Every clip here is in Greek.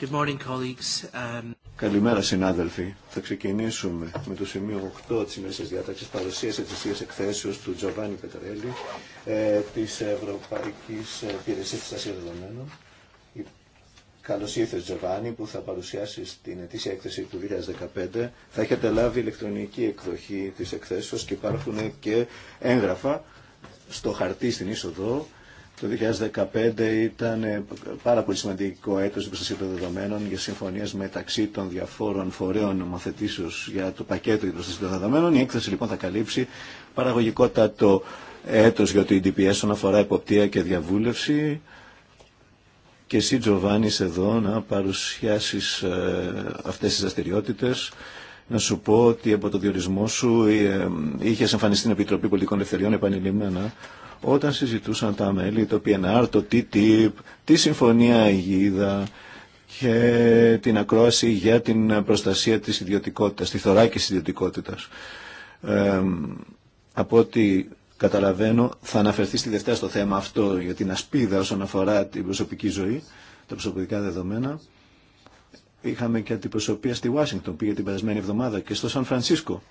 Um, Καλημέρα συνάδελφοι. Θα ξεκινήσουμε με το σημείο 8 της ημέρας διάταξης παρουσίαση της εκθέσεως του Τζοβάνι Πετρέλη ε, της Ευρωπαϊκής Υπηρεσίας της Ασίας Δεδομένων. Καλώς ήρθες Τζοβάνι που θα παρουσιάσει την ετήσια έκθεση του 2015. Θα έχετε λάβει ηλεκτρονική εκδοχή της εκθέσεως και υπάρχουν και έγγραφα στο χαρτί στην είσοδο το 2015 ήταν ε, πάρα πολύ σημαντικό έτος στην προστασία των δεδομένων για συμφωνίες μεταξύ των διαφόρων φορέων νομοθετήσεως για το πακέτο για προστασία των δεδομένων. Η έκθεση λοιπόν θα καλύψει παραγωγικότατο έτος για το EDPS όσον αφορά εποπτεία και διαβούλευση. Και εσύ Τζοβάνι εδώ να παρουσιάσεις ε, αυτές τις δραστηριότητε. Να σου πω ότι από το διορισμό σου ε, είχε εμφανιστεί στην Επιτροπή Πολιτικών Ελευθεριών επανειλημμένα όταν συζητούσαν τα μέλη, το PNR, το TTIP, τη Συμφωνία Αιγίδα και την ακρόαση για την προστασία της ιδιωτικότητας, τη θωράκιση της ιδιωτικότητας. Ε, από ό,τι καταλαβαίνω θα αναφερθεί στη Δευτέρα στο θέμα αυτό για την ασπίδα όσον αφορά την προσωπική ζωή, τα προσωπικά δεδομένα. Είχαμε και αντιπροσωπεία στη Ουάσιγκτον, πήγε την περασμένη εβδομάδα και στο Σαν Φρανσίσκο.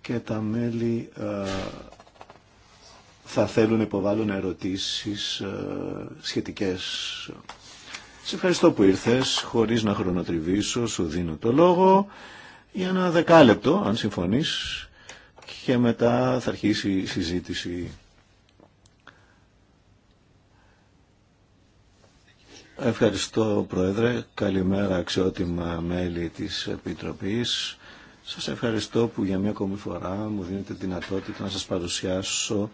Και τα μέλη ε, θα θέλουν να υποβάλουν ερωτήσεις ε, σχετικές. Σε ευχαριστώ που ήρθες, χωρίς να χρονοτριβήσω, σου δίνω το λόγο για ένα δεκάλεπτο, αν συμφωνείς, και μετά θα αρχίσει η συζήτηση. Ευχαριστώ Πρόεδρε, καλημέρα αξιότιμα μέλη της Επιτροπής. Σας ευχαριστώ που για μια ακόμη φορά μου δίνετε δυνατότητα να σας παρουσιάσω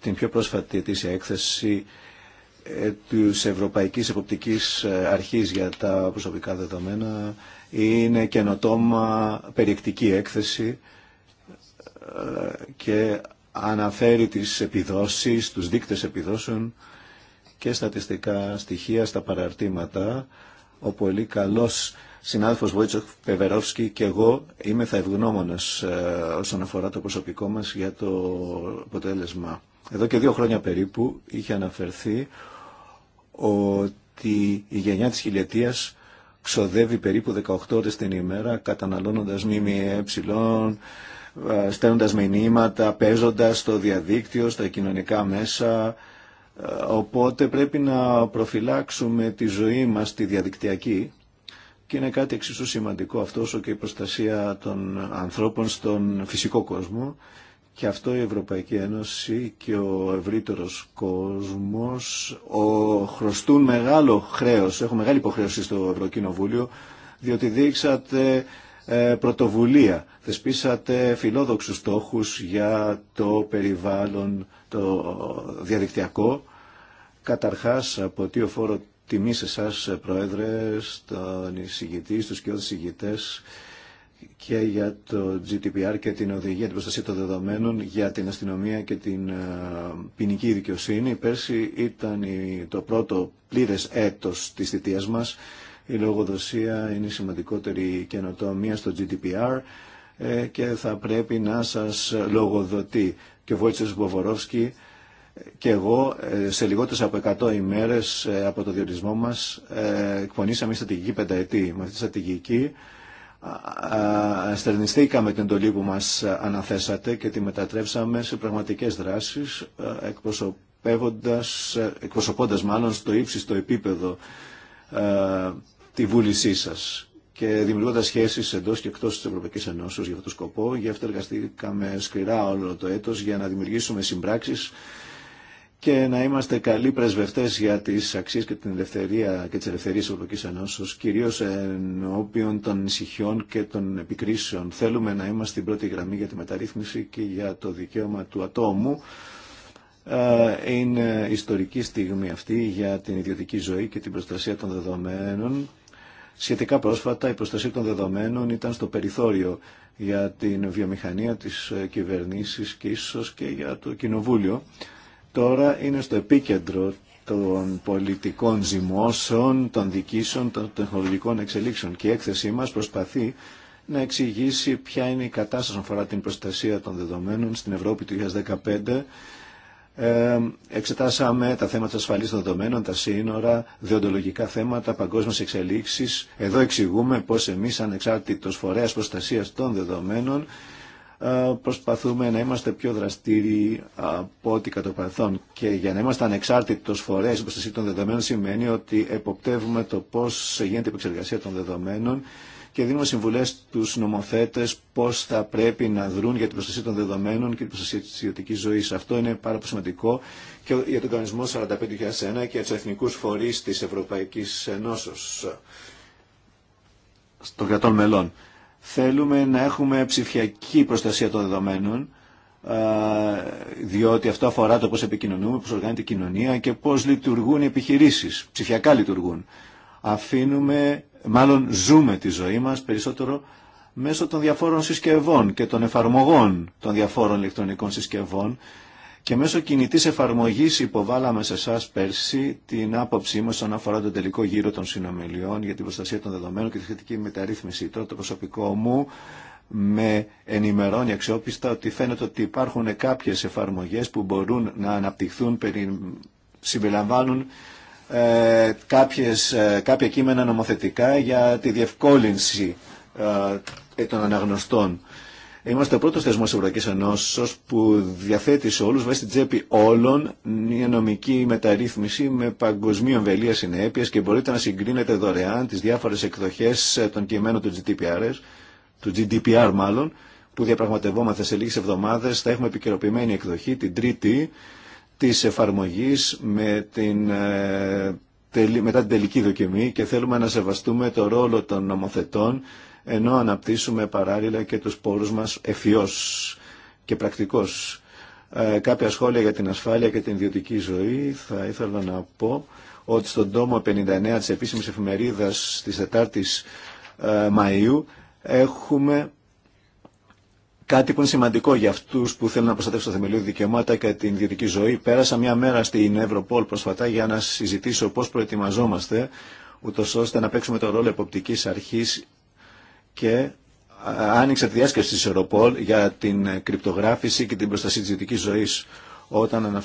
την πιο πρόσφατη ετήσια έκθεση ε, της Ευρωπαϊκής Εποπτικής ε, Αρχής για τα προσωπικά δεδομένα. Είναι καινοτόμα περιεκτική έκθεση ε, και αναφέρει τις επιδόσεις, τους δείκτες επιδόσεων και στατιστικά στοιχεία στα παραρτήματα. Ο πολύ καλός συνάδελφος Βοίτσοφ Πεβερόφσκι και εγώ είμαι θα ευγνώμονας όσον αφορά το προσωπικό μας για το αποτέλεσμα. Εδώ και δύο χρόνια περίπου είχε αναφερθεί ότι η γενιά της χιλιετίας ξοδεύει περίπου 18 ώρες την ημέρα καταναλώνοντας ΜΜΕ, ε, στέλνοντας μηνύματα, παίζοντας στο διαδίκτυο, στα κοινωνικά μέσα. Ε, οπότε πρέπει να προφυλάξουμε τη ζωή μας τη διαδικτυακή και είναι κάτι εξίσου σημαντικό αυτό όσο και η προστασία των ανθρώπων στον φυσικό κόσμο και αυτό η Ευρωπαϊκή Ένωση και ο ευρύτερος κόσμος ο, χρωστούν μεγάλο χρέος, έχουν μεγάλη υποχρέωση στο Ευρωκοινοβούλιο, διότι δείξατε ε, πρωτοβουλία, θεσπίσατε φιλόδοξους στόχους για το περιβάλλον το διαδικτυακό. Καταρχάς, από τι φόρο τιμή σε εσάς, ε, Πρόεδρε, στον εισηγητή, στους και και για το GDPR και την οδηγία την προστασία των δεδομένων για την αστυνομία και την ε, ποινική δικαιοσύνη. Πέρσι ήταν το πρώτο πλήρες έτος της θητείας μας. Η λογοδοσία είναι η σημαντικότερη καινοτομία στο GDPR ε, και θα πρέπει να σας λογοδοτεί. Και ο Βόιτσες Μποβορόφσκι και εγώ ε, σε λιγότερες από 100 ημέρες από το διορισμό μας εκπονήσαμε στρατηγική πενταετή. Με αυτή τη στρατηγική στερνιστήκαμε την εντολή που μας αναθέσατε και τη μετατρέψαμε σε πραγματικές δράσεις ε, εκπροσωπεύοντας, ε, εκπροσωπώντας μάλλον στο ύψιστο επίπεδο ε, τη βούλησή σας και δημιουργώντα σχέσει εντό και εκτό τη Ευρωπαϊκή Ενώσεω για αυτόν τον σκοπό. Γι' αυτό εργαστήκαμε σκληρά όλο το έτο για να δημιουργήσουμε συμπράξει και να είμαστε καλοί πρεσβευτέ για τις αξίε και την ελευθερία και τι ελευθερίες της Ευρωπαϊκής Ενώσεως, κυρίως ενώπιον των ησυχιών και των επικρίσεων. Θέλουμε να είμαστε στην πρώτη γραμμή για τη μεταρρύθμιση και για το δικαίωμα του ατόμου. Ε, είναι ιστορική στιγμή αυτή για την ιδιωτική ζωή και την προστασία των δεδομένων. Σχετικά πρόσφατα η προστασία των δεδομένων ήταν στο περιθώριο για την βιομηχανία της κυβερνήσεις και ίσως και για το κοινοβούλιο τώρα είναι στο επίκεντρο των πολιτικών ζυμώσεων, των δικήσεων, των τεχνολογικών εξελίξεων και η έκθεσή μας προσπαθεί να εξηγήσει ποια είναι η κατάσταση αφορά την προστασία των δεδομένων στην Ευρώπη του 2015. Ε, εξετάσαμε τα θέματα ασφαλής των δεδομένων, τα σύνορα, διοντολογικά θέματα, παγκόσμιες εξελίξεις. Εδώ εξηγούμε πώς εμείς ανεξάρτητος φορέας προστασίας των δεδομένων ε, προσπαθούμε να είμαστε πιο δραστήριοι από ό,τι κατά παρελθόν. Και για να είμαστε ανεξάρτητος φορέας, η προστασία των δεδομένων σημαίνει ότι εποπτεύουμε το πώς γίνεται η επεξεργασία των δεδομένων και δίνουμε συμβουλές στους νομοθέτες πώς θα πρέπει να δρουν για την προστασία των δεδομένων και την προστασία της ιδιωτικής ζωής. Αυτό είναι πάρα πολύ σημαντικό και για τον κανονισμό 45.001 και για τους εθνικούς φορείς της Ευρωπαϊκής Ενώσεως των κρατών μελών. Θέλουμε να έχουμε ψηφιακή προστασία των δεδομένων, διότι αυτό αφορά το πώς επικοινωνούμε, πώς οργάνεται η κοινωνία και πώς λειτουργούν οι επιχειρήσεις, ψηφιακά λειτουργούν. Αφήνουμε, μάλλον ζούμε τη ζωή μας περισσότερο μέσω των διαφόρων συσκευών και των εφαρμογών των διαφόρων ηλεκτρονικών συσκευών και μέσω κινητής εφαρμογής υποβάλαμε σε εσά πέρσι την άποψή μας όσον αφορά τον τελικό γύρο των συνομιλιών για την προστασία των δεδομένων και τη σχετική μεταρρύθμιση. Τώρα το προσωπικό μου με ενημερώνει αξιόπιστα ότι φαίνεται ότι υπάρχουν κάποιες εφαρμογές που μπορούν να αναπτυχθούν, συμπεριλαμβάνουν ε, κάποιες, ε, κάποια κείμενα νομοθετικά για τη διευκόλυνση ε, των αναγνωστών. Είμαστε ο πρώτο θεσμό Ευρωπαϊκή Ενώσεω που διαθέτει σε όλου, βάσει την τσέπη όλων, μια νομική μεταρρύθμιση με παγκοσμίω βελία συνέπεια και μπορείτε να συγκρίνετε δωρεάν τι διάφορε εκδοχέ των κειμένων του GDPR, του GDPR μάλλον, που διαπραγματευόμαστε σε λίγε εβδομάδε. Θα έχουμε επικαιροποιημένη εκδοχή την Τρίτη τη εφαρμογή με την ε, μετά την τελική δοκιμή και θέλουμε να σεβαστούμε το ρόλο των νομοθετών ενώ αναπτύσσουμε παράλληλα και τους πόρους μας ευφυώς και πρακτικώς. Ε, κάποια σχόλια για την ασφάλεια και την ιδιωτική ζωή θα ήθελα να πω ότι στον τόμο 59 της επίσημης εφημερίδας της 4ης ε, Μαΐου έχουμε κάτι που είναι σημαντικό για αυτούς που θέλουν να προστατεύσουν τα θεμελιώδη δικαιώματα και την ιδιωτική ζωή. Πέρασα μια μέρα στην Ευρωπόλ προσφατά για να συζητήσω πώς προετοιμαζόμαστε ούτω ώστε να παίξουμε το ρόλο εποπτικής αρχής και άνοιξε τη διάσκεψη της Europol για την κρυπτογράφηση και την προστασία της ιδιωτικής ζωής όταν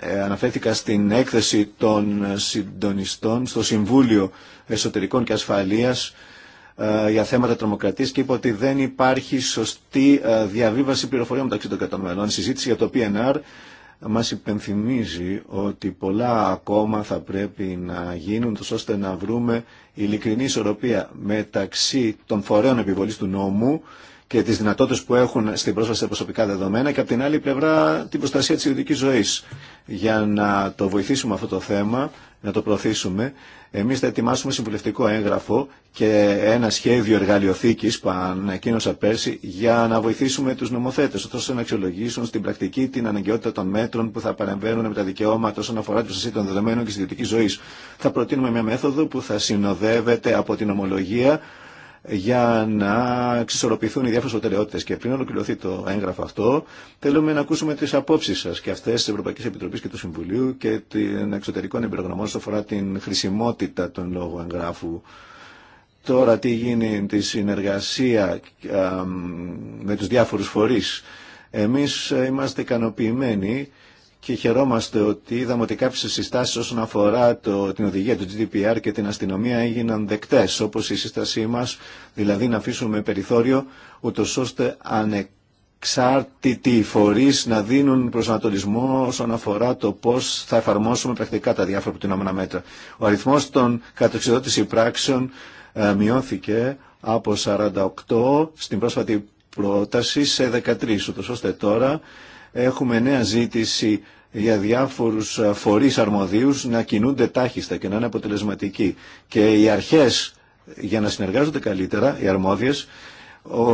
ε, αναφέρθηκα, στην έκθεση των συντονιστών στο Συμβούλιο Εσωτερικών και Ασφαλείας ε, για θέματα τρομοκρατίας και είπε ότι δεν υπάρχει σωστή ε, διαβίβαση πληροφοριών μεταξύ των κατανομενών. συζήτηση για το PNR μας υπενθυμίζει ότι πολλά ακόμα θα πρέπει να γίνουν ώστε να βρούμε ειλικρινή ισορροπία μεταξύ των φορέων επιβολής του νόμου και τις δυνατότητες που έχουν στην πρόσβαση σε προσωπικά δεδομένα και από την άλλη πλευρά την προστασία της ιδιωτικής ζωής. Για να το βοηθήσουμε αυτό το θέμα να το προωθήσουμε. Εμείς θα ετοιμάσουμε συμβουλευτικό έγγραφο και ένα σχέδιο εργαλειοθήκη που ανακοίνωσα πέρσι για να βοηθήσουμε τους νομοθέτες ώστε να αξιολογήσουν στην πρακτική την αναγκαιότητα των μέτρων που θα παρεμβαίνουν με τα δικαιώματα όσον αφορά την προστασία των δεδομένων και τη ιδιωτική ζωή. Θα προτείνουμε μια μέθοδο που θα συνοδεύεται από την ομολογία για να εξισορροπηθούν οι διάφορε προτεραιότητε. Και πριν ολοκληρωθεί το έγγραφο αυτό, θέλουμε να ακούσουμε τι απόψει σα και αυτέ τη Ευρωπαϊκή Επιτροπή και του Συμβουλίου και των εξωτερικών εμπειρογνωμών όσον αφορά την χρησιμότητα των λόγων εγγράφου. Τώρα τι γίνει τη συνεργασία με τους διάφορους φορείς. Εμείς είμαστε ικανοποιημένοι και χαιρόμαστε ότι είδαμε ότι κάποιες συστάσεις όσον αφορά το, την οδηγία του GDPR και την αστυνομία έγιναν δεκτές, όπως η σύστασή μας, δηλαδή να αφήσουμε περιθώριο, ούτω ώστε ανεξάρτητοι φορεί να δίνουν προσανατολισμό όσον αφορά το πώς θα εφαρμόσουμε πρακτικά τα διάφορα προτινόμενα μέτρα. Ο αριθμός των κατοξιδότηση πράξεων ε, μειώθηκε από 48 στην πρόσφατη πρόταση σε 13, ούτως ώστε τώρα έχουμε νέα ζήτηση για διάφορους ε, φορείς αρμοδίους να κινούνται τάχιστα και να είναι αποτελεσματικοί. Και οι αρχές για να συνεργάζονται καλύτερα, οι αρμόδιες, ο,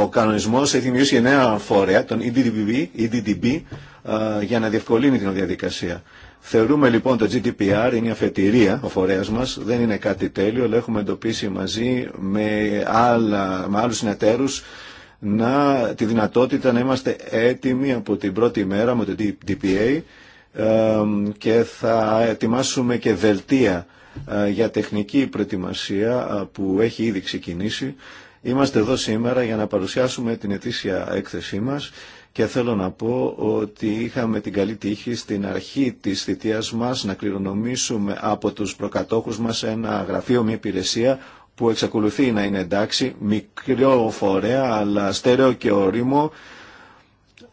ο κανονισμός έχει δημιουργήσει νέα φορέα, τον EDDB, EDDB, ε, για να διευκολύνει την διαδικασία. Θεωρούμε λοιπόν το GDPR είναι η αφετηρία, ο φορέας μας, δεν είναι κάτι τέλειο, αλλά έχουμε εντοπίσει μαζί με, άλλα, με άλλους συνεταίρους να, τη δυνατότητα να είμαστε έτοιμοι από την πρώτη μέρα με το DPA και θα ετοιμάσουμε και δελτία ε, για τεχνική προετοιμασία ε, που έχει ήδη ξεκινήσει. Είμαστε εδώ σήμερα για να παρουσιάσουμε την ετήσια έκθεσή μας και θέλω να πω ότι είχαμε την καλή τύχη στην αρχή της θητείας μας να κληρονομήσουμε από τους προκατόχους μας ένα γραφείο, μια υπηρεσία που εξακολουθεί να είναι εντάξει, μικρό φορέα αλλά στέρεο και ορίμο.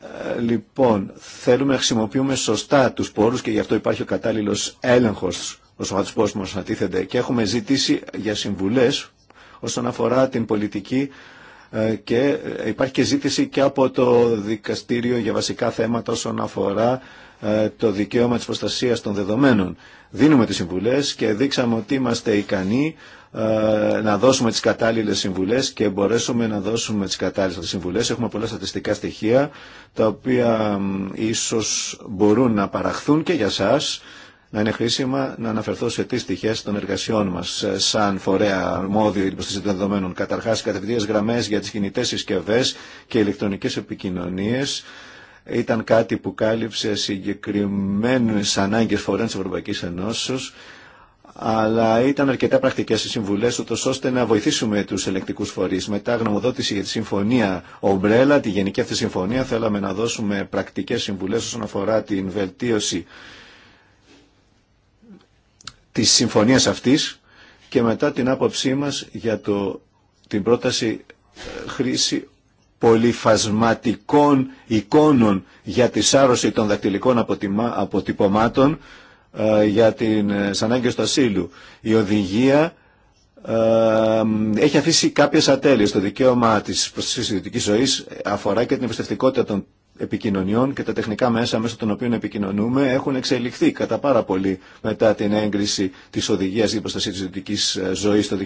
Ε, λοιπόν, θέλουμε να χρησιμοποιούμε σωστά τους πόρους και γι' αυτό υπάρχει ο κατάλληλος έλεγχος όσον αφορά του που μας αντίθεται και έχουμε ζήτηση για συμβουλές όσον αφορά την πολιτική ε, και υπάρχει και ζήτηση και από το δικαστήριο για βασικά θέματα όσον αφορά ε, το δικαίωμα της προστασίας των δεδομένων. Δίνουμε τις συμβουλές και δείξαμε ότι είμαστε ικανοί ε, να δώσουμε τις κατάλληλες συμβουλές και μπορέσουμε να δώσουμε τις κατάλληλες συμβουλές. Έχουμε πολλά στατιστικά στοιχεία τα οποία ίσως μπορούν να παραχθούν και για σας να είναι χρήσιμα να αναφερθώ σε τι στοιχεία των εργασιών μα, ε, σαν φορέα αρμόδιο υποστήριξη των δεδομένων. Καταρχά, κατευθείας γραμμέ για τι κινητέ συσκευέ και ηλεκτρονικέ επικοινωνίε ήταν κάτι που κάλυψε συγκεκριμένε ανάγκε φορέων τη Ευρωπαϊκή Ενώσεω αλλά ήταν αρκετά πρακτικές οι συμβουλές ούτως ώστε να βοηθήσουμε τους ελεκτικούς φορείς. Μετά γνωμοδότηση για τη συμφωνία Ομπρέλα, τη γενική αυτή συμφωνία, θέλαμε να δώσουμε πρακτικές συμβουλές όσον αφορά την βελτίωση της συμφωνίας αυτής και μετά την άποψή μας για το, την πρόταση ε, χρήση πολυφασματικών εικόνων για τη σάρωση των δακτυλικών αποτυπωμάτων ε, για τις ε, ανάγκε του ασύλου. Η οδηγία ε, έχει αφήσει κάποιε ατέλειε Το δικαίωμα της προστασία ιδιωτική ζωής αφορά και την εμπιστευτικότητα των επικοινωνιών και τα τεχνικά μέσα μέσα των οποίων επικοινωνούμε έχουν εξελιχθεί κατά πάρα πολύ μετά την έγκριση της οδηγίας για προστασία της ιδιωτικής ζωής το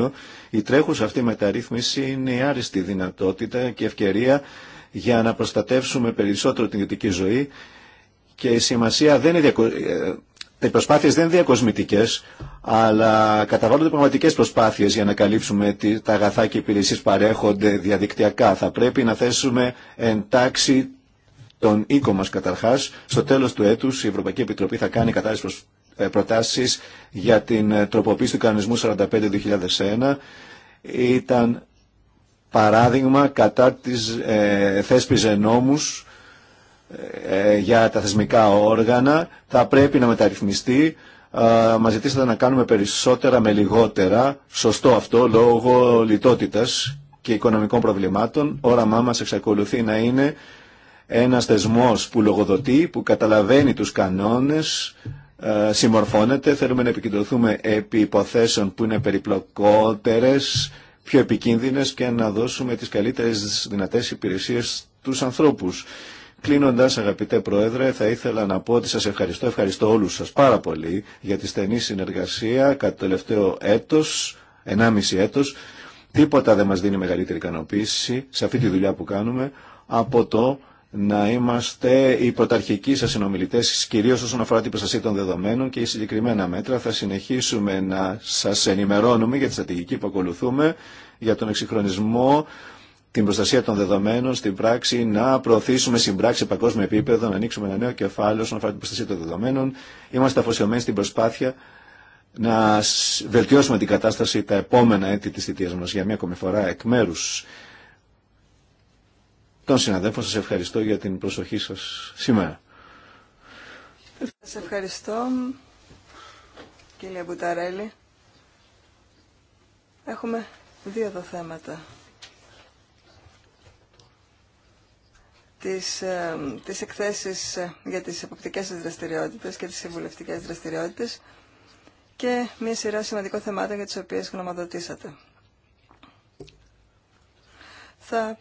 2002. Η τρέχουσα αυτή μεταρρύθμιση είναι η άριστη δυνατότητα και ευκαιρία για να προστατεύσουμε περισσότερο την ιδιωτική ζωή και η σημασία δεν είναι ε, οι προσπάθειε δεν είναι διακοσμητικέ, αλλά καταβάλλονται πραγματικέ προσπάθειε για να καλύψουμε τα αγαθά και υπηρεσίε που παρέχονται διαδικτυακά. Θα πρέπει να θέσουμε εν τάξη τον οίκο μα καταρχά. Στο τέλο του έτου η Ευρωπαϊκή Επιτροπή θα κάνει κατάλληλε προτάσει για την ε, τροποποίηση του κανονισμού 45-2001. Ήταν παράδειγμα κατά τη ε, θέσπιζε νόμου. Ε, για τα θεσμικά όργανα θα πρέπει να μεταρρυθμιστεί. Μα ζητήσατε να κάνουμε περισσότερα με λιγότερα. Σωστό αυτό λόγω λιτότητας και οικονομικών προβλημάτων. Όραμά μας εξακολουθεί να είναι ένας θεσμός που λογοδοτεί, που καταλαβαίνει τους κανόνες, ε, συμμορφώνεται. Θέλουμε να επικεντρωθούμε επί υποθέσεων που είναι περιπλοκότερες, πιο επικίνδυνες και να δώσουμε τις καλύτερες δυνατές υπηρεσίες στους ανθρώπους. Κλείνοντα, αγαπητέ Πρόεδρε θα ήθελα να πω ότι σα ευχαριστώ, ευχαριστώ όλου σα πάρα πολύ για τη στενή συνεργασία κατά το τελευταίο έτος, ενάμιση έτο, Τίποτα δεν μα δίνει μεγαλύτερη ικανοποίηση σε αυτή τη δουλειά που κάνουμε από το να είμαστε οι πρωταρχικοί σας συνομιλητές, κυρίως όσον αφορά την προστασία των δεδομένων και οι συγκεκριμένα μέτρα. Θα συνεχίσουμε να σας ενημερώνουμε για τη στρατηγική που ακολουθούμε, για τον εξυγχρονισμό την προστασία των δεδομένων στην πράξη, να προωθήσουμε στην πράξη σε παγκόσμιο επίπεδο, να ανοίξουμε ένα νέο κεφάλαιο όσον αφορά την προστασία των δεδομένων. Είμαστε αφοσιωμένοι στην προσπάθεια να βελτιώσουμε την κατάσταση τα επόμενα έτη της θητείας μας για μια ακόμη φορά εκ μέρους των συναδέλφων. Σας ευχαριστώ για την προσοχή σας σήμερα. Σας ευχαριστώ κύριε Μπουταρέλη. Έχουμε δύο εδώ θέματα. τις, ε, τις εκθέσεις ε, για τις εποπτικές δραστηριότητες και τις συμβουλευτικές δραστηριότητες και μια σειρά σημαντικών θεμάτων για τις οποίες γνωμοδοτήσατε. Θα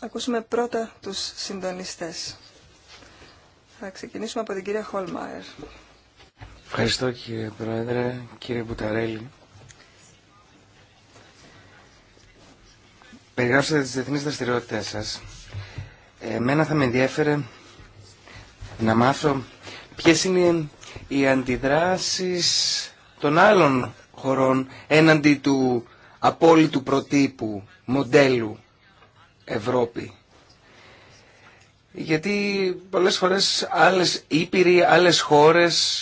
ακούσουμε πρώτα τους συντονιστές. Θα ξεκινήσουμε από την κυρία Χολμάερ. Ευχαριστώ κύριε Πρόεδρε, κύριε Μπουταρέλη. Περιγράψατε τις διεθνείς δραστηριότητες σας Εμένα θα με ενδιέφερε να μάθω ποιες είναι οι αντιδράσεις των άλλων χωρών έναντι του απόλυτου προτύπου μοντέλου Ευρώπη. Γιατί πολλές φορές άλλες ήπειροι, άλλες χώρες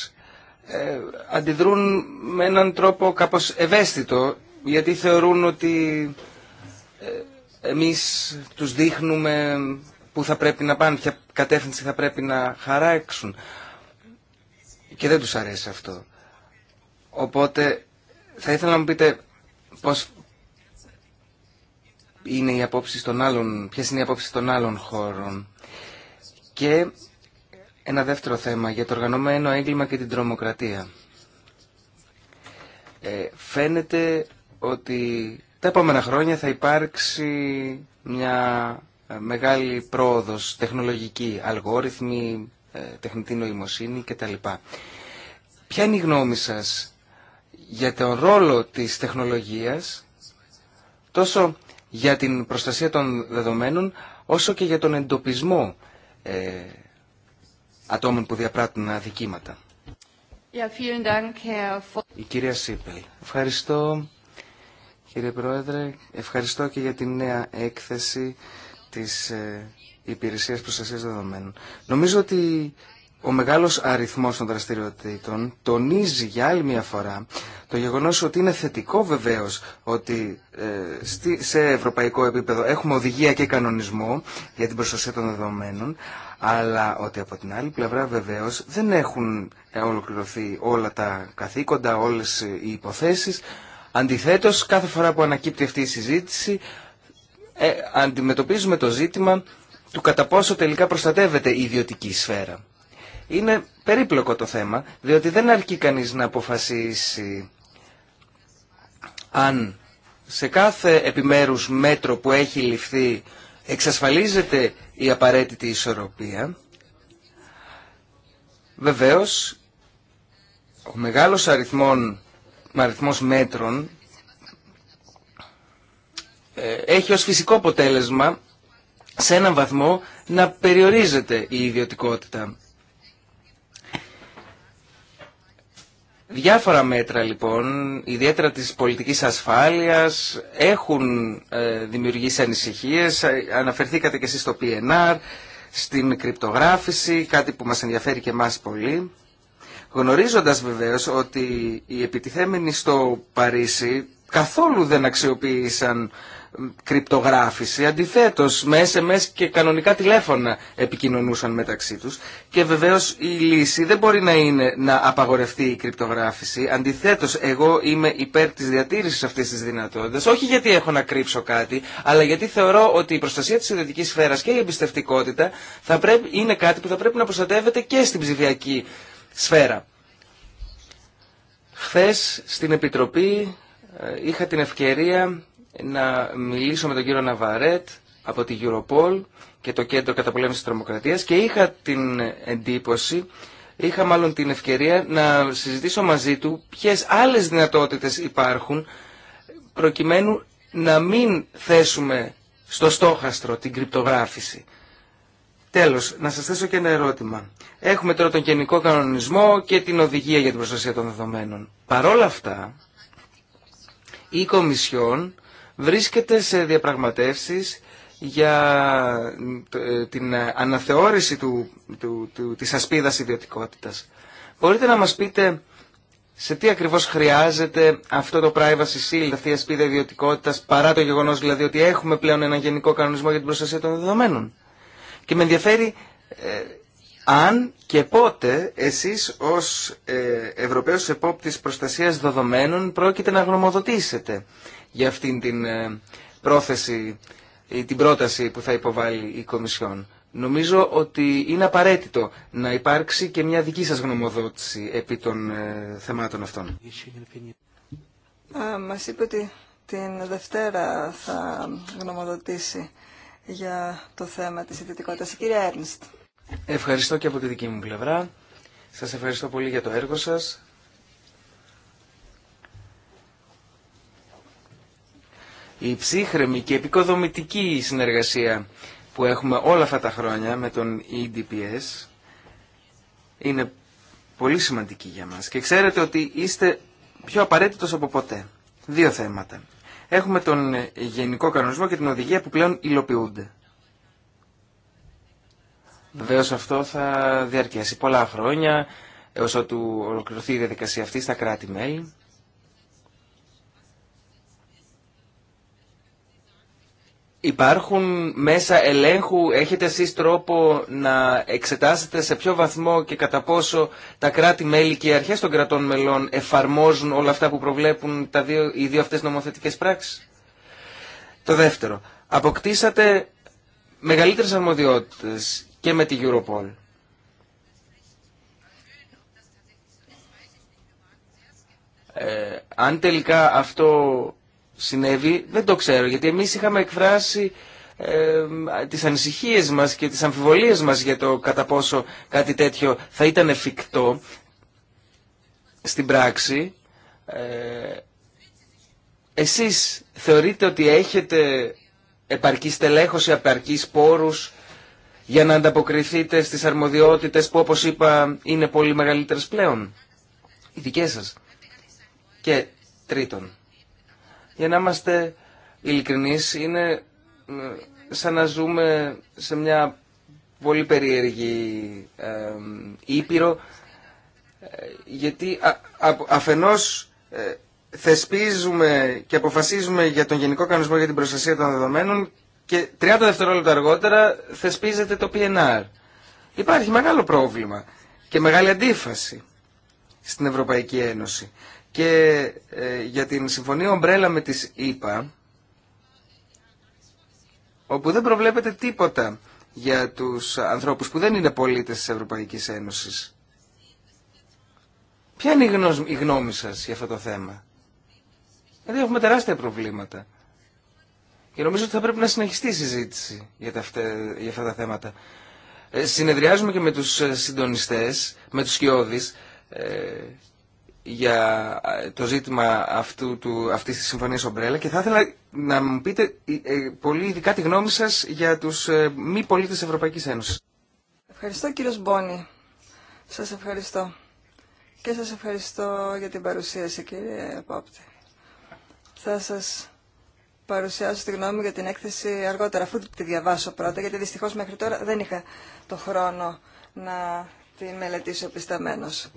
ε, αντιδρούν με έναν τρόπο κάπως ευαίσθητο γιατί θεωρούν ότι ε, εμείς τους δείχνουμε πού θα πρέπει να πάνε, ποια κατεύθυνση θα πρέπει να χαράξουν. Και δεν τους αρέσει αυτό. Οπότε θα ήθελα να μου πείτε πώς είναι οι απόψεις των άλλων, ποιες είναι οι απόψεις των άλλων χώρων. Και ένα δεύτερο θέμα για το οργανωμένο έγκλημα και την τρομοκρατία. Ε, φαίνεται ότι τα επόμενα χρόνια θα υπάρξει μια ε, μεγάλη πρόοδος τεχνολογική, αλγόριθμη ε, τεχνητή νοημοσύνη κτλ. Ποια είναι η γνώμη σας για τον ρόλο της τεχνολογίας τόσο για την προστασία των δεδομένων όσο και για τον εντοπισμό ε, ατόμων που διαπράττουν αδικήματα. Η κυρία Σίπελ. Ευχαριστώ κύριε Πρόεδρε, ευχαριστώ και για την νέα έκθεση της ε, Υπηρεσίας Προστασίας Δεδομένων. Νομίζω ότι ο μεγάλος αριθμός των δραστηριοτήτων τονίζει για άλλη μια φορά το γεγονός ότι είναι θετικό βεβαίως ότι ε, σε ευρωπαϊκό επίπεδο έχουμε οδηγία και κανονισμό για την προστασία των δεδομένων, αλλά ότι από την άλλη πλευρά βεβαίως δεν έχουν ε, ολοκληρωθεί όλα τα καθήκοντα, όλες οι υποθέσεις. Αντιθέτως, κάθε φορά που ανακύπτει αυτή η συζήτηση, ε, αντιμετωπίζουμε το ζήτημα του κατά πόσο τελικά προστατεύεται η ιδιωτική σφαίρα. Είναι περίπλοκο το θέμα, διότι δεν αρκεί κανείς να αποφασίσει αν σε κάθε επιμέρους μέτρο που έχει ληφθεί εξασφαλίζεται η απαραίτητη ισορροπία. Βεβαίως, ο μεγάλος αριθμός μέτρων ε, έχει ως φυσικό αποτέλεσμα σε έναν βαθμό να περιορίζεται η ιδιωτικότητα. Διάφορα μέτρα λοιπόν, ιδιαίτερα της πολιτικής ασφάλειας, έχουν ε, δημιουργήσει ανησυχίες. Ε, αναφερθήκατε και εσείς στο PNR, στην κρυπτογράφηση, κάτι που μας ενδιαφέρει και μας πολύ. Γνωρίζοντας βεβαίως ότι οι επιτιθέμενοι στο Παρίσι καθόλου δεν αξιοποίησαν κρυπτογράφηση. αντιθέτω, με SMS και κανονικά τηλέφωνα επικοινωνούσαν μεταξύ του. Και βεβαίω η λύση δεν μπορεί να είναι να απαγορευτεί η κρυπτογράφηση. Αντιθέτω, εγώ είμαι υπέρ τη διατήρηση αυτή τη δυνατότητας. Όχι γιατί έχω να κρύψω κάτι, αλλά γιατί θεωρώ ότι η προστασία τη ιδιωτικής σφαίρα και η εμπιστευτικότητα θα πρέπει, είναι κάτι που θα πρέπει να προστατεύεται και στην ψηφιακή σφαίρα. Χθε στην Επιτροπή ε, είχα την ευκαιρία να μιλήσω με τον κύριο Ναβαρέτ από τη Europol και το Κέντρο Καταπολέμησης Τρομοκρατίας και είχα την εντύπωση, είχα μάλλον την ευκαιρία να συζητήσω μαζί του ποιες άλλες δυνατότητες υπάρχουν προκειμένου να μην θέσουμε στο στόχαστρο την κρυπτογράφηση. Τέλος, να σας θέσω και ένα ερώτημα. Έχουμε τώρα τον γενικό κανονισμό και την οδηγία για την προστασία των δεδομένων. Παρόλα αυτά, η Κομισιόν βρίσκεται σε διαπραγματεύσεις για ε, την αναθεώρηση του, του, του, της ασπίδας ιδιωτικότητας. Μπορείτε να μας πείτε σε τι ακριβώς χρειάζεται αυτό το privacy shield, αυτή η ασπίδα ιδιωτικότητας, παρά το γεγονός δηλαδή ότι έχουμε πλέον ένα γενικό κανονισμό για την προστασία των δεδομένων. Και με ενδιαφέρει ε, αν και πότε εσείς ως ε, Ευρωπαίος Επόπτης Προστασίας Δεδομένων πρόκειται να γνωμοδοτήσετε για αυτήν την ε, πρόθεση ή την πρόταση που θα υποβάλει η Κομισιόν. Νομίζω ότι είναι απαραίτητο να υπάρξει και μια δική σας γνωμοδότηση επί των ε, θεμάτων αυτών. Μα μας είπε ότι την Δευτέρα θα γνωμοδοτήσει για το θέμα της ιδιωτικότητας. Κύριε κυρία Έρνστ. Ευχαριστώ και από τη δική μου πλευρά. Σας ευχαριστώ πολύ για το έργο σας. η ψύχρεμη και επικοδομητική συνεργασία που έχουμε όλα αυτά τα χρόνια με τον EDPS είναι πολύ σημαντική για μας. Και ξέρετε ότι είστε πιο απαραίτητος από ποτέ. Δύο θέματα. Έχουμε τον γενικό κανονισμό και την οδηγία που πλέον υλοποιούνται. Βεβαίω αυτό θα διαρκέσει πολλά χρόνια έως ότου ολοκληρωθεί η διαδικασία αυτή στα κράτη-μέλη. Υπάρχουν μέσα ελέγχου, έχετε εσείς τρόπο να εξετάσετε σε ποιο βαθμό και κατά πόσο τα κράτη-μέλη και οι αρχές των κρατών μελών εφαρμόζουν όλα αυτά που προβλέπουν τα δύο, οι δύο αυτές νομοθετικές πράξεις. Το δεύτερο, αποκτήσατε μεγαλύτερες αρμοδιότητες και με τη Europol. Ε, αν τελικά αυτό συνέβη δεν το ξέρω γιατί εμείς είχαμε εκφράσει ε, τις ανησυχίες μας και τις αμφιβολίες μας για το κατά πόσο κάτι τέτοιο θα ήταν εφικτό στην πράξη. Ε, εσείς θεωρείτε ότι έχετε επαρκή στελέχωση, επαρκή πόρους για να ανταποκριθείτε στις αρμοδιότητες που όπως είπα είναι πολύ μεγαλύτερες πλέον. Οι δικές σας. Και τρίτον. Για να είμαστε ειλικρινείς, είναι ε, σαν να ζούμε σε μια πολύ περίεργη ε, ήπειρο, ε, γιατί α, αφενός θεσπίζουμε και αποφασίζουμε για τον Γενικό Κανονισμό για την Προστασία των Δεδομένων και 30 δευτερόλεπτα αργότερα θεσπίζεται το PNR. Υπάρχει μεγάλο πρόβλημα και μεγάλη αντίφαση στην Ευρωπαϊκή Ένωση. Και ε, για την συμφωνία ομπρέλα με τις ΗΠΑ, όπου δεν προβλέπεται τίποτα για τους ανθρώπους που δεν είναι πολίτες της Ευρωπαϊκής Ένωσης. Ποια είναι η γνώμη σας για αυτό το θέμα. Γιατί έχουμε τεράστια προβλήματα. Και νομίζω ότι θα πρέπει να συνεχιστεί η συζήτηση για, τα αυτά, για αυτά τα θέματα. Ε, συνεδριάζουμε και με τους ε, συντονιστές, με τους σκιώδεις, για ε, το ζήτημα αυτού του, αυτής της συμφωνίας ομπρέλα και θα ήθελα να μου πείτε ε, ε, πολύ ειδικά τη γνώμη σας για τους μη πολίτες Ευρωπαϊκής Ένωσης. Ευχαριστώ κύριος Μπόνι. Σας ευχαριστώ. Και σας ευχαριστώ για την παρουσίαση κύριε Πόπτη. Θα σας παρουσιάσω τη γνώμη για την έκθεση αργότερα αφού τη διαβάσω πρώτα γιατί δυστυχώς μέχρι τώρα δεν είχα το χρόνο να την μελετήσω πισταμένος.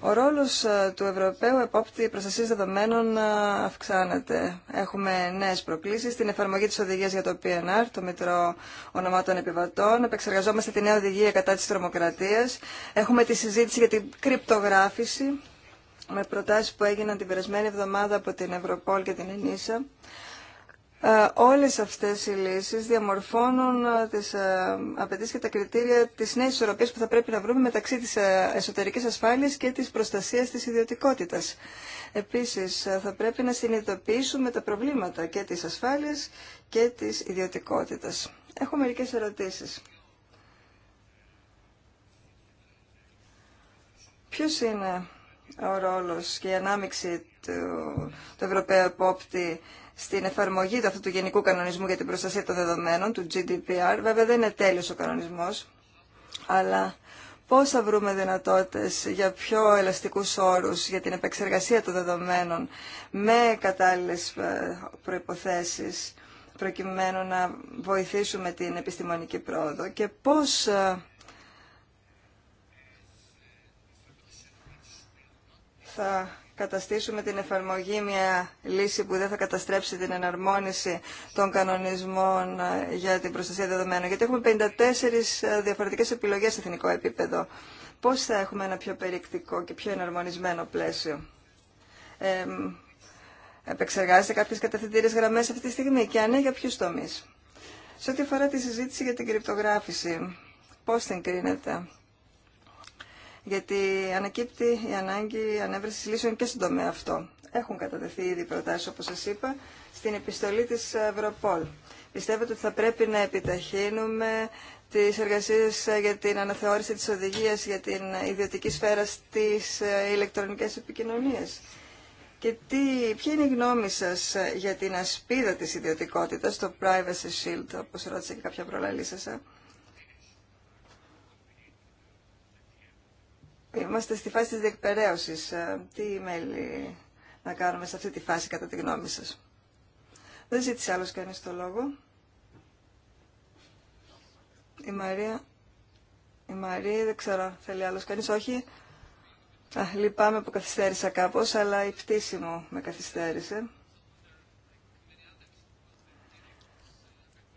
Ο ρόλος ε, του Ευρωπαίου Επόπτη Προστασίας Δεδομένων ε, αυξάνεται. Έχουμε νέες προκλήσεις. στην εφαρμογή της οδηγίας για το PNR, το Μητρό Ονομάτων Επιβατών. Επεξεργαζόμαστε τη νέα οδηγία κατά της τρομοκρατίας. Έχουμε τη συζήτηση για την κρυπτογράφηση με προτάσεις που έγιναν την περασμένη εβδομάδα από την Ευρωπόλ και την Ενίσα. Ε, όλες αυτές οι λύσεις διαμορφώνουν ε, τις ε, απαιτήσεις και τα κριτήρια της νέας ισορροπίας που θα πρέπει να βρούμε μεταξύ της εσωτερικής ασφάλειας και της προστασίας της ιδιωτικότητας. Επίσης, θα πρέπει να συνειδητοποιήσουμε τα προβλήματα και της ασφάλειας και της ιδιωτικότητας. Έχω μερικές ερωτήσεις. Ποιος είναι ο ρόλος και η ανάμειξη του, του Ευρωπαίου Επόπτη στην εφαρμογή του αυτού του Γενικού Κανονισμού για την Προστασία των Δεδομένων, του GDPR. Βέβαια δεν είναι τέλειος ο κανονισμός, αλλά πώς θα βρούμε δυνατότητες για πιο ελαστικούς όρους για την επεξεργασία των δεδομένων με κατάλληλες ε, προϋποθέσεις προκειμένου να βοηθήσουμε την επιστημονική πρόοδο και πώς ε, θα καταστήσουμε την εφαρμογή μια λύση που δεν θα καταστρέψει την εναρμόνιση των κανονισμών ε, για την προστασία δεδομένων. Γιατί έχουμε 54 ε, διαφορετικές επιλογές σε εθνικό επίπεδο. Πώς θα έχουμε ένα πιο περιεκτικό και πιο εναρμονισμένο πλαίσιο. Ε, επεξεργάζεται κάποιες κατευθυντήρες γραμμές αυτή τη στιγμή και αν ναι, για ποιους τομείς. Σε ό,τι αφορά τη συζήτηση για την κρυπτογράφηση, πώς την κρίνεται γιατί ανακύπτει η ανάγκη ανέβρεση λύσεων και στον τομέα αυτό. Έχουν κατατεθεί ήδη προτάσει, όπω σα είπα, στην επιστολή τη Ευρωπόλ. Πιστεύετε ότι θα πρέπει να επιταχύνουμε τι εργασίε για την αναθεώρηση τη οδηγία για την ιδιωτική σφαίρα στι ε, ηλεκτρονικέ επικοινωνίε. Και τι, ποια είναι η γνώμη σα για την ασπίδα τη ιδιωτικότητα το Privacy Shield, όπω ρώτησε και κάποια προλαλήσασα ε? Είμαστε στη φάση της διεκπαιρέωσης. Ε, τι μέλη να κάνουμε σε αυτή τη φάση κατά τη γνώμη σας. Δεν ζήτησε άλλος κανείς το λόγο. Η Μαρία... Η Μαρία δεν ξέρω, θέλει άλλος κανείς, όχι. λυπάμαι που καθυστέρησα κάπως, αλλά η πτήση μου με καθυστέρησε.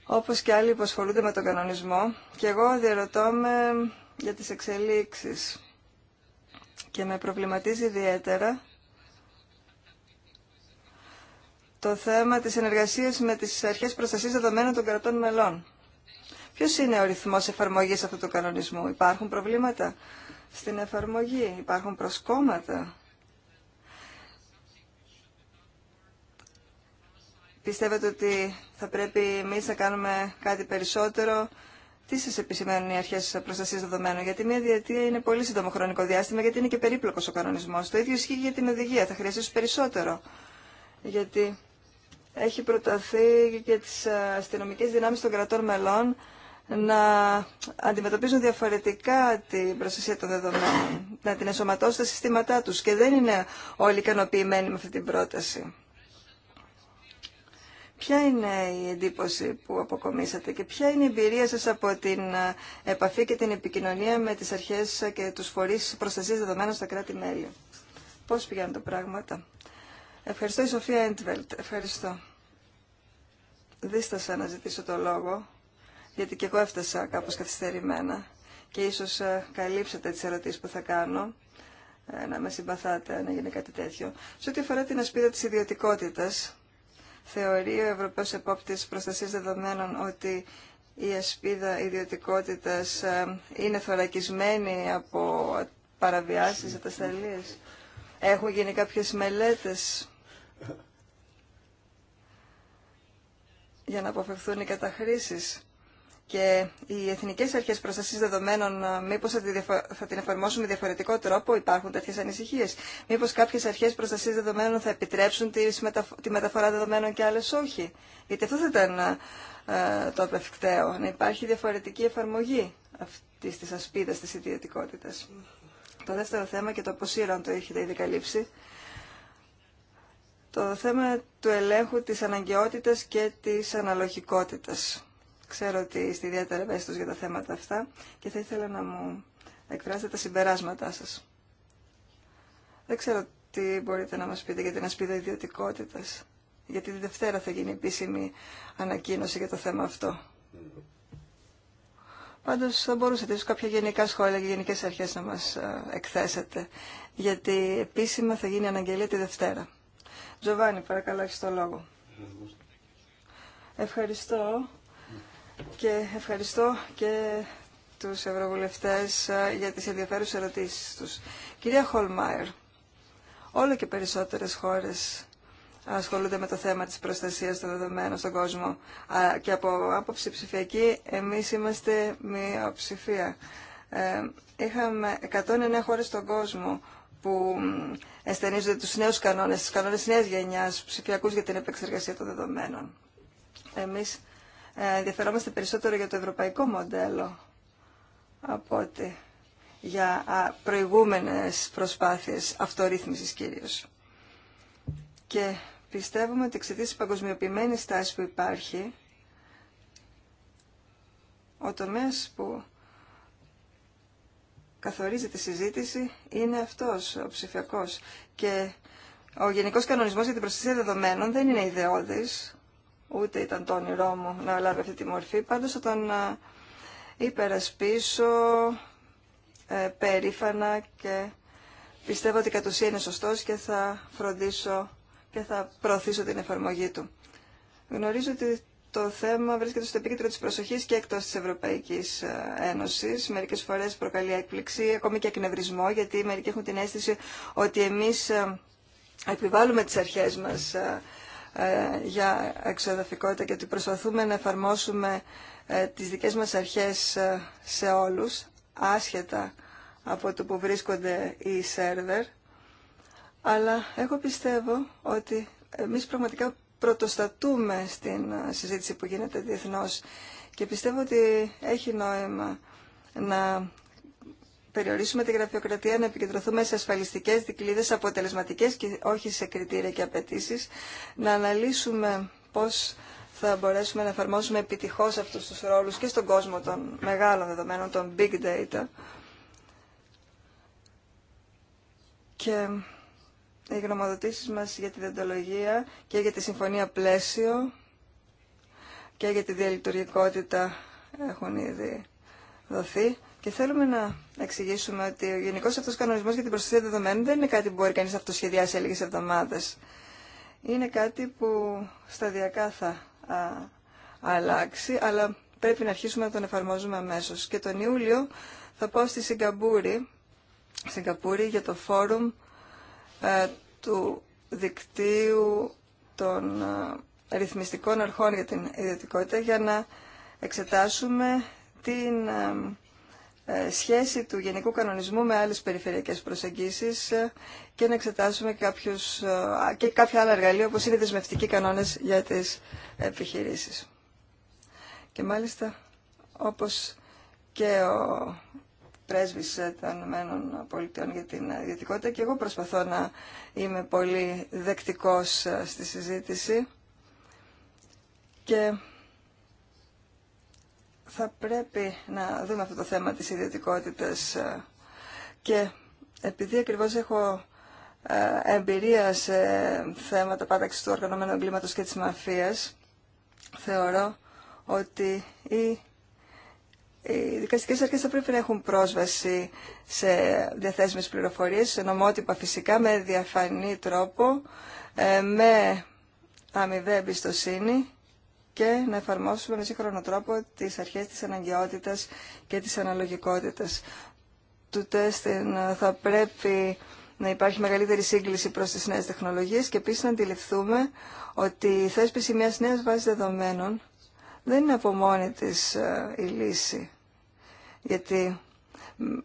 Όπως και άλλοι που με τον κανονισμό, και εγώ διαρωτώ με για τις εξελίξεις και με προβληματίζει ιδιαίτερα το θέμα της συνεργασίας με τις αρχές προστασίας δεδομένων των κρατών μελών. Ποιος είναι ο ρυθμός εφαρμογής αυτού του κανονισμού. Υπάρχουν προβλήματα στην εφαρμογή, υπάρχουν προσκόμματα. Πιστεύετε ότι θα πρέπει εμείς να κάνουμε κάτι περισσότερο τι σα επισημαίνουν οι αρχέ προστασία δεδομένων, Γιατί μια διετία είναι πολύ σύντομο χρονικό διάστημα, γιατί είναι και περίπλοκο ο κανονισμό. Το ίδιο ισχύει για την οδηγία. Θα χρειαστεί περισσότερο. Γιατί έχει προταθεί και τι ε, αστυνομικέ δυνάμει των κρατών μελών να αντιμετωπίζουν διαφορετικά την προστασία των δεδομένων, να την ενσωματώσουν στα συστήματά του. και δεν είναι όλοι ικανοποιημένοι με αυτή την πρόταση. Ποια είναι η εντύπωση που αποκομίσατε και ποια είναι η εμπειρία σας από την ε, επαφή και την επικοινωνία με τις αρχές και τους φορείς προστασίας δεδομένων στα κράτη-μέλη. Πώς πηγαίνουν τα πράγματα. Ευχαριστώ η Σοφία Έντβελτ. Ευχαριστώ. Δίστασα να ζητήσω το λόγο, γιατί και εγώ έφτασα κάπως καθυστερημένα και ίσως ε, καλύψατε τις ερωτήσεις που θα κάνω ε, να με συμπαθάτε αν έγινε κάτι τέτοιο. Σε ό,τι αφορά την ασπίδα της ιδιωτικότητα, θεωρεί ο Ευρωπαίος Επόπτης Προστασίας Δεδομένων ότι η ασπίδα ιδιωτικότητας ε, είναι θωρακισμένη από παραβιάσεις, ατασταλίες. Έχουν γίνει κάποιες μελέτες για να αποφευθούν οι καταχρήσεις και οι εθνικέ αρχέ προστασία δεδομένων ε, μήπω θα, την εφαρμόσουν με διαφορετικό τρόπο, υπάρχουν τέτοιε ανησυχίε. Μήπω κάποιε αρχέ προστασία δεδομένων θα επιτρέψουν τη μεταφορά δεδομένων και άλλε όχι. Γιατί αυτό θα ήταν ε, ε, το απευκταίο, να υπάρχει διαφορετική εφαρμογή αυτή τη ασπίδα τη ιδιωτικότητα. Το δεύτερο θέμα και το αποσύρω το έχετε ήδη καλύψει. Το θέμα του ελέγχου της αναγκαιότητας και της αναλογικότητας. Ξέρω ότι είστε ιδιαίτερα ευαίσθητος για τα θέματα αυτά και θα ήθελα να μου εκφράσετε τα συμπεράσματά σας. Δεν ξέρω τι μπορείτε να μας πείτε για την ασπίδα ιδιωτικότητα. Γιατί τη Δευτέρα θα γίνει επίσημη ανακοίνωση για το θέμα αυτό. Πάντως θα μπορούσατε ίσως κάποια γενικά σχόλια και γενικές αρχές να μας ε, εκθέσετε. Γιατί επίσημα θα γίνει αναγγελία τη Δευτέρα. Τζοβάνι, παρακαλώ, έχεις το λόγο. Ευχαριστώ και ευχαριστώ και τους ευρωβουλευτές ε, για τις ενδιαφέρουσες ερωτήσεις τους. Κυρία Χολμάιρ, όλο και περισσότερες χώρες ασχολούνται με το θέμα της προστασίας των δεδομένων στον κόσμο και από άποψη ψηφιακή εμείς είμαστε ψηφια. Ε, είχαμε 109 χώρες στον κόσμο που εστενίζονται τους νέους κανόνες, τους κανόνες νέας γενιάς ψηφιακούς για την επεξεργασία των δεδομένων. Εμείς ε, ενδιαφερόμαστε περισσότερο για το ευρωπαϊκό μοντέλο από ότι για προηγούμενες προσπάθειες αυτορύθμισης κυρίως. Και πιστεύουμε ότι εξαιτία τη παγκοσμιοποιημένη τάση που υπάρχει, ο τομέας που καθορίζει τη συζήτηση είναι αυτός, ο ψηφιακός. Και ο Γενικός Κανονισμός για την Προστασία Δεδομένων δεν είναι ιδεώδης ούτε ήταν το όνειρό μου να λάβει αυτή τη μορφή. Πάντως θα τον ε, υπερασπίσω ε, περήφανα και πιστεύω ότι κατ' ουσία είναι σωστός και θα φροντίσω και θα προωθήσω την εφαρμογή του. Γνωρίζω ότι το θέμα βρίσκεται στο επίκεντρο της προσοχής και εκτός της Ευρωπαϊκής ε, Ένωσης. Μερικές φορές προκαλεί έκπληξη, ακόμη και εκνευρισμό, γιατί μερικοί έχουν την αίσθηση ότι εμείς ε, επιβάλλουμε τις αρχές μας ε, για εξοδοφικότητα και ότι προσπαθούμε να εφαρμόσουμε ε, τις δικές μας αρχές ε, σε όλους, άσχετα από το που βρίσκονται οι σερβερ. Αλλά εγώ πιστεύω ότι εμείς πραγματικά πρωτοστατούμε στην συζήτηση που γίνεται διεθνώς και πιστεύω ότι έχει νόημα να περιορίσουμε τη γραφειοκρατία, να επικεντρωθούμε σε ασφαλιστικέ δικλείδε αποτελεσματικέ και όχι σε κριτήρια και απαιτήσει, να αναλύσουμε πώ θα μπορέσουμε να εφαρμόσουμε επιτυχώ αυτού του ρόλου και στον κόσμο των μεγάλων δεδομένων, των big data. Και οι γνωμοδοτήσει μα για τη διοντολογία και για τη συμφωνία πλαίσιο και για τη διαλειτουργικότητα έχουν ήδη δοθεί. Και θέλουμε να εξηγήσουμε ότι ο γενικό αυτό κανονισμό για την προστασία δεδομένων δεν είναι κάτι που μπορεί κανεί να αυτοσχεδιάσει σε λίγε εβδομάδε. Είναι κάτι που σταδιακά θα αλλάξει, αλλά πρέπει να αρχίσουμε να τον εφαρμόζουμε αμέσω. Και τον Ιούλιο θα πάω στη Σιγκαπούρη, Σιγκαπούρη για το φόρουμ ε, του δικτύου των ε, ρυθμιστικών αρχών για την ιδιωτικότητα για να εξετάσουμε την. Ε, ε, σχέση του Γενικού Κανονισμού με άλλες περιφερειακές προσεγγίσεις ε, και να εξετάσουμε κάποιους, ε, και κάποια άλλα εργαλεία όπως είναι οι δεσμευτικοί κανόνες για τις επιχειρήσεις. Και μάλιστα όπως και ο πρέσβης των Ηνωμένων Πολιτειών για την ιδιωτικότητα και εγώ προσπαθώ να είμαι πολύ δεκτικός στη συζήτηση και θα πρέπει να δούμε αυτό το θέμα της ιδιωτικότητας ε, και επειδή ακριβώς έχω ε, εμπειρία σε θέματα πάταξης του οργανωμένου εγκλήματος και της μαφίας, θεωρώ ότι οι, οι δικαστικές αρχές θα πρέπει να έχουν πρόσβαση σε διαθέσιμες πληροφορίες, σε νομότυπα φυσικά, με διαφανή τρόπο, ε, με αμοιβέ εμπιστοσύνη και να εφαρμόσουμε με σύγχρονο τρόπο τις αρχές της αναγκαιότητας και της αναλογικότητας. Του τέστην θα πρέπει να υπάρχει μεγαλύτερη σύγκληση προς τις νέες τεχνολογίες και επίσης να αντιληφθούμε ότι η θέσπιση μια νέας βάση δεδομένων δεν είναι από μόνη της ε, η λύση. Γιατί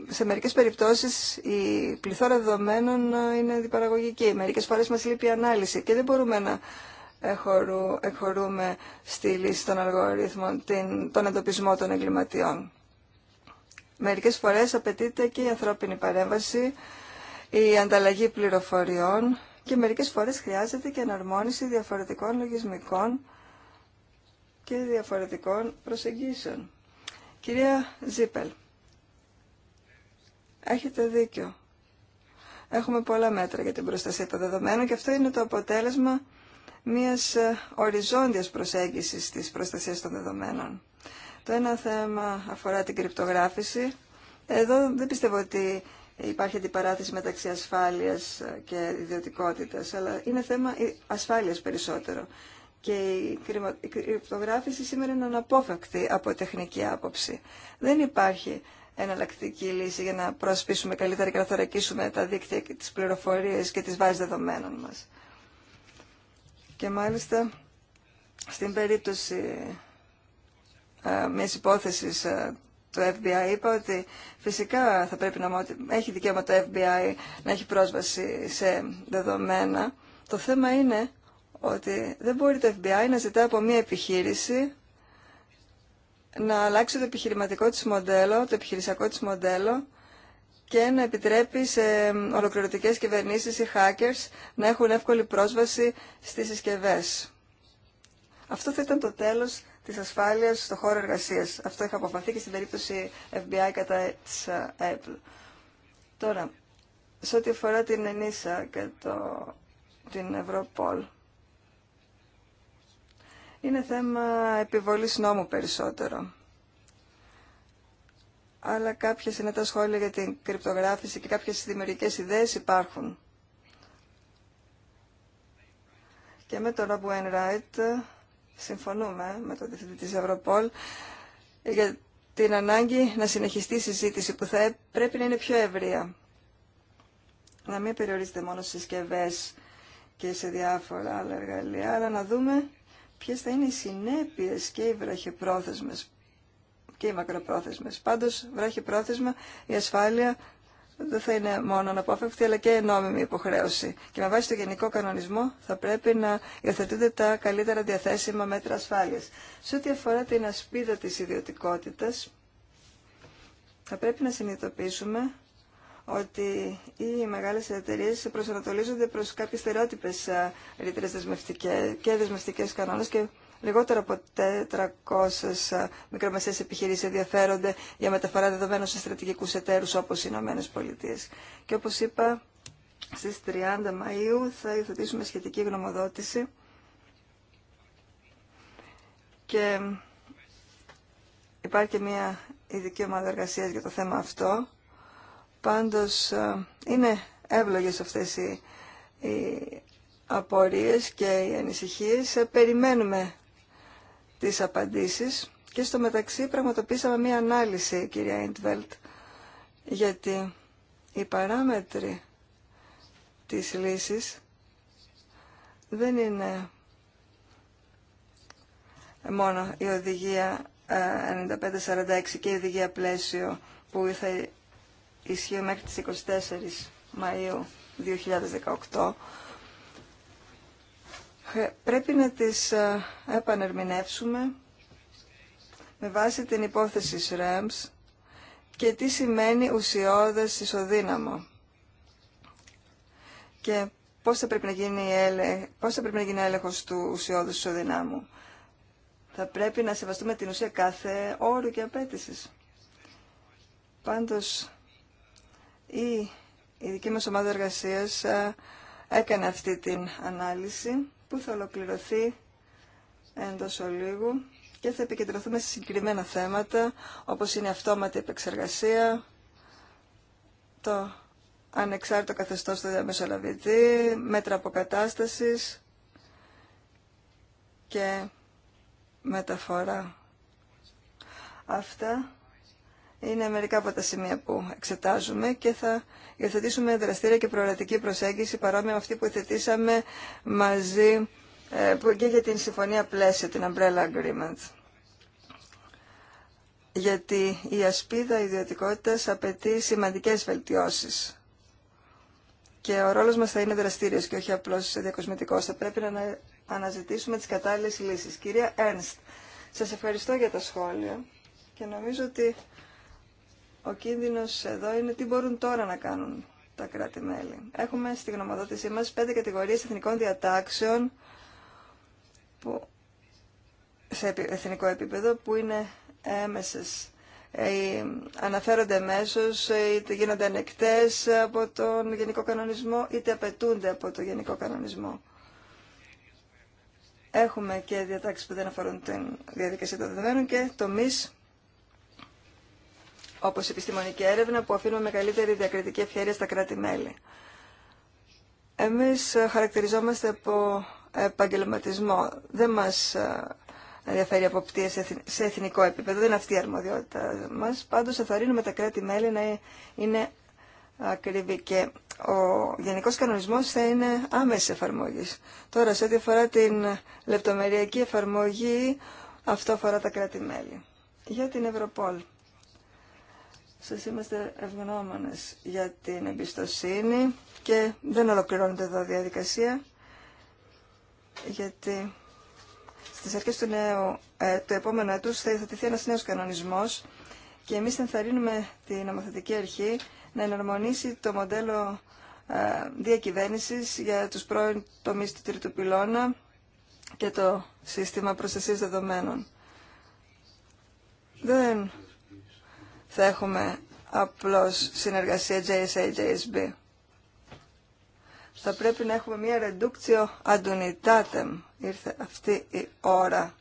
σε μερικές περιπτώσεις η πληθώρα δεδομένων ε, είναι αντιπαραγωγική. Μερικέ φορέ μα λείπει η ανάλυση και δεν μπορούμε να εχωρού, στη λύση των αλγορίθμων την, τον εντοπισμό των εγκληματιών. Μερικές φορές απαιτείται και η ανθρώπινη παρέμβαση, η ανταλλαγή πληροφοριών και μερικές φορές χρειάζεται και εναρμόνιση διαφορετικών λογισμικών και διαφορετικών προσεγγίσεων. Κυρία Ζίπελ, έχετε δίκιο. Έχουμε πολλά μέτρα για την προστασία των δεδομένων και αυτό είναι το αποτέλεσμα μιας ε, οριζόντιας προσέγγισης της προστασίας των δεδομένων. Το ένα θέμα αφορά την κρυπτογράφηση. Εδώ δεν πιστεύω ότι υπάρχει αντιπαράθεση μεταξύ ασφάλειας ε, και ιδιωτικότητας, αλλά είναι θέμα ε, ασφάλειας περισσότερο. Και η κρυπτογράφηση σήμερα είναι αναπόφευκτη από τεχνική άποψη. Δεν υπάρχει εναλλακτική λύση για να προσπίσουμε καλύτερα και να θωρακίσουμε τα δίκτυα και τις πληροφορίες και τις βάσεις δεδομένων μας. Και μάλιστα στην περίπτωση ε, μια υπόθεση ε, του FBI είπα ότι φυσικά θα πρέπει να έχει δικαίωμα το FBI να έχει πρόσβαση σε δεδομένα. Το θέμα είναι ότι δεν μπορεί το FBI να ζητά από μια επιχείρηση να αλλάξει το επιχειρηματικό της μοντέλο, το επιχειρησιακό της μοντέλο και να επιτρέπει σε ολοκληρωτικές κυβερνήσεις ή hackers να έχουν εύκολη πρόσβαση στις συσκευές. Αυτό θα ήταν το τέλος της ασφάλειας στο χώρο εργασίας. Αυτό είχα αποφαθεί και στην περίπτωση FBI κατά της ε, Apple. Τώρα, σε ό,τι αφορά την ΕΝΙΣΑ και το, την Ευρωπόλ, είναι θέμα επιβολής νόμου περισσότερο αλλά κάποια συνετά σχόλια για την κρυπτογράφηση και κάποιες δημιουργικές ιδέες υπάρχουν. Και με τον Rob Wainwright συμφωνούμε με τον διευθυντή της Ευρωπόλ για την ανάγκη να συνεχιστεί η συζήτηση που θα πρέπει να είναι πιο ευρεία. Να μην περιορίζεται μόνο στις συσκευέ και σε διάφορα άλλα εργαλεία, αλλά να δούμε ποιες θα είναι οι συνέπειες και οι βραχυπρόθεσμες και οι μακροπρόθεσμες. Πάντως, βράχει πρόθεσμα, η ασφάλεια δεν θα είναι μόνο αναπόφευκτη, αλλά και νόμιμη υποχρέωση. Και με βάση το γενικό κανονισμό θα πρέπει να υιοθετούνται τα καλύτερα διαθέσιμα μέτρα ασφάλειας. Σε ό,τι αφορά την ασπίδα της ιδιωτικότητα, θα πρέπει να συνειδητοποιήσουμε ότι οι μεγάλε εταιρείε προσανατολίζονται προ κάποιε στερεότυπε ε, ρήτρε δεσμευτικέ και δεσμευτικέ κανόνε και Λιγότερο από 400 ε, μικρομεσαίες επιχειρήσεις ενδιαφέρονται για μεταφορά δεδομένων σε στρατηγικούς εταίρους όπως οι Ηνωμένες Πολιτείες. Και όπως είπα, στις 30 Μαΐου θα υιοθετήσουμε σχετική γνωμοδότηση και υπάρχει και μια ειδική ομάδα εργασίας για το θέμα αυτό. Πάντως ε, είναι εύλογες αυτές οι, οι απορίες και οι ανησυχίες. Ε, περιμένουμε τις απαντήσεις και στο μεταξύ πραγματοποίησαμε μία ανάλυση, κυρία Ιντβέλτ, γιατί οι παράμετροι της λύσης δεν είναι μόνο η οδηγία 9546 ε, και η οδηγία πλαίσιο που θα ισχύει μέχρι τις 24 Μαΐου 2018, ε, πρέπει να τις ε, επανερμηνεύσουμε με βάση την υπόθεση ΣΡΕΜΣ και τι σημαίνει ουσιώδες ισοδύναμο και πώς θα πρέπει να γίνει, πρέπει να γίνει έλεγχος του ουσιώδους ισοδυνάμου. Θα πρέπει να σεβαστούμε την ουσία κάθε όρου και απέτηση. Πάντως, η, η δική μας ομάδα εργασίας ε, έκανε αυτή την ανάλυση που θα ολοκληρωθεί εντός ολίγου και θα επικεντρωθούμε σε συγκεκριμένα θέματα όπως είναι η αυτόματη επεξεργασία, το ανεξάρτητο καθεστώς του διαμεσολαβητή, μέτρα αποκατάστασης και μεταφορά. Αυτά είναι μερικά από τα σημεία που εξετάζουμε και θα υιοθετήσουμε δραστήρια και προορατική προσέγγιση παρόμοια με αυτή που υιοθετήσαμε μαζί ε, και για την συμφωνία πλαίσια την Umbrella Agreement. Γιατί η ασπίδα ιδιωτικότητας απαιτεί σημαντικές βελτιώσεις. Και ο ρόλος μας θα είναι δραστήριος και όχι απλώς διακοσμητικός. Θα πρέπει να αναζητήσουμε τις κατάλληλες λύσεις. Κυρία Ένστ, σας ευχαριστώ για τα σχόλια και νομίζω ότι ο κίνδυνος εδώ είναι τι μπορούν τώρα να κάνουν τα κράτη-μέλη. Έχουμε στη γνωμοδότησή μας πέντε κατηγορίες εθνικών διατάξεων σε εθνικό επίπεδο που είναι έμεσες. Ε, αναφέρονται μέσω ε, είτε γίνονται ανεκτές από τον Γενικό Κανονισμό, είτε απαιτούνται από τον Γενικό Κανονισμό. Έχουμε και διατάξεις που δεν αφορούν τη διαδικασία των δεδομένων και το μίσ όπω η επιστημονική έρευνα που αφήνουμε μεγαλύτερη διακριτική ευχαίρεια στα κράτη-μέλη. Εμεί ε, χαρακτηριζόμαστε από επαγγελματισμό. Δεν μα ε, ενδιαφέρει αποπτία σε εθνικό επίπεδο, δεν είναι αυτή η αρμοδιότητα μας. Πάντως εθαρρύνουμε τα κράτη-μέλη να ε, είναι ακριβή και ο Γενικό κανονισμός θα είναι άμεση εφαρμογή. Τώρα σε ό,τι αφορά την λεπτομεριακή εφαρμογή, αυτό αφορά τα κράτη-μέλη. Για την Ευρωπόλ. Σας είμαστε ευγνώμονες για την εμπιστοσύνη και δεν ολοκληρώνεται εδώ διαδικασία γιατί στις αρχές του, νέου, ε, του επόμενου έτους θα υιοθετηθεί ένας νέος κανονισμός και εμείς ενθαρρύνουμε την νομοθετική αρχή να εναρμονίσει το μοντέλο ε, για τους πρώην τομείς του τρίτου πυλώνα και το σύστημα προστασίας δεδομένων. Δεν θα έχουμε απλώς συνεργασία JSA-JSB. Θα πρέπει να έχουμε μία reductio unitatem, Ήρθε αυτή η ώρα.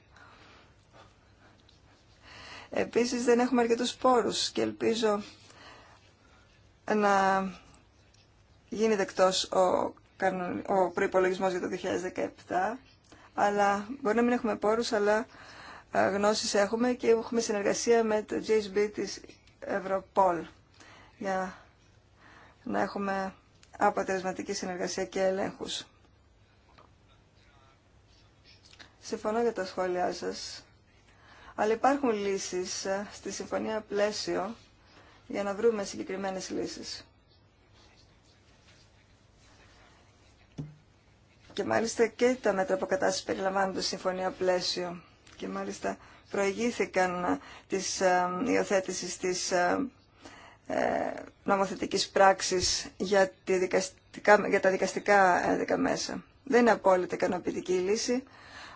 Επίσης δεν έχουμε αρκετούς πόρους και ελπίζω να γίνει δεκτός ο, ο προϋπολογισμός για το 2017, αλλά μπορεί να μην έχουμε πόρους, αλλά ε, γνώσεις έχουμε και έχουμε συνεργασία με το JSB της Ευρωπόλ για να έχουμε αποτελεσματική συνεργασία και ελέγχους. Συμφωνώ για τα σχόλιά σας, αλλά υπάρχουν λύσεις ε, στη Συμφωνία Πλαίσιο για να βρούμε συγκεκριμένες λύσεις. Και μάλιστα και τα μέτρα αποκατάστασης περιλαμβάνονται στη Συμφωνία Πλαίσιο. Και μάλιστα προηγήθηκαν της ε, υιοθέτηση της ε, ε, νομοθετικής πράξης για, δικαστικά, για τα δικαστικά ένδικα μέσα. Δεν είναι απόλυτα ικανοποιητική η λύση,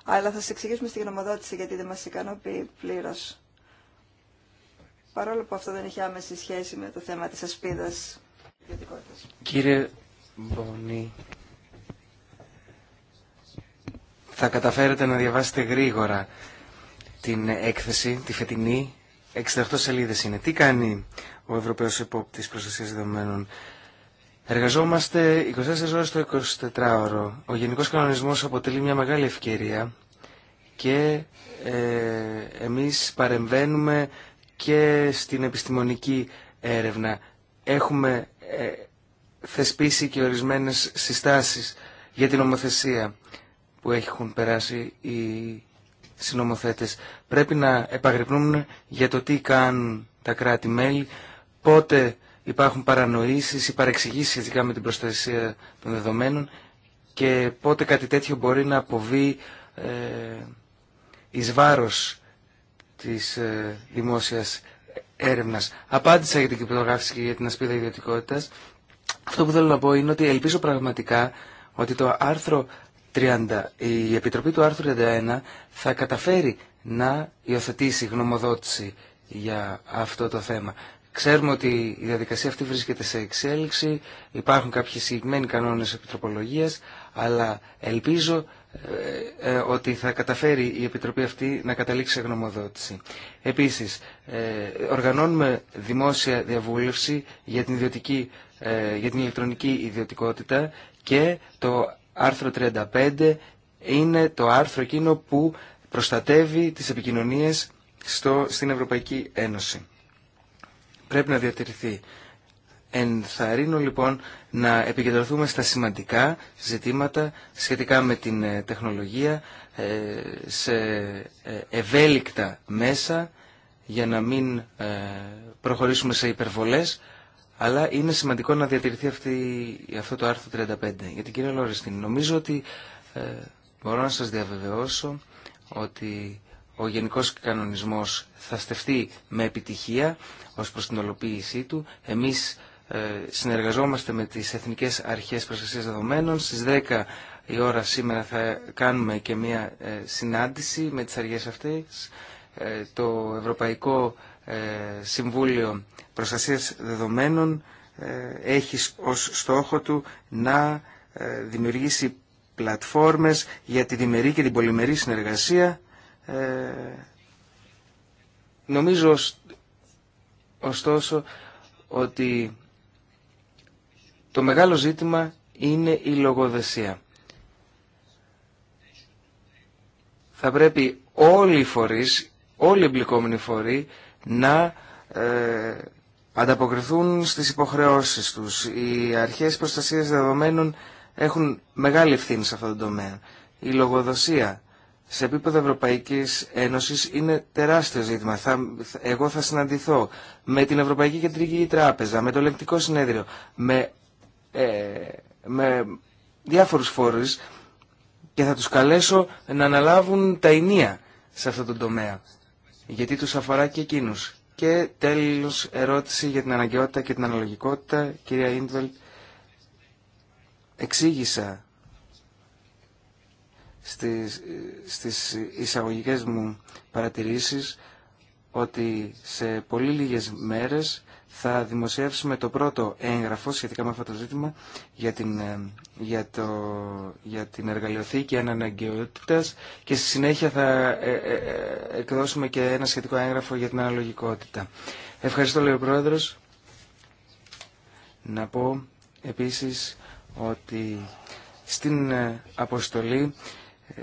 αλλά θα σας εξηγήσουμε στη γνωμοδότηση γιατί δεν μας ικανοποιεί πλήρως. Παρόλο που αυτό δεν έχει άμεση σχέση με το θέμα της ασπίδας Κύριε Μπονή, θα καταφέρετε να διαβάσετε γρήγορα την έκθεση, τη φετινή. 68 σελίδε είναι. Τι κάνει ο Ευρωπαϊο Επόπτη Προστασία Δεδομένων. Εργαζόμαστε 24 ώρε το 24ωρο. Ο Γενικό Κανονισμό αποτελεί μια μεγάλη ευκαιρία και ε, εμείς παρεμβαίνουμε και στην επιστημονική έρευνα. Έχουμε ε, θεσπίσει και ορισμένες συστάσεις για την ομοθεσία που έχουν περάσει οι συνομοθέτες πρέπει να επαγρυπνούμε για το τι κάνουν τα κράτη-μέλη, πότε υπάρχουν παρανοήσεις ή παρεξηγήσεις σχετικά με την προστασία των δεδομένων και πότε κάτι τέτοιο μπορεί να αποβεί ε, εις βάρος της ε, δημόσιας έρευνας. Απάντησα για την κρυπτογράφηση και για την ασπίδα ιδιωτικότητας. Αυτό που θέλω να πω είναι ότι ελπίζω πραγματικά ότι το άρθρο 30, η Επιτροπή του άρθρου 31 θα καταφέρει να υιοθετήσει γνωμοδότηση για αυτό το θέμα. Ξέρουμε ότι η διαδικασία αυτή βρίσκεται σε εξέλιξη, υπάρχουν κάποιοι συγκεκριμένοι κανόνες επιτροπολογίας, αλλά ελπίζω ε, ε, ότι θα καταφέρει η Επιτροπή αυτή να καταλήξει σε γνωμοδότηση. Επίσης, ε, οργανώνουμε δημόσια διαβούλευση για την, για την ηλεκτρονική ιδιωτικότητα και το άρθρο 35 είναι το άρθρο εκείνο που προστατεύει τις επικοινωνίες στο, στην Ευρωπαϊκή Ένωση. Πρέπει να διατηρηθεί. Ενθαρρύνω λοιπόν να επικεντρωθούμε στα σημαντικά ζητήματα σχετικά με την ε, τεχνολογία ε, σε ε, ευέλικτα μέσα για να μην προχωρήσουμε σε υπερβολές αλλά είναι σημαντικό να διατηρηθεί αυτή, αυτό το άρθρο 35. Γιατί την κυρία Λόριστη, νομίζω ότι μπορώ να σας διαβεβαιώσω ότι ο γενικός κανονισμός θα στεφτεί με επιτυχία ως προς την ολοποίησή του. Εμείς ε, συνεργαζόμαστε με τις Εθνικές Αρχές Προστασίας Δεδομένων. Στις 10 η ώρα σήμερα θα κάνουμε και μια ε, συνάντηση με τις αρχές αυτές. Ε, το Ευρωπαϊκό Συμβούλιο Προστασίας Δεδομένων έχει ως στόχο του να δημιουργήσει πλατφόρμες για τη διμερή και την πολυμερή συνεργασία. Ε, νομίζω ωστόσο ότι το μεγάλο ζήτημα είναι η λογοδεσία. Θα πρέπει όλοι οι φορείς, όλοι οι εμπλεκόμενοι φορεί να ε, ανταποκριθούν στις υποχρεώσεις τους. Οι αρχές προστασίας δεδομένων έχουν μεγάλη ευθύνη σε αυτόν τον τομέα. Η λογοδοσία σε επίπεδο Ευρωπαϊκής Ένωση είναι τεράστιο ζήτημα. εγώ θα συναντηθώ με την Ευρωπαϊκή Κεντρική Τράπεζα, με το Ελεκτικό Συνέδριο, με, ε, με διάφορους φόρους και θα τους καλέσω να αναλάβουν τα ενία σε αυτόν τον τομέα. Γιατί τους αφορά και εκείνου. Και τέλο ερώτηση για την αναγκαιότητα και την αναλογικότητα, κυρία Ίντβελτ εξήγησα στις, στις εισαγωγικές μου παρατηρήσεις ότι σε πολύ λίγες μέρες θα δημοσιεύσουμε το πρώτο έγγραφο σχετικά με αυτό το ζήτημα για την, ε, για το, για την εργαλειοθήκη αναναγκαιότητας και στη συνέχεια θα ε, ε, εκδώσουμε και ένα σχετικό έγγραφο για την αναλογικότητα. Ευχαριστώ λέει ο Πρόεδρος. Να πω επίσης ότι στην ε, αποστολή ε,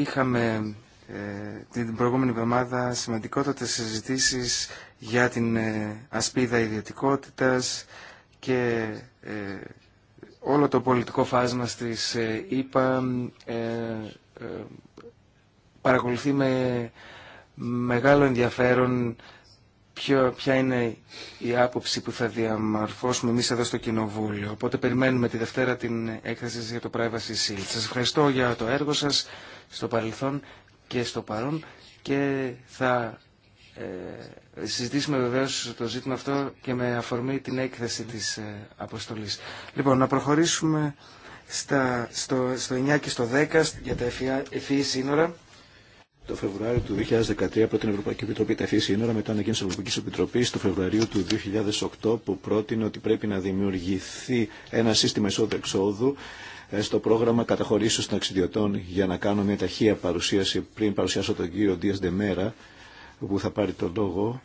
είχαμε ε, την προηγούμενη εβδομάδα σημαντικότατες συζητήσεις για την ασπίδα ιδιωτικότητας και όλο το πολιτικό φάσμα στις ΕΠΑ παρακολουθεί με μεγάλο ενδιαφέρον ποιο, ποια είναι η άποψη που θα διαμορφώσουμε εμείς εδώ στο Κοινοβούλιο. Οπότε περιμένουμε τη Δευτέρα την έκθεση για το Privacy Shield. Σας ευχαριστώ για το έργο σας στο παρελθόν και στο παρόν και θα ε, συζητήσουμε βεβαίως το ζήτημα αυτό και με αφορμή την έκθεση της ε, αποστολής. Λοιπόν, να προχωρήσουμε στα, στο, στο 9 και στο 10 για τα ευφυή σύνορα. Το Φεβρουάριο του 2013 από την Ευρωπαϊκή Επιτροπή τα σύνορα μετά ανακοίνωση τη Ευρωπαϊκή Επιτροπή το Φεβρουαρίου του 2008 που πρότεινε ότι πρέπει να δημιουργηθεί ένα σύστημα εισόδου-εξόδου ε, στο πρόγραμμα καταχωρήσεως των αξιδιωτών για να κάνω μια ταχεία παρουσίαση πριν παρουσιάσω τον κύριο Δίας Δεμέρα που θα πάρει τον λόγο.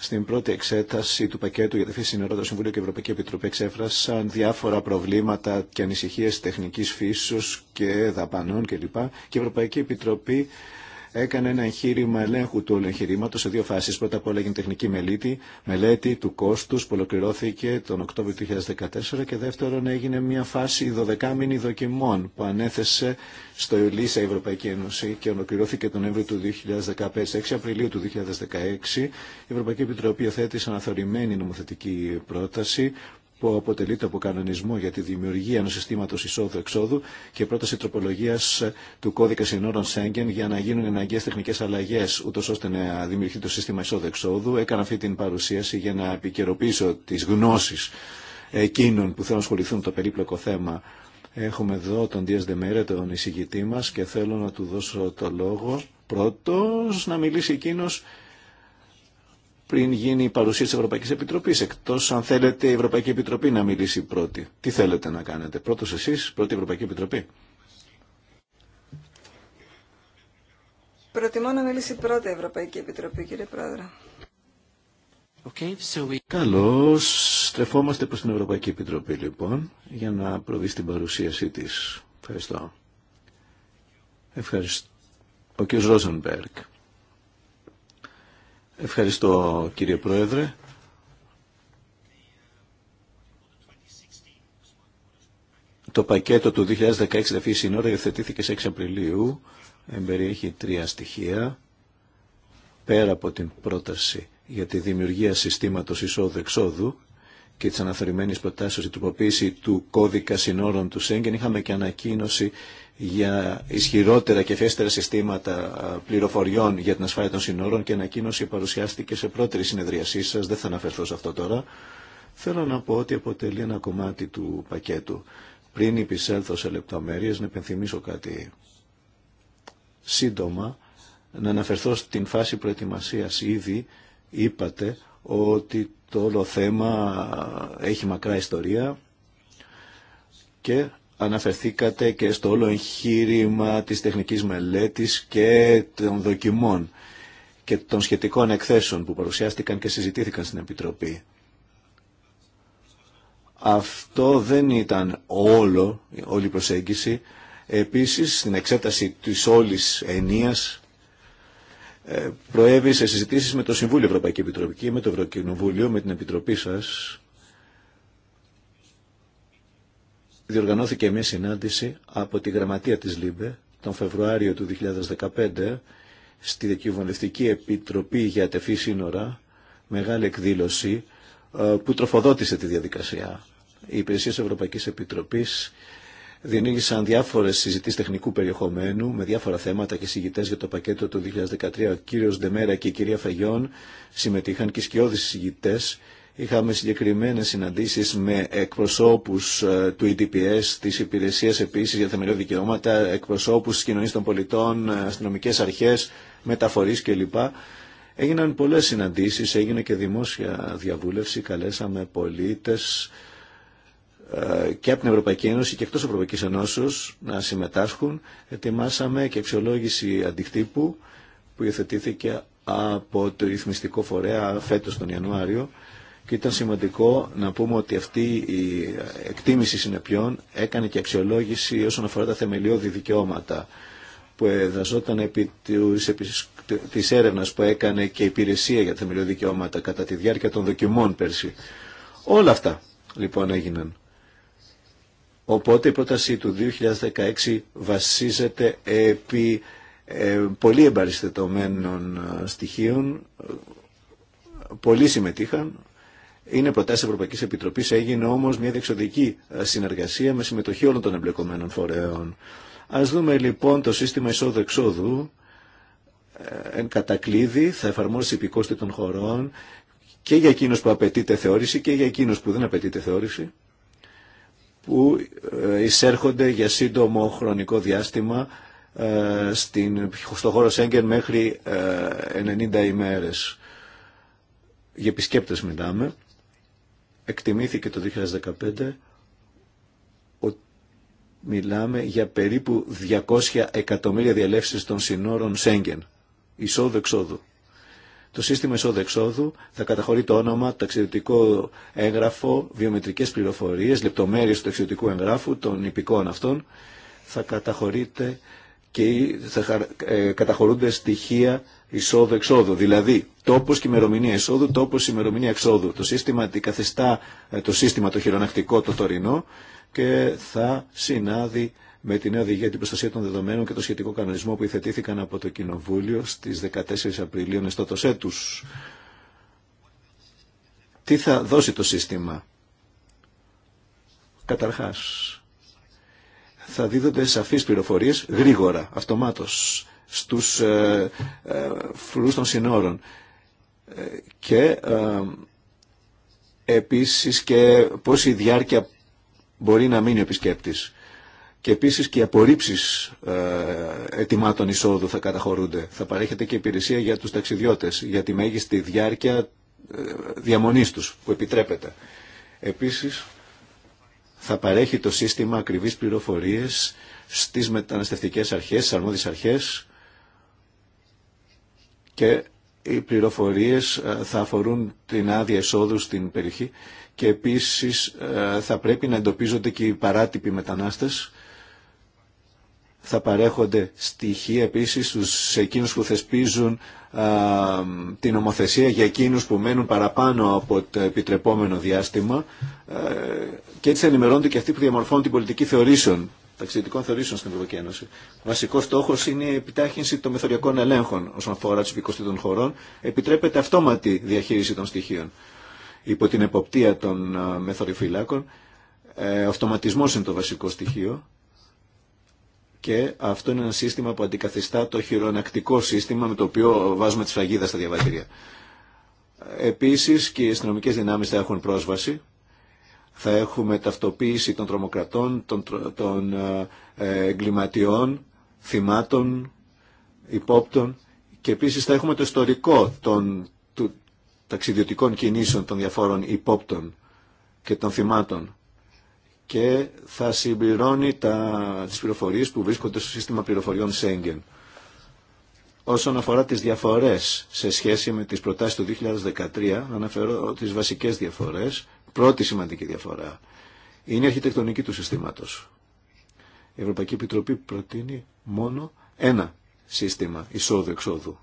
Στην πρώτη εξέταση του πακέτου για τα φύση νερό, το Συμβούλιο και η Ευρωπαϊκή Επιτροπή εξέφρασαν διάφορα προβλήματα και ανησυχίε τεχνική φύσεω και δαπανών κλπ. Και η Ευρωπαϊκή Επιτροπή έκανε ένα εγχείρημα ελέγχου του όλου εγχειρήματο σε δύο φάσει. Πρώτα απ' όλα έγινε τεχνική μελέτη, μελέτη του κόστου που ολοκληρώθηκε τον Οκτώβριο του 2014 και δεύτερον έγινε μια φάση 12 μήνη δοκιμών που ανέθεσε στο Ελίσσα η Ευρωπαϊκή Ένωση και ολοκληρώθηκε τον Νοέμβριο του 2015. 6 Απριλίου του 2016 η Ευρωπαϊκή Επιτροπή θέτησε αναθεωρημένη νομοθετική πρόταση που αποτελείται από κανονισμό για τη δημιουργία ενός συστήματος εισόδου-εξόδου και πρόταση τροπολογίας του κώδικα συνόρων Σέγγεν για να γίνουν εναγκαίες τεχνικές αλλαγές, ούτως ώστε να δημιουργηθεί το σύστημα εισόδου-εξόδου. Έκανα αυτή την παρουσίαση για να επικαιροποιήσω τις γνώσεις εκείνων που θέλουν να ασχοληθούν το περίπλοκο θέμα. Έχουμε εδώ τον Δίας Δεμέρε, τον εισηγητή μας και θέλω να του δώσω το λόγο πρώτος να μιλήσει εκείνος πριν γίνει η παρουσία της Ευρωπαϊκής Επιτροπής, εκτός αν θέλετε η Ευρωπαϊκή Επιτροπή να μιλήσει πρώτη. Τι θέλετε να κάνετε, πρώτος εσείς, πρώτη Ευρωπαϊκή Επιτροπή. Προτιμώ να μιλήσει πρώτη Ευρωπαϊκή Επιτροπή, κύριε Πρόεδρε. Okay, so we... Καλώς. Στρεφόμαστε προς την Ευρωπαϊκή Επιτροπή, λοιπόν, για να προβεί στην παρουσίασή της. Ευχαριστώ. Ευχαριστώ. Ο κ. Ρόζενμπεργκ. Ευχαριστώ κύριε Πρόεδρε. Το πακέτο του 2016 φύση Σύνορα υιοθετήθηκε σε 6 Απριλίου. Εμπεριέχει τρία στοιχεία. Πέρα από την πρόταση για τη δημιουργία συστήματος εισόδου-εξόδου και τις αναθεωρημένες προτάσεις για τροποποίηση του κώδικα συνόρων του Σέγγεν είχαμε και ανακοίνωση για ισχυρότερα και φέστερα συστήματα πληροφοριών για την ασφάλεια των συνόρων και ανακοίνωση παρουσιάστηκε σε πρώτη συνεδριασή σας, δεν θα αναφερθώ σε αυτό τώρα. Θέλω να πω ότι αποτελεί ένα κομμάτι του πακέτου. Πριν υπησέλθω σε λεπτομέρειε να επενθυμίσω κάτι σύντομα, να αναφερθώ στην φάση προετοιμασία ήδη, είπατε ότι το όλο θέμα έχει μακρά ιστορία και αναφερθήκατε και στο όλο εγχείρημα της τεχνικής μελέτης και των δοκιμών και των σχετικών εκθέσεων που παρουσιάστηκαν και συζητήθηκαν στην Επιτροπή. Αυτό δεν ήταν όλο, όλη η προσέγγιση. Επίσης, στην εξέταση της όλης ενίας ε, προέβησε σε συζητήσεις με το Συμβούλιο Ευρωπαϊκή Επιτροπή με το Ευρωκοινοβούλιο, με την Επιτροπή σας διοργανώθηκε μια συνάντηση από τη γραμματεία της ΛΥΜΠΕ τον Φεβρουάριο του 2015 στη Δικηβολευτική Επιτροπή για Ατεφή Σύνορα, μεγάλη εκδήλωση ε, που τροφοδότησε τη διαδικασία. Οι υπηρεσίε Ευρωπαϊκής Επιτροπής διενήγησαν διάφορες συζητήσεις τεχνικού περιεχομένου με διάφορα θέματα και συγητές για το πακέτο του 2013. Ο κύριος Ντεμέρα και η κυρία Φαγιόν συμμετείχαν και οι σκιώδεις Είχαμε συγκεκριμένες συναντήσεις με εκπροσώπους ε, του EDPS, της Υπηρεσίας επίσης για θεμελιώδη δικαιώματα, εκπροσώπους της κοινωνίας των πολιτών, ε, αστυνομικές αρχές, μεταφορείς κλπ. Έγιναν πολλές συναντήσεις, έγινε και δημόσια διαβούλευση, καλέσαμε πολίτες ε, και από την Ευρωπαϊκή Ένωση και εκτός Ευρωπαϊκής Ενώσεως να συμμετάσχουν. Ετοιμάσαμε και αξιολόγηση αντικτύπου που υιοθετήθηκε από το ρυθμιστικό φορέα φέτος τον Ιανουάριο και ήταν σημαντικό να πούμε ότι αυτή η εκτίμηση συνεπιών έκανε και αξιολόγηση όσον αφορά τα θεμελιώδη δικαιώματα που εδραζόταν επί της έρευνας που έκανε και η υπηρεσία για τα θεμελιώδη δικαιώματα κατά τη διάρκεια των δοκιμών πέρσι. Όλα αυτά λοιπόν έγιναν. Οπότε η πρόταση του 2016 βασίζεται επί ε, πολύ εμπαριστατωμένων ε, στοιχείων. Πολλοί συμμετείχαν, είναι προτάσει Ευρωπαϊκή Επιτροπή, έγινε όμω μια διεξοδική ε, συνεργασία με συμμετοχή όλων των εμπλεκομένων φορέων. Α δούμε λοιπόν το σύστημα εισόδου-εξόδου. Ε, εν κατακλείδη θα εφαρμόσει υπηκόστη των χωρών και για εκείνου που απαιτείται θεώρηση και για εκείνου που δεν απαιτείται θεώρηση που ε, εισέρχονται για σύντομο χρονικό διάστημα στην, στο χώρο Σέγγεν μέχρι 90 ημέρες. Για επισκέπτες μιλάμε εκτιμήθηκε το 2015 ότι μιλάμε για περίπου 200 εκατομμύρια διαλέψεις των συνόρων Σέγγεν, εισόδου-εξόδου. Το σύστημα εισόδου-εξόδου θα καταχωρεί το όνομα, το ταξιδιωτικό έγγραφο, βιομετρικές πληροφορίες, λεπτομέρειες του ταξιδιωτικού εγγράφου, των υπηκών αυτών. Θα καταχωρείται και θα ε, καταχωρούνται στοιχεία εισόδου-εξόδου. Δηλαδή, τόπο και ημερομηνία εισόδου, τόπο ημερομηνία εξόδου. Το σύστημα αντικαθιστά ε, το σύστημα το χειρονακτικό, το τωρινό και θα συνάδει με την νέα οδηγία την προστασία των δεδομένων και το σχετικό κανονισμό που υθετήθηκαν από το Κοινοβούλιο στις 14 Απριλίου νεστότος έτου. Τι θα δώσει το σύστημα. Καταρχάς, θα δίδονται σαφείς πληροφορίες γρήγορα, αυτομάτως στους ε, ε των συνόρων. Ε, και ε, επίσης και η διάρκεια μπορεί να μείνει ο επισκέπτης. Και επίσης και οι απορρίψεις ετοιμάτων εισόδου θα καταχωρούνται. Θα παρέχεται και υπηρεσία για τους ταξιδιώτες, για τη μέγιστη διάρκεια διαμονής τους που επιτρέπεται. Επίσης θα παρέχει το σύστημα ακριβής πληροφορίες στις μεταναστευτικές αρχές, στις αρμόδιες αρχές και οι πληροφορίες ε, θα αφορούν την άδεια εισόδου στην περιοχή και επίσης ε, θα πρέπει να εντοπίζονται και οι παράτυποι μετανάστες. Θα παρέχονται στοιχεία επίσης στους εκείνους που θεσπίζουν ε, την ομοθεσία για εκείνους που μένουν παραπάνω από το επιτρεπόμενο διάστημα και έτσι ενημερώνονται και αυτοί που διαμορφώνουν την πολιτική θεωρήσεων ταξιδιωτικών θεωρήσεων στην Ευρωπαϊκή Ένωση. Βασικό στόχο είναι η επιτάχυνση των μεθοριακών ελέγχων όσον αφορά του υπηκοστή των χωρών. Επιτρέπεται αυτόματη διαχείριση των στοιχείων υπό την εποπτεία των ε, μεθοριοφυλάκων. Ε, Αυτοματισμό είναι το βασικό στοιχείο. Και αυτό είναι ένα σύστημα που αντικαθιστά το χειρονακτικό σύστημα με το οποίο βάζουμε τη σφραγίδα στα διαβατήρια. Επίση και οι αστυνομικέ δυνάμει θα έχουν πρόσβαση θα έχουμε ταυτοποίηση των τρομοκρατών, των, των ε, εγκληματιών, θυμάτων, υπόπτων και επίσης θα έχουμε το ιστορικό των του, ταξιδιωτικών κινήσεων των διαφόρων υπόπτων και των θυμάτων και θα συμπληρώνει τα, τις πληροφορίες που βρίσκονται στο σύστημα πληροφοριών Σέγγεν όσον αφορά τις διαφορές σε σχέση με τις προτάσεις του 2013, αναφέρω τις βασικές διαφορές, πρώτη σημαντική διαφορά, είναι η αρχιτεκτονική του συστήματος. Η Ευρωπαϊκή Επιτροπή προτείνει μόνο ένα σύστημα εισόδου-εξόδου.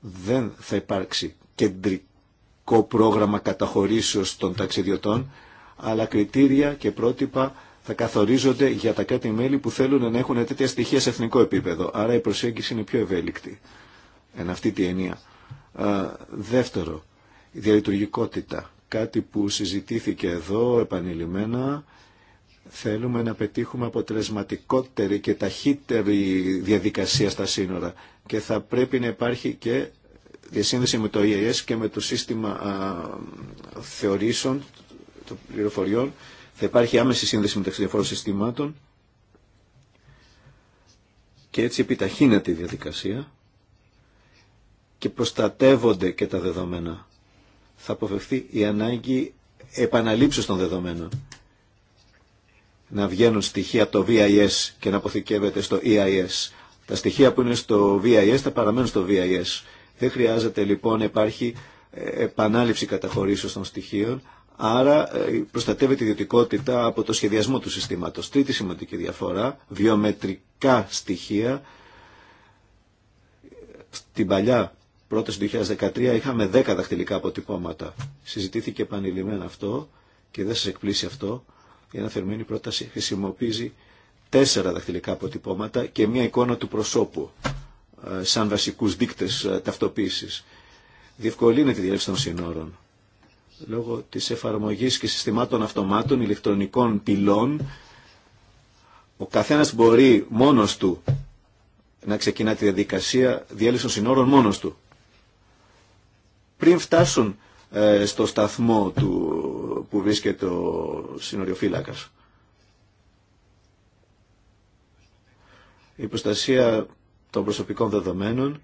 Δεν θα υπάρξει κεντρικό πρόγραμμα καταχωρήσεως των ταξιδιωτών, αλλά κριτήρια και πρότυπα θα καθορίζονται για τα κράτη-μέλη που θέλουν να έχουν τέτοια στοιχεία σε εθνικό επίπεδο. Άρα η προσέγγιση είναι πιο ευέλικτη εν αυτή τη ενία. δεύτερο, η διαλειτουργικότητα. Κάτι που συζητήθηκε εδώ επανειλημμένα. Θέλουμε να πετύχουμε αποτελεσματικότερη και ταχύτερη διαδικασία στα σύνορα και θα πρέπει να υπάρχει και διασύνδεση με το EAS και με το σύστημα θεωρήσεων των πληροφοριών θα υπάρχει άμεση σύνδεση μεταξύ διαφόρων συστημάτων και έτσι επιταχύνεται η διαδικασία και προστατεύονται και τα δεδομένα. Θα αποφευθεί η ανάγκη επαναλήψεως των δεδομένων. Να βγαίνουν στοιχεία από το VIS και να αποθηκεύεται στο EIS. Τα στοιχεία που είναι στο VIS θα παραμένουν στο VIS. Δεν χρειάζεται λοιπόν να υπάρχει ε, επανάληψη καταχωρήσεως των στοιχείων, Άρα ε, προστατεύεται η ιδιωτικότητα από το σχεδιασμό του συστήματος. Τρίτη σημαντική διαφορά, βιομετρικά στοιχεία. Στην παλιά πρόταση του 2013 είχαμε 10 δαχτυλικά αποτυπώματα. Συζητήθηκε επανειλημμένα αυτό και δεν σας εκπλήσει αυτό. Η αναθερμμένη πρόταση χρησιμοποιεί τέσσερα δαχτυλικά αποτυπώματα και μία εικόνα του προσώπου ε, σαν βασικούς δείκτες ε, ταυτοποίησης. Διευκολύνεται η διέλευση των συνόρων λόγω της εφαρμογής και συστημάτων αυτομάτων ηλεκτρονικών πυλών ο καθένας μπορεί μόνος του να ξεκινά τη διαδικασία διέλυσης συνόρων μόνος του. Πριν φτάσουν ε, στο σταθμό του, που βρίσκεται ο συνοριοφύλακας. Η προστασία των προσωπικών δεδομένων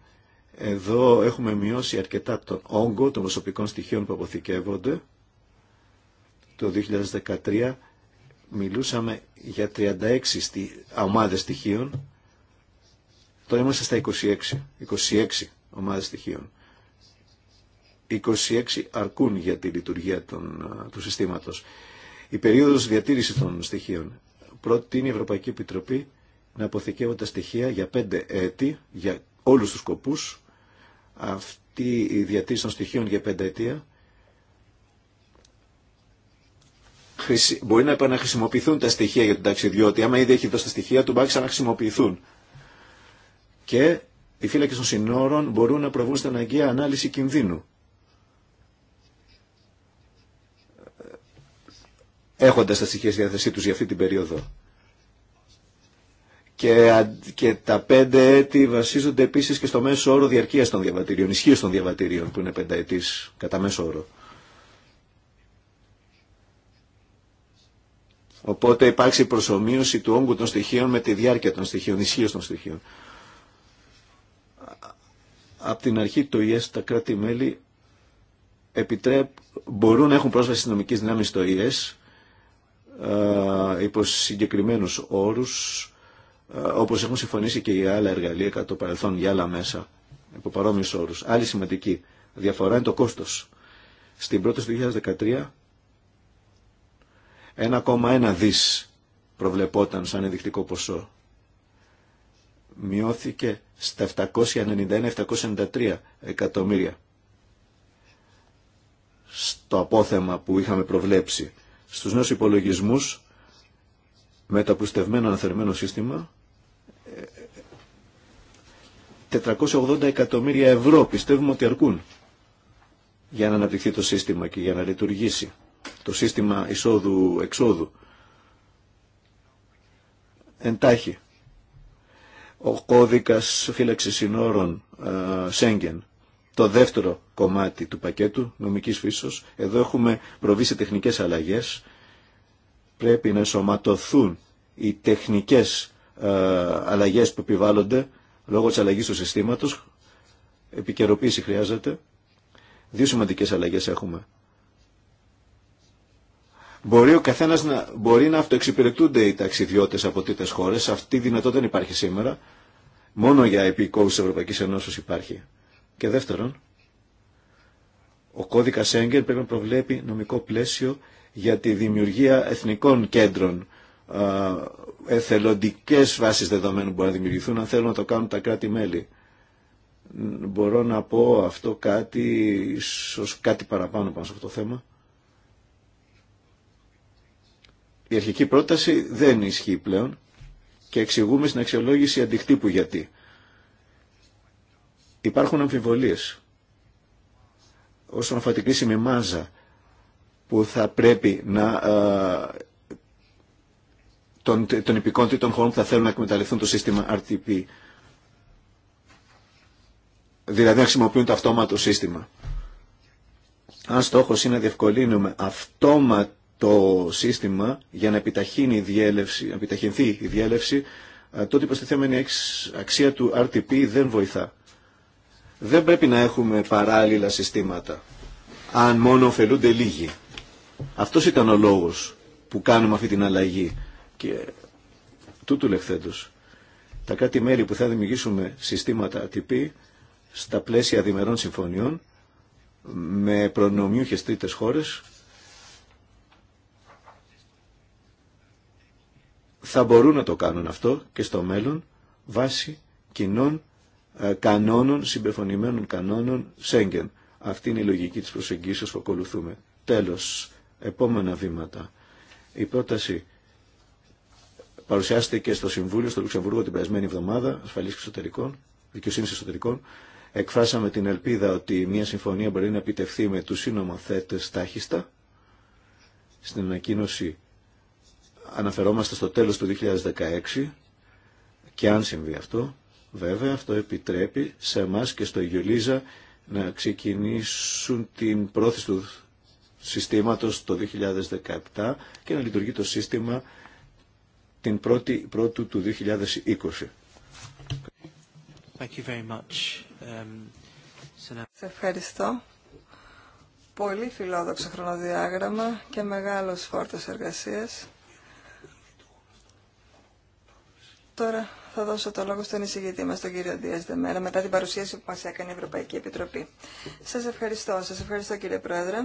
εδώ έχουμε μειώσει αρκετά τον όγκο των προσωπικών στοιχείων που αποθηκεύονται. Το 2013 μιλούσαμε για 36 ομάδες στοιχείων. Τώρα είμαστε στα 26, 26 ομάδες στοιχείων. 26 αρκούν για τη λειτουργία των, του συστήματος. Η περίοδος διατήρησης των στοιχείων. είναι η Ευρωπαϊκή Επιτροπή να αποθηκεύονται τα στοιχεία για 5 έτη, για όλους τους σκοπούς αυτή η διατήρηση των στοιχείων για πενταετία μπορεί να επαναχρησιμοποιηθούν τα στοιχεία για τον ταξιδιώτη. Άμα ήδη έχει δώσει τα στοιχεία του, μπορεί να χρησιμοποιηθούν. Και οι φύλακε των συνόρων μπορούν να προβούν στην αναγκαία ανάλυση κινδύνου. Έχοντα τα στοιχεία στη διάθεσή του για αυτή την περίοδο και, και τα πέντε έτη βασίζονται επίσης και στο μέσο όρο διαρκείας των διαβατηρίων, ισχύω των διαβατηρίων που είναι πενταετής κατά μέσο όρο. Οπότε υπάρξει προσωμείωση του όγκου των στοιχείων με τη διάρκεια των στοιχείων, ισχύω των στοιχείων. Από την αρχή το ΙΕΣ τα κράτη-μέλη μπορούν να έχουν πρόσβαση στις δυνάμεις στο ΙΕΣ ε, υπό συγκεκριμένους όρους ε, όπως έχουν συμφωνήσει και οι άλλα εργαλεία κατά το παρελθόν, για άλλα μέσα, υπό παρόμοιους όρους. Άλλη σημαντική διαφορά είναι το κόστος. Στην πρώτη του 2013, 1,1 δις προβλεπόταν σαν ενδεικτικό ποσό. Μειώθηκε στα 791-793 εκατομμύρια στο απόθεμα που είχαμε προβλέψει. Στους νέους υπολογισμούς με το απουστευμένο αναθερμμένο σύστημα 480 εκατομμύρια ευρώ πιστεύουμε ότι αρκούν για να αναπτυχθεί το σύστημα και για να λειτουργήσει το σύστημα εισόδου-εξόδου. Εντάχει, ο κώδικας φύλαξης συνόρων ε, Σέγγεν, το δεύτερο κομμάτι του πακέτου νομικής φύσεως, εδώ έχουμε προβεί σε τεχνικές αλλαγές, πρέπει να σωματωθούν οι τεχνικές ε, αλλαγές που επιβάλλονται λόγω της αλλαγής του συστήματος. Επικαιροποίηση χρειάζεται. Δύο σημαντικές αλλαγές έχουμε. Μπορεί ο καθένας να, μπορεί να αυτοεξυπηρετούνται οι ταξιδιώτες από τρίτες χώρες. Αυτή η δυνατότητα δεν υπάρχει σήμερα. Μόνο για επικόπου της Ευρωπαϊκής Ενώση υπάρχει. Και δεύτερον, ο κώδικας Σέγγεν πρέπει να προβλέπει νομικό πλαίσιο για τη δημιουργία εθνικών κέντρων εθελοντικές βάσεις δεδομένων μπορούν να δημιουργηθούν αν θέλουν να το κάνουν τα κράτη-μέλη. Μπορώ να πω αυτό κάτι, ίσως κάτι παραπάνω πάνω σε αυτό το θέμα. Η αρχική πρόταση δεν ισχύει πλέον και εξηγούμε στην αξιολόγηση αντιχτύπου γιατί. Υπάρχουν αμφιβολίες όσον αφορά την κρίσιμη μάζα που θα πρέπει να ε, των, των υπηκών τρίτων χωρών που θα θέλουν να εκμεταλλευτούν το σύστημα RTP. Δηλαδή να χρησιμοποιούν το αυτόματο σύστημα. Αν στόχο είναι να διευκολύνουμε αυτόματο σύστημα για να, επιταχύνει η διέλευση, να επιταχυνθεί η διέλευση, τότε η αξία του RTP δεν βοηθά. Δεν πρέπει να έχουμε παράλληλα συστήματα, αν μόνο ωφελούνται λίγοι. Αυτός ήταν ο λόγος που κάνουμε αυτή την αλλαγή και τούτου λεχθέντος, τα κάτι μελη που θα δημιουργήσουμε συστήματα ATP στα πλαίσια διμερών συμφωνιών με προνομιούχες τρίτες χώρες θα μπορούν να το κάνουν αυτό και στο μέλλον βάσει κοινών ε, κανόνων, συμπεφωνημένων κανόνων Σέγγεν. Αυτή είναι η λογική της προσεγγίσεως που ακολουθούμε. Τέλος, επόμενα βήματα. Η πρόταση παρουσιάστηκε στο Συμβούλιο στο Λουξεμβούργο την περασμένη εβδομάδα ασφαλής εσωτερικών, δικαιοσύνη εσωτερικών. Εκφράσαμε την ελπίδα ότι μια συμφωνία μπορεί να επιτευχθεί με τους συνομοθέτες τάχιστα. Στην ανακοίνωση αναφερόμαστε στο τέλος του 2016 και αν συμβεί αυτό, βέβαια αυτό επιτρέπει σε εμά και στο Γιουλίζα να ξεκινήσουν την πρόθεση του συστήματος το 2017 και να λειτουργεί το σύστημα την 1η Πρώτου του 2020. Thank um, Σε ευχαριστώ. Πολύ φιλόδοξο χρονοδιάγραμμα και μεγάλος φόρτος εργασίας. Τώρα θα δώσω το λόγο στον εισηγητή μας, τον κύριο Δίας Δεμέρα, μετά την παρουσίαση που μας έκανε η Ευρωπαϊκή Επιτροπή. Σας ευχαριστώ. Σας ευχαριστώ κύριε Πρόεδρε.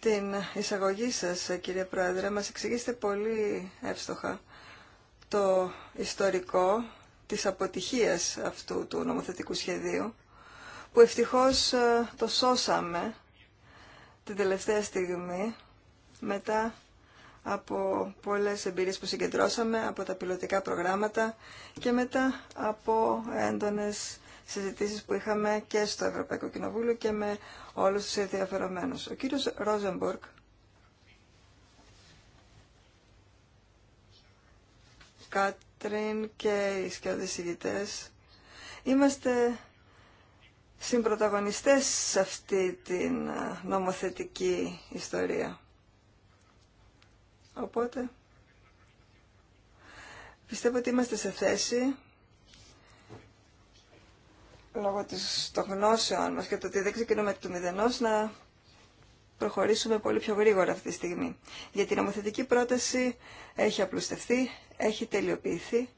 Στην εισαγωγή σας, κύριε Πρόεδρε, μας εξηγήσετε πολύ εύστοχα το ιστορικό της αποτυχίας αυτού του νομοθετικού σχεδίου, που ευτυχώς ε, το σώσαμε την τελευταία στιγμή, μετά από πολλές εμπειρίες που συγκεντρώσαμε, από τα πιλωτικά προγράμματα και μετά από έντονες συζητήσεις που είχαμε και στο Ευρωπαϊκό Κοινοβούλιο και με όλους τους ενδιαφερομένους. Ο κύριος Ρόζενμπορκ Κάτριν και οι σκιώδεις Είμαστε συμπροταγωνιστές σε αυτή την νομοθετική ιστορία. Οπότε, πιστεύω ότι είμαστε σε θέση λόγω των γνώσεων μας και το ότι δεν ξεκινούμε το μηδενός να προχωρήσουμε πολύ πιο γρήγορα αυτή τη στιγμή. Γιατί η νομοθετική πρόταση έχει απλουστευτεί, έχει τελειοποιηθεί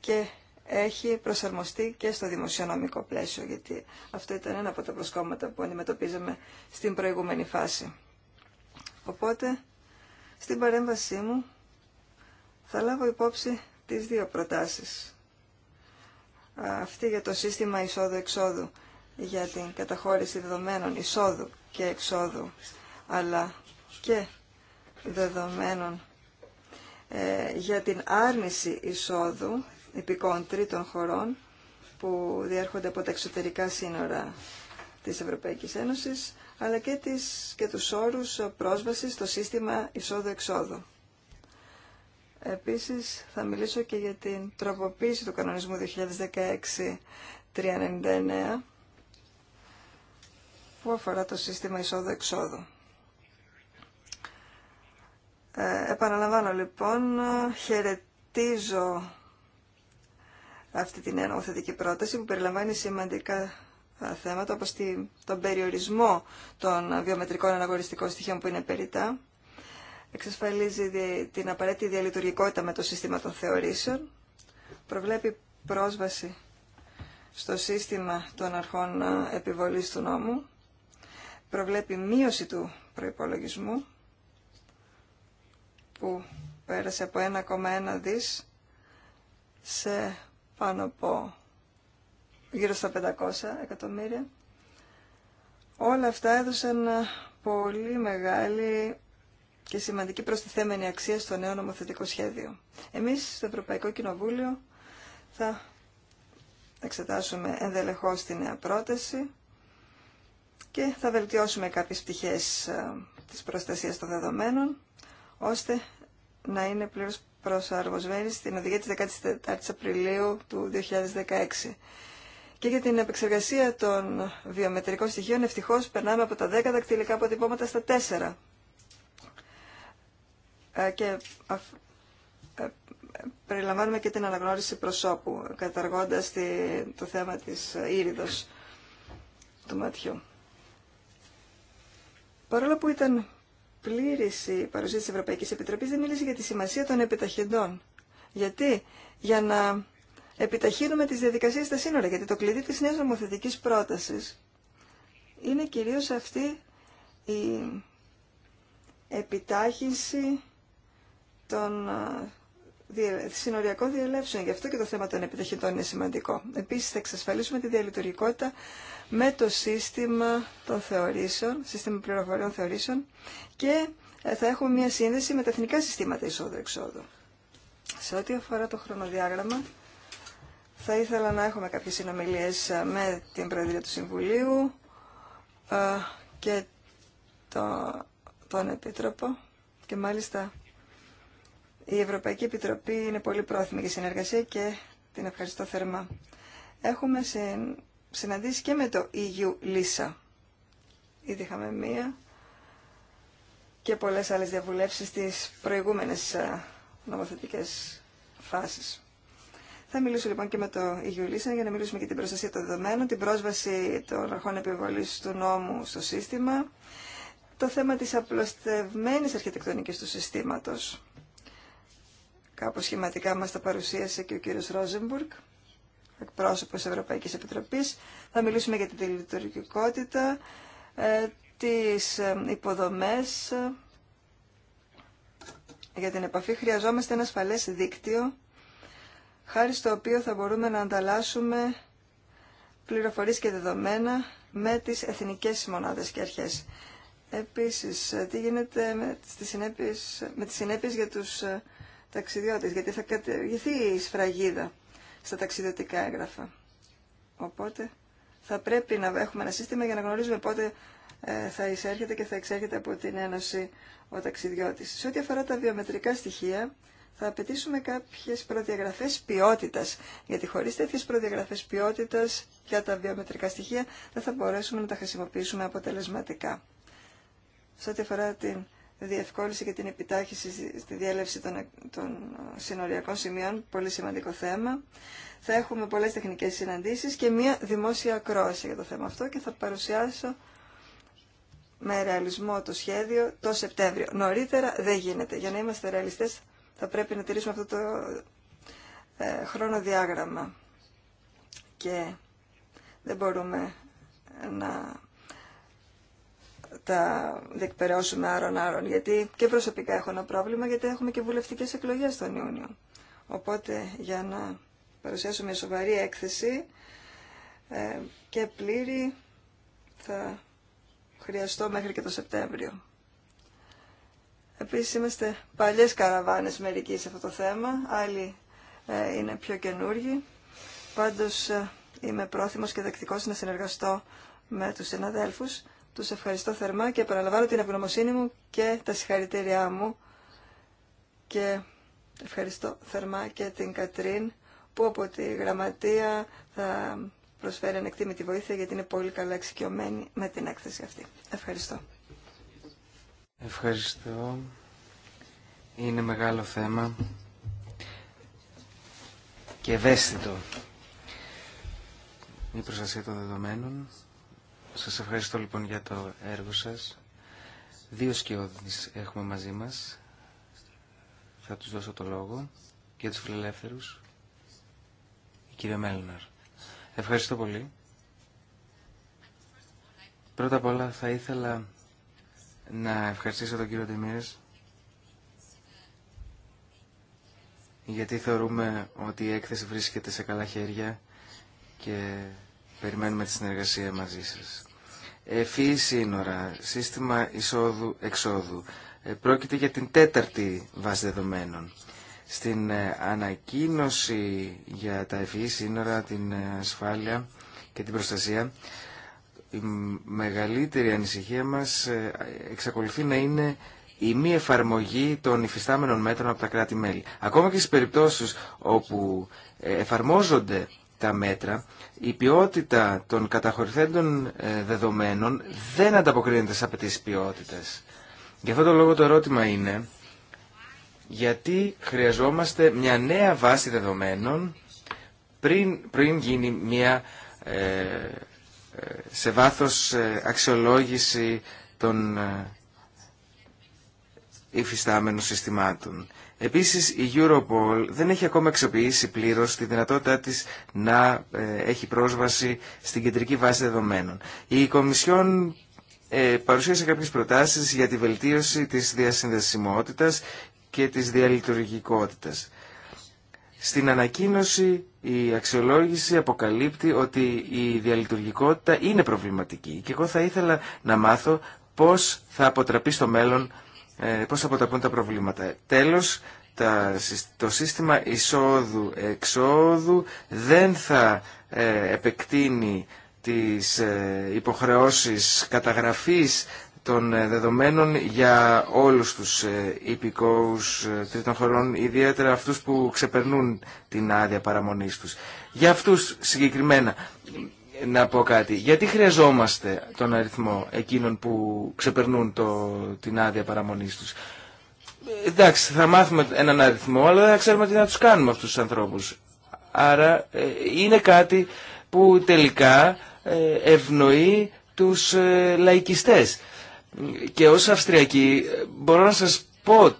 και έχει προσαρμοστεί και στο δημοσιονομικό πλαίσιο, γιατί αυτό ήταν ένα από τα προσκόμματα που αντιμετωπίζαμε στην προηγούμενη φάση. Οπότε, στην παρέμβασή μου θα λάβω υπόψη τις δύο προτάσεις αυτή για το σύστημα εισόδου-εξόδου, για την καταχώρηση δεδομένων εισόδου και εξόδου, αλλά και δεδομένων ε, για την άρνηση εισόδου υπηκών τρίτων χωρών που διέρχονται από τα εξωτερικά σύνορα της Ευρωπαϊκής Ένωσης, αλλά και, τις, και τους όρους πρόσβασης στο σύστημα εισόδου-εξόδου. Επίσης θα μιλήσω και για την τροποποίηση του κανονισμού 2016-399 που αφορά το σύστημα εισόδου-εξόδου. Ε, επαναλαμβάνω λοιπόν, χαιρετίζω αυτή την νομοθετική πρόταση που περιλαμβάνει σημαντικά ε, θέματα όπως τον περιορισμό των βιομετρικών αναγοριστικών στοιχείων που είναι περίτα εξασφαλίζει την απαραίτητη διαλειτουργικότητα με το σύστημα των θεωρήσεων, προβλέπει πρόσβαση στο σύστημα των αρχών επιβολής του νόμου, προβλέπει μείωση του προϋπολογισμού που πέρασε από 1,1 δις σε πάνω από γύρω στα 500 εκατομμύρια. Όλα αυτά έδωσαν πολύ μεγάλη και σημαντική προστιθέμενη αξία στο νέο νομοθετικό σχέδιο. Εμείς στο Ευρωπαϊκό Κοινοβούλιο θα εξετάσουμε ενδελεχώς τη νέα πρόταση και θα βελτιώσουμε κάποιες πτυχές ε, της προστασίας των δεδομένων, ώστε να είναι πλήρως προσαρμοσμένη στην οδηγία της 14 Απριλίου του 2016. Και για την επεξεργασία των βιομετρικών στοιχείων, ευτυχώς περνάμε από τα 10 δακτυλικά αποτυπώματα στα 4 ε, και ε, περιλαμβάνουμε και την αναγνώριση προσώπου, καταργώντας το θέμα της ε, ήριδος του ματιού. Παρόλο που ήταν πλήρης η παρουσία της Ευρωπαϊκής Επιτροπής, δεν μίλησε για τη σημασία των επιταχυντών. Γιατί? Για να επιταχύνουμε τις διαδικασίες στα σύνορα, γιατί το κλειδί της νέας νομοθετικής πρότασης είναι κυρίως αυτή η επιτάχυνση των συνοριακών διελεύσεων. Γι' αυτό και το θέμα των επιταχυντών είναι σημαντικό. Επίσης θα εξασφαλίσουμε τη διαλειτουργικότητα με το σύστημα των θεωρήσεων, σύστημα πληροφοριών θεωρήσεων και ε, θα έχουμε μια σύνδεση με τα εθνικά συστήματα εισόδου-εξόδου. Σε ό,τι αφορά το χρονοδιάγραμμα, θα ήθελα να έχουμε κάποιες συνομιλίες ε, με την Προεδρία του Συμβουλίου ε, και το, τον Επίτροπο και μάλιστα η Ευρωπαϊκή Επιτροπή είναι πολύ πρόθυμη για συνεργασία και την ευχαριστώ θερμά. Έχουμε συναντήσει και με το EU ΛΙΣΑ. Ήδη είχαμε μία και πολλές άλλες διαβουλεύσεις στις προηγούμενες ε, νομοθετικές φάσεις. Θα μιλήσω λοιπόν και με το EU για να μιλήσουμε και την προστασία των δεδομένων, την πρόσβαση των αρχών επιβολής του νόμου στο σύστημα, το θέμα της απλωστευμένης αρχιτεκτονικής του συστήματος Κάπω σχηματικά μας τα παρουσίασε και ο κύριος Ρόζεμπουργκ. εκπρόσωπος Ευρωπαϊκής Επιτροπής. Θα μιλήσουμε για τη λειτουργικότητα, ε, τις ε, υποδομές, ε, για την επαφή χρειαζόμαστε ένα ασφαλές δίκτυο, χάρη στο οποίο θα μπορούμε να ανταλλάσσουμε πληροφορίες και δεδομένα με τις εθνικές μονάδες και αρχές. Επίσης, τι γίνεται με τις συνέπειε με τις για τους ταξιδιώτες, γιατί θα κατεργηθεί η σφραγίδα στα ταξιδιωτικά έγγραφα. Οπότε θα πρέπει να έχουμε ένα σύστημα για να γνωρίζουμε πότε ε, θα εισέρχεται και θα εξέρχεται από την Ένωση ο ταξιδιώτης. Σε ό,τι αφορά τα βιομετρικά στοιχεία, θα απαιτήσουμε κάποιες προδιαγραφές ποιότητας, γιατί χωρίς τέτοιες προδιαγραφές ποιότητας για τα βιομετρικά στοιχεία δεν θα μπορέσουμε να τα χρησιμοποιήσουμε αποτελεσματικά. Σε ό,τι αφορά την διευκόλυνση και την επιτάχυση στη διέλευση των, των συνοριακών σημείων, πολύ σημαντικό θέμα. Θα έχουμε πολλές τεχνικές συναντήσεις και μία δημόσια ακρόαση για το θέμα αυτό και θα παρουσιάσω με ρεαλισμό το σχέδιο το Σεπτέμβριο. Νωρίτερα δεν γίνεται. Για να είμαστε ρεαλιστές θα πρέπει να τηρήσουμε αυτό το ε, χρονοδιάγραμμα και δεν μπορούμε να τα διεκπαιρεωσουμε αρων αρων γιατί και προσωπικά έχω ένα πρόβλημα, γιατί έχουμε και βουλευτικές εκλογές τον Ιούνιο. Οπότε για να παρουσιάσω μια σοβαρή έκθεση ε, και πλήρη θα χρειαστώ μέχρι και το Σεπτέμβριο. Επίσης είμαστε παλιές καραβάνες μερικοί σε αυτό το θέμα, άλλοι ε, είναι πιο καινούργοι. Πάντως ε, είμαι πρόθυμος και δεκτικός να συνεργαστώ με τους συναδέλφους τους ευχαριστώ θερμά και παραλαμβάνω την ευγνωμοσύνη μου και τα συγχαρητήριά μου και ευχαριστώ θερμά και την Κατρίν που από τη γραμματεία θα προσφέρει ανεκτήμητη βοήθεια γιατί είναι πολύ καλά εξοικειωμένη με την έκθεση αυτή. Ευχαριστώ. Ευχαριστώ. Είναι μεγάλο θέμα και ευαίσθητο η προστασία των δεδομένων. Σας ευχαριστώ λοιπόν για το έργο σας. Δύο σκιώδεις έχουμε μαζί μας. Θα τους δώσω το λόγο. Για τους φιλελεύθερους, η κυρία Μέλναρ. Ευχαριστώ πολύ. Πρώτα απ' όλα θα ήθελα να ευχαριστήσω τον κύριο Τεμίρες γιατί θεωρούμε ότι η έκθεση βρίσκεται σε καλά χέρια και Περιμένουμε τη συνεργασία μαζί σας. Ε, φυη συνορα σύνορα, σύστημα εισόδου-εξόδου. Ε, πρόκειται για την τέταρτη βάση δεδομένων. Στην ε, ανακοίνωση για τα ευφυή σύνορα, την ασφάλεια και την προστασία, η μεγαλύτερη ανησυχία μας εξακολουθεί να είναι η μη εφαρμογή των υφιστάμενων μέτρων από τα κράτη-μέλη. Ακόμα και στις περιπτώσεις όπου εφαρμόζονται τα μέτρα, η ποιότητα των καταχωρηθέντων ε, δεδομένων δεν ανταποκρίνεται σε απαιτήσει ποιότητα. Γι' αυτό το λόγο το ερώτημα είναι γιατί χρειαζόμαστε μια νέα βάση δεδομένων πριν, πριν γίνει μια ε, ε σε βάθος ε, αξιολόγηση των υφιστάμενων συστημάτων. Επίσης η Europol δεν έχει ακόμα αξιοποιήσει πλήρως τη δυνατότητά της να ε, έχει πρόσβαση στην κεντρική βάση δεδομένων. Η Κομισιόν ε, παρουσίασε κάποιες προτάσεις για τη βελτίωση της διασυνδεσιμότητας και της διαλειτουργικότητας. Στην ανακοίνωση η αξιολόγηση αποκαλύπτει ότι η διαλειτουργικότητα είναι προβληματική και εγώ θα ήθελα να μάθω πώς θα αποτραπεί στο μέλλον ε, πώς αποτελούν τα προβλήματα. Τέλος, το σύστημα εισόδου-εξόδου δεν θα ε, επεκτείνει τις ε, υποχρεώσεις καταγραφής των δεδομένων για όλους τους υπηκόους τρίτων χωρών, ιδιαίτερα αυτούς που ξεπερνούν την άδεια παραμονής τους. Για αυτούς συγκεκριμένα, να πω κάτι. Γιατί χρειαζόμαστε τον αριθμό εκείνων που ξεπερνούν το, την άδεια παραμονής τους. Εντάξει, θα μάθουμε έναν αριθμό, αλλά δεν θα ξέρουμε τι να τους κάνουμε αυτούς του ανθρώπου. Άρα ε, είναι κάτι που τελικά ε, ευνοεί τους ε, λαϊκιστές. Και ως Αυστριακή μπορώ να σας πω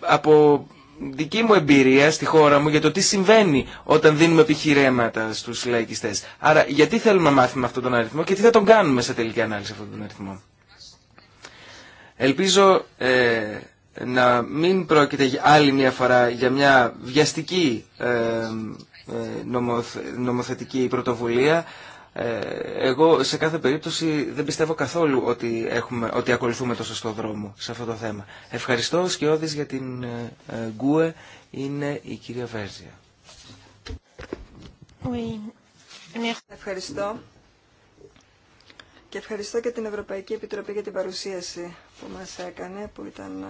από δική μου εμπειρία στη χώρα μου για το τι συμβαίνει όταν δίνουμε επιχειρέματα στους λαϊκιστές. Άρα γιατί θέλουμε να μάθουμε αυτόν τον αριθμό και τι θα τον κάνουμε σε τελική ανάλυση αυτόν τον αριθμό. Ελπίζω ε, να μην πρόκειται άλλη μια φορά για μια βιαστική ε, ε νομοθετική πρωτοβουλία ε, εγώ σε κάθε περίπτωση δεν πιστεύω καθόλου ότι, έχουμε, ότι ακολουθούμε το σωστό δρόμο σε αυτό το θέμα. Ευχαριστώ Σκιώδης για την ε, ε, Γκουε, είναι η κυρία Βέρζια. Ευχαριστώ. Και ευχαριστώ και την Ευρωπαϊκή Επιτροπή για την παρουσίαση που μας έκανε, που ήταν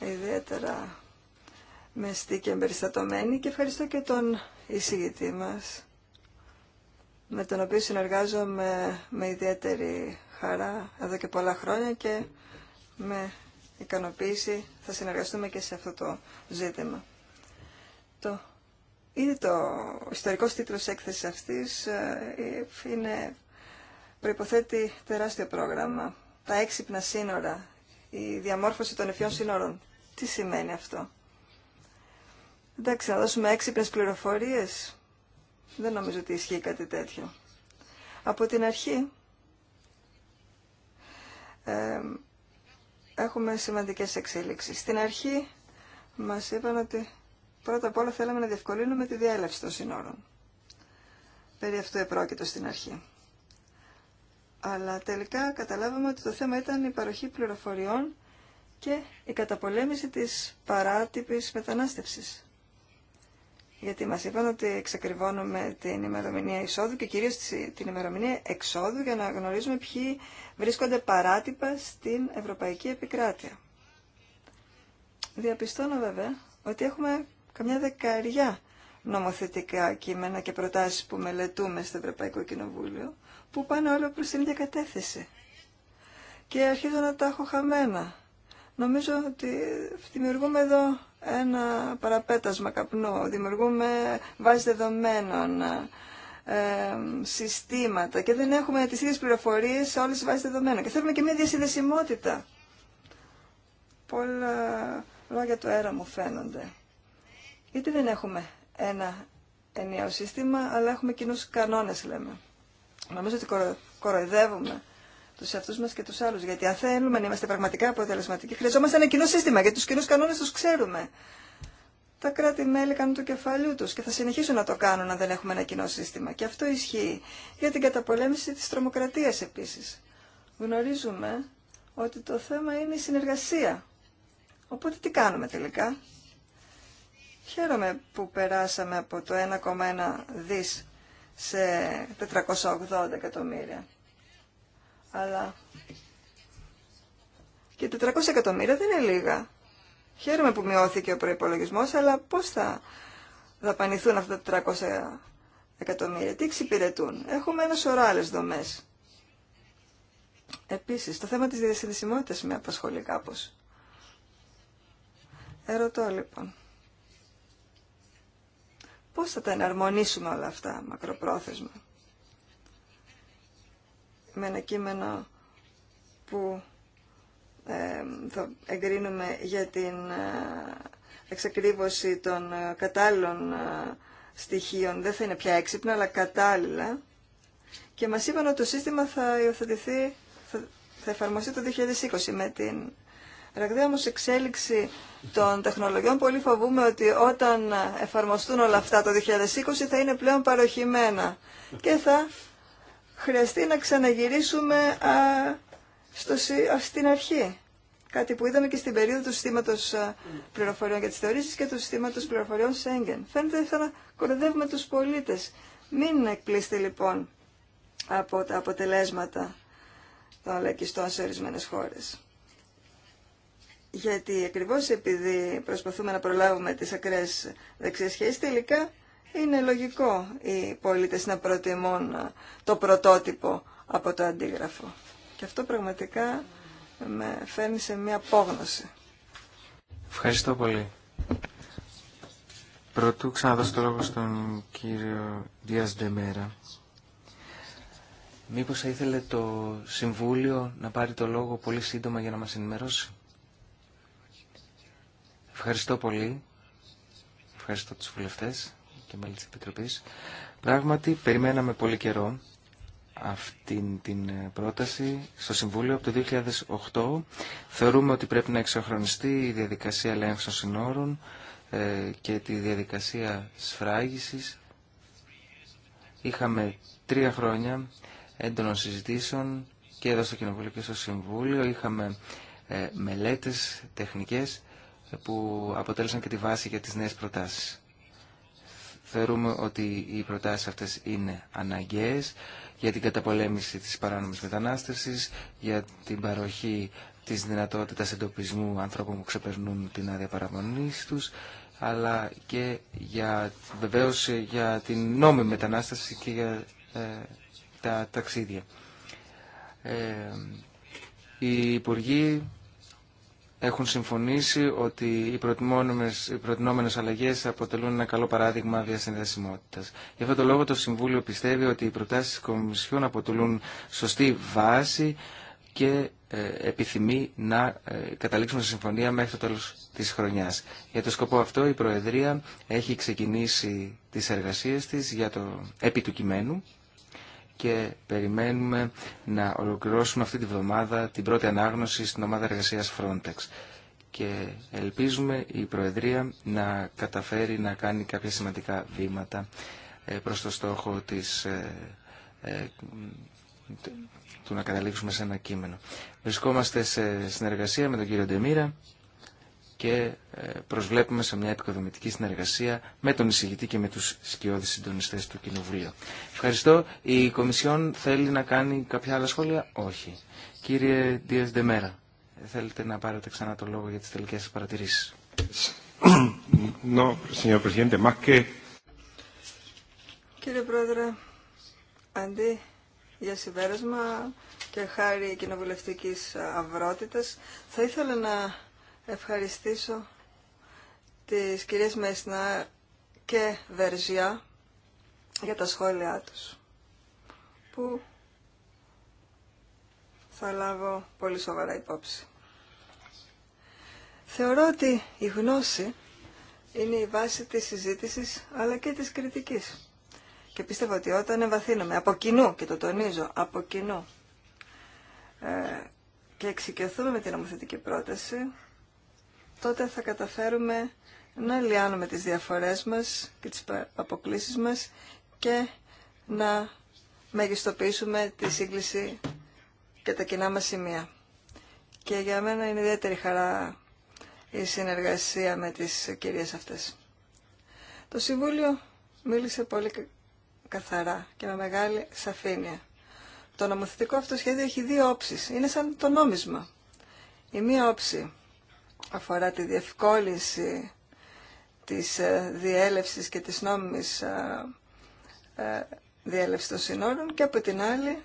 ιδιαίτερα μεστή και εμπεριστατωμένη. Και ευχαριστώ και τον εισηγητή μας με τον οποίο συνεργάζομαι με ιδιαίτερη χαρά εδώ και πολλά χρόνια και με ικανοποίηση θα συνεργαστούμε και σε αυτό το ζήτημα. Το, ήδη το ιστορικό τίτλο έκθεση αυτή ε, είναι, προϋποθέτει τεράστιο πρόγραμμα. Τα έξυπνα σύνορα, η διαμόρφωση των ευφυών σύνορων. Τι σημαίνει αυτό. Εντάξει, να δώσουμε έξυπνες πληροφορίες δεν νομίζω ότι ισχύει κάτι τέτοιο. Από την αρχή ε, έχουμε σημαντικές εξέλιξεις. Στην αρχή μας είπαν ότι πρώτα απ' όλα θέλαμε να διευκολύνουμε τη διέλευση των συνόρων. Περί αυτού επρόκειτο στην αρχή. Αλλά τελικά καταλάβαμε ότι το θέμα ήταν η παροχή πληροφοριών και η καταπολέμηση της παράτυπης μετανάστευσης γιατί μας είπαν ότι εξακριβώνουμε την ημερομηνία εισόδου και κυρίως την ημερομηνία εξόδου για να γνωρίζουμε ποιοι βρίσκονται παράτυπα στην Ευρωπαϊκή Επικράτεια. Διαπιστώνω βέβαια ότι έχουμε καμιά δεκαριά νομοθετικά κείμενα και προτάσεις που μελετούμε στο Ευρωπαϊκό Κοινοβούλιο που πάνε όλο προς την ίδια Και αρχίζω να τα έχω χαμένα. Νομίζω ότι δημιουργούμε εδώ ένα παραπέτασμα καπνού, δημιουργούμε βάσεις δεδομένων, ε, συστήματα και δεν έχουμε τις ίδιες πληροφορίες σε όλες τις βάσεις δεδομένων. Και θέλουμε και μια διασυνδεσιμότητα. Πολλά λόγια του αέρα μου φαίνονται. Γιατί δεν έχουμε ένα ενιαίο σύστημα, αλλά έχουμε κοινού κανόνες, λέμε. Νομίζω ότι κοροϊδεύουμε του εαυτού μα και του άλλου. Γιατί αν θέλουμε να είμαστε πραγματικά αποτελεσματικοί, χρειαζόμαστε ένα κοινό σύστημα. Γιατί του κοινού κανόνε του ξέρουμε. Τα κράτη-μέλη κάνουν το κεφαλιού του και θα συνεχίσουν να το κάνουν αν δεν έχουμε ένα κοινό σύστημα. Και αυτό ισχύει για την καταπολέμηση τη τρομοκρατία επίση. Γνωρίζουμε ότι το θέμα είναι η συνεργασία. Οπότε τι κάνουμε τελικά. Χαίρομαι που περάσαμε από το 1,1 δις σε 480 εκατομμύρια. Αλλά και 400 εκατομμύρια δεν είναι λίγα. Χαίρομαι που μειώθηκε ο προπολογισμό, αλλά πώς θα δαπανηθούν αυτά τα 400 εκατομμύρια, τι εξυπηρετούν. Έχουμε ένα σωρό άλλες δομές. Επίσης, το θέμα της διασυνδεσιμότητα με απασχολεί κάπως. Ερωτώ λοιπόν. Πώς θα τα εναρμονίσουμε όλα αυτά μακροπρόθεσμα με ένα κείμενο που ε, θα εγκρίνουμε για την ε, εξακρίβωση των ε, κατάλληλων στοιχείων. Δεν θα είναι πια έξυπνα, αλλά κατάλληλα. Και μας είπαν ότι το σύστημα θα υιοθετηθεί, θα, θα εφαρμοστεί το 2020 με την ραγδαία όμως εξέλιξη των τεχνολογιών. Πολύ φοβούμε ότι όταν εφαρμοστούν όλα αυτά το 2020 θα είναι πλέον παροχημένα και θα χρειαστεί να ξαναγυρίσουμε α, στο, στην αρχή. Κάτι που είδαμε και στην περίοδο του συστήματο πληροφοριών για τις θεωρήσεις και του συστήματο πληροφοριών Σέγγεν. Φαίνεται θα να του τους πολίτες. Μην εκπλήστε λοιπόν από τα αποτελέσματα των λαϊκιστών σε ορισμένε χώρε. Γιατί ακριβώς επειδή προσπαθούμε να προλάβουμε τι ακραίε δεξιέ σχέσει, τελικά είναι λογικό οι πολίτες να προτιμούν το πρωτότυπο από το αντίγραφο. Και αυτό πραγματικά με φέρνει σε μια απόγνωση. Ευχαριστώ πολύ. Πρωτού ξαναδώσω το λόγο στον κύριο Δίας Ντεμέρα. Μήπως θα ήθελε το Συμβούλιο να πάρει το λόγο πολύ σύντομα για να μας ενημερώσει. Ευχαριστώ πολύ. Ευχαριστώ τους βουλευτές και μέλη της Επιτροπής. Πράγματι, περιμέναμε πολύ καιρό αυτή την ε, πρόταση στο Συμβούλιο από το 2008. Θεωρούμε ότι πρέπει να εξοχρονιστεί η διαδικασία ελέγχου των συνόρων ε, και τη διαδικασία σφράγισης. Είχαμε τρία χρόνια έντονων συζητήσεων και εδώ στο Κοινοβούλιο και στο Συμβούλιο. Είχαμε ε, μελέτες τεχνικές που αποτέλεσαν και τη βάση για τις νέες προτάσεις. Θεωρούμε ότι οι προτάσεις αυτές είναι αναγκαίες για την καταπολέμηση της παράνομης μετανάστευσης, για την παροχή της δυνατότητας εντοπισμού ανθρώπων που ξεπερνούν την άδεια παραμονής τους, αλλά και για, βεβαίως για την νόμιμη μετανάστευση και για ε, τα ταξίδια. Ε, οι Υπουργοί έχουν συμφωνήσει ότι οι, οι προτινόμενες αλλαγές αποτελούν ένα καλό παράδειγμα διασυνδεσιμότητας. Γι' αυτόν τον λόγο το Συμβούλιο πιστεύει ότι οι προτάσεις της Κομισιόν αποτελούν σωστή βάση και ε, επιθυμεί να ε, καταλήξουμε σε συμφωνία μέχρι το τέλος της χρονιάς. Για το σκοπό αυτό η Προεδρία έχει ξεκινήσει τις εργασίες της για το επί του κειμένου και περιμένουμε να ολοκληρώσουμε αυτή τη βδομάδα την πρώτη ανάγνωση στην ομάδα εργασίας Frontex. Και ελπίζουμε η Προεδρία να καταφέρει να κάνει κάποια σημαντικά βήματα ε, προς το στόχο της, ε, ε, του να καταλήξουμε σε ένα κείμενο. Βρισκόμαστε σε συνεργασία με τον κύριο Ντεμίρα και ε, προσβλέπουμε σε μια επικοδομητική συνεργασία με τον εισηγητή και με τους σκιώδεις συντονιστές του Κοινοβουλίου. Ευχαριστώ. Η Κομισιόν θέλει να κάνει κάποια άλλα σχόλια. Όχι. Κύριε Δίας Ντεμέρα, θέλετε να πάρετε ξανά το λόγο για τις τελικές σας παρατηρήσεις. Κύριε Πρόεδρε, αντί για συμπέρασμα και χάρη κοινοβουλευτικής αυρότητας, θα ήθελα να ευχαριστήσω τις κυρίες Μέσνα και Βερζιά για τα σχόλιά τους που θα λάβω πολύ σοβαρά υπόψη. Θεωρώ ότι η γνώση είναι η βάση της συζήτησης αλλά και της κριτικής. Και πιστεύω ότι όταν εμβαθύνομαι από κοινού, και το τονίζω, από κοινού, ε, και εξοικειωθούμε με την νομοθετική πρόταση, τότε θα καταφέρουμε να λιάνουμε τις διαφορές μας και τις αποκλήσεις μας και να μεγιστοποιήσουμε τη σύγκληση και τα κοινά μας σημεία. Και για μένα είναι ιδιαίτερη χαρά η συνεργασία με τις κυρίες αυτές. Το Συμβούλιο μίλησε πολύ καθαρά και με μεγάλη σαφήνεια. Το νομοθετικό αυτό σχέδιο έχει δύο όψεις. Είναι σαν το νόμισμα. Η μία όψη αφορά τη διευκόλυνση της ε, διέλευσης και της νόμιμης ε, ε, διέλευσης των συνόρων και από την άλλη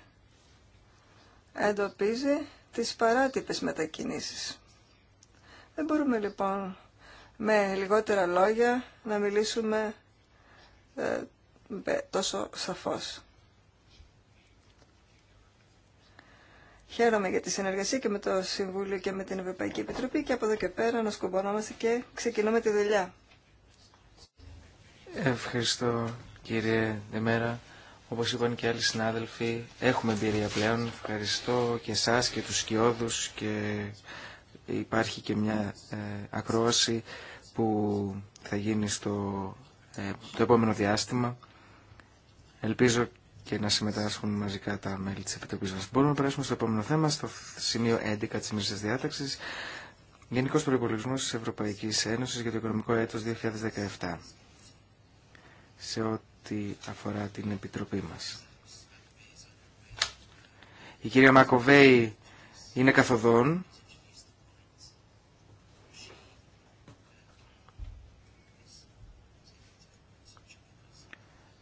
εντοπίζει τις παράτυπες μετακινήσεις. Δεν μπορούμε λοιπόν με λιγότερα λόγια να μιλήσουμε τόσο σαφώς. Χαίρομαι για τη συνεργασία και με το Συμβούλιο και με την Ευρωπαϊκή Επιτροπή και από εδώ και πέρα να σκομπονόμαστε και ξεκινούμε τη δουλειά. Ευχαριστώ κύριε Δεμέρα. Όπως είπαν και άλλοι συνάδελφοι, έχουμε εμπειρία πλέον. Ευχαριστώ και εσάς και τους σκιώδους και υπάρχει και μια ε, ακρόαση που θα γίνει στο ε, το επόμενο διάστημα. Ελπίζω και να συμμετάσχουν μαζικά τα μέλη τη Επιτροπή μα. Μπορούμε να περάσουμε στο επόμενο θέμα, στο σημείο 11 τη ημερήσιας διάταξη. Γενικός Προϋπολογισμός τη Ευρωπαϊκή Ένωση για το οικονομικό Έτο 2017, σε ό,τι αφορά την Επιτροπή μα. Η κυρία Μακοβέη είναι καθοδόν.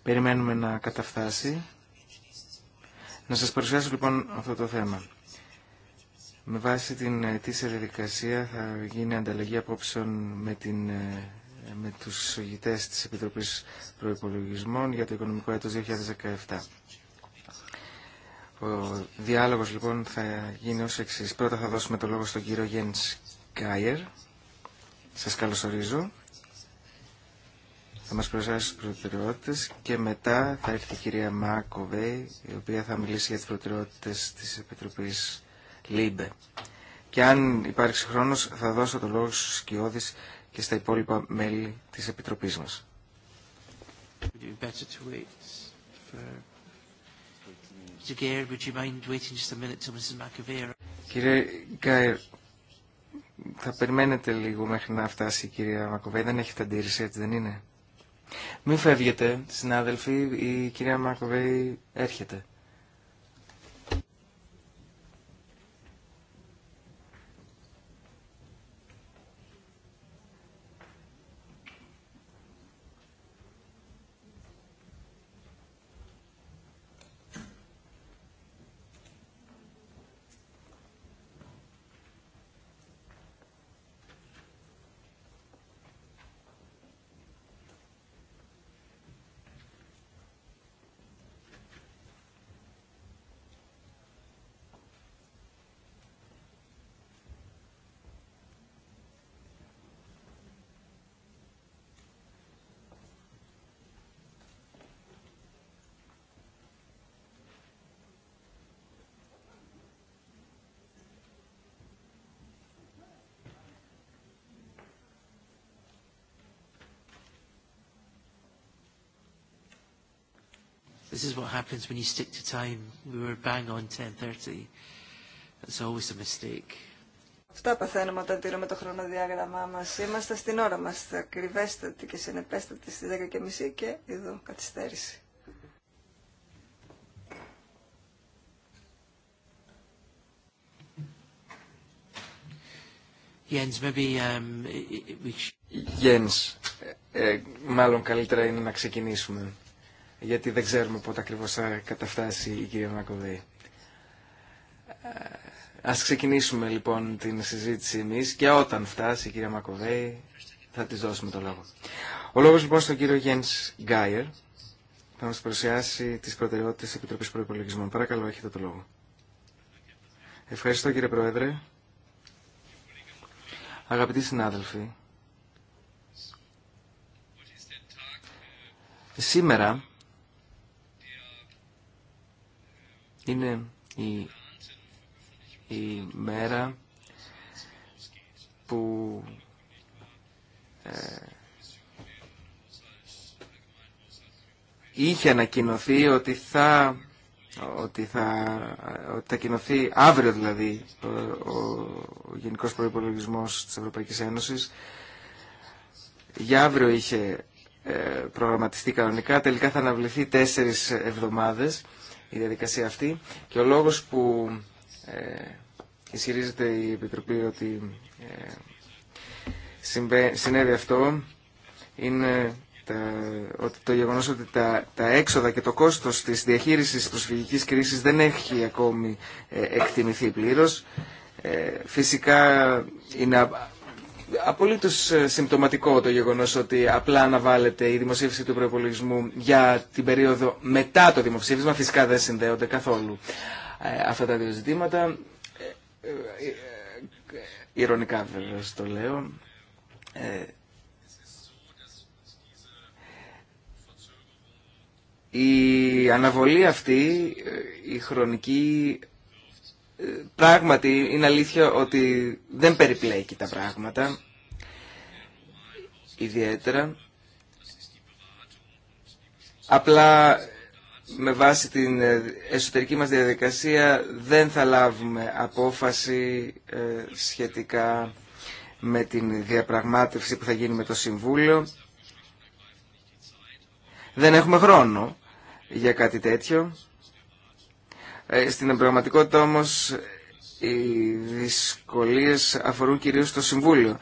Περιμένουμε να καταφτάσει. Να σας παρουσιάσω λοιπόν αυτό το θέμα. Με βάση την αιτήσια διαδικασία θα γίνει ανταλλαγή απόψεων με, την, ε, με τους ηγητές της Επιτροπής Προϋπολογισμών για το οικονομικό έτος 2017. Ο διάλογος λοιπόν θα γίνει ως εξής. Πρώτα θα δώσουμε το λόγο στον κύριο Γιένς Κάιερ. Σας καλωσορίζω θα μας προσάσει τις προτεραιότητες και μετά θα έρθει η κυρία Μάκοβε η οποία θα μιλήσει για τις προτεραιότητες της Επιτροπής ΛΥΜΠΕ. Και αν υπάρξει χρόνος θα δώσω το λόγο στους σκιώδεις και στα υπόλοιπα μέλη της Επιτροπής μας. Κύριε Γκάιρ, θα περιμένετε λίγο μέχρι να φτάσει η κυρία Μακοβέ, Δεν έχετε αντίρρηση, έτσι δεν είναι. Μην φεύγετε, συνάδελφοι, η κυρία Μακοβέη έρχεται. This is what happens when you stick to time. We were bang on 10.30. That's always a mistake. Αυτά παθαίνουμε όταν τηρούμε το χρονοδιάγραμμά μας. Είμαστε στην ώρα μας, Ακριβέστατη και συνεπέστατη στις 10.30 και εδώ καθυστέρηση. Jens, maybe, um, we... Jens, ε, ε, μάλλον καλύτερα είναι να ξεκινήσουμε γιατί δεν ξέρουμε πότε ακριβώς θα καταφτάσει η κυρία Μακοβέη. Ε, ας ξεκινήσουμε λοιπόν την συζήτηση εμείς και όταν φτάσει η κυρία Μακοβέη θα της δώσουμε το λόγο. Ο λόγος λοιπόν στον κύριο Γιένς Γκάιερ θα μας παρουσιάσει τις προτεραιότητες της Επιτροπής Προϋπολογισμών. Παρακαλώ, έχετε το λόγο. Ευχαριστώ κύριε Πρόεδρε. Αγαπητοί συνάδελφοι, σήμερα είναι η, η μέρα που ε, είχε ανακοινωθεί ότι θα ότι θα, ότι θα κοινωθεί αύριο δηλαδή ο, ο Γενικός Προϋπολογισμός της Ευρωπαϊκής Ένωσης για αύριο είχε ε, προγραμματιστεί κανονικά τελικά θα αναβληθεί τέσσερις εβδομάδες η διαδικασία αυτή και ο λόγος που ε, ισχυρίζεται η Επιτροπή ότι ε, συνέβη αυτό είναι τα, ότι το γεγονός ότι τα, τα έξοδα και το κόστος της διαχείρισης της προσφυγικής κρίσης δεν έχει ακόμη ε, εκτιμηθεί πλήρως. Ε, φυσικά είναι Απολύτω ε, συμπτωματικό το γεγονό ότι απλά αναβάλλεται η δημοσίευση του προπολογισμού για την περίοδο μετά το δημοψήφισμα. Φυσικά δεν συνδέονται καθόλου ε, αυτά τα δύο ζητήματα. Ε, ηρωνικά βέβαια το λέω. Η αναβολή αυτή, η χρονική, πράγματι είναι αλήθεια ότι δεν περιπλέκει τα πράγματα ιδιαίτερα. Απλά με βάση την ε, εσωτερική μας διαδικασία δεν θα λάβουμε απόφαση ε, σχετικά με την διαπραγμάτευση που θα γίνει με το Συμβούλιο. Δεν έχουμε χρόνο για κάτι τέτοιο. Ε, στην πραγματικότητα όμως οι δυσκολίες αφορούν κυρίως το Συμβούλιο,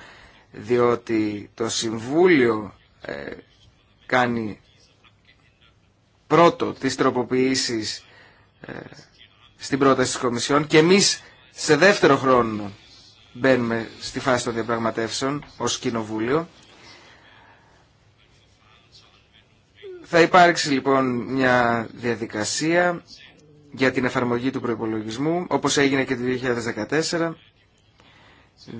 διότι το Συμβούλιο ε, κάνει πρώτο τις τροποποιήσεις ε, στην πρόταση της Κομισιόν και εμείς σε δεύτερο χρόνο μπαίνουμε στη φάση των διαπραγματεύσεων ως Κοινοβούλιο. Θα υπάρξει λοιπόν μια διαδικασία για την εφαρμογή του προϋπολογισμού, όπως έγινε και το 2014,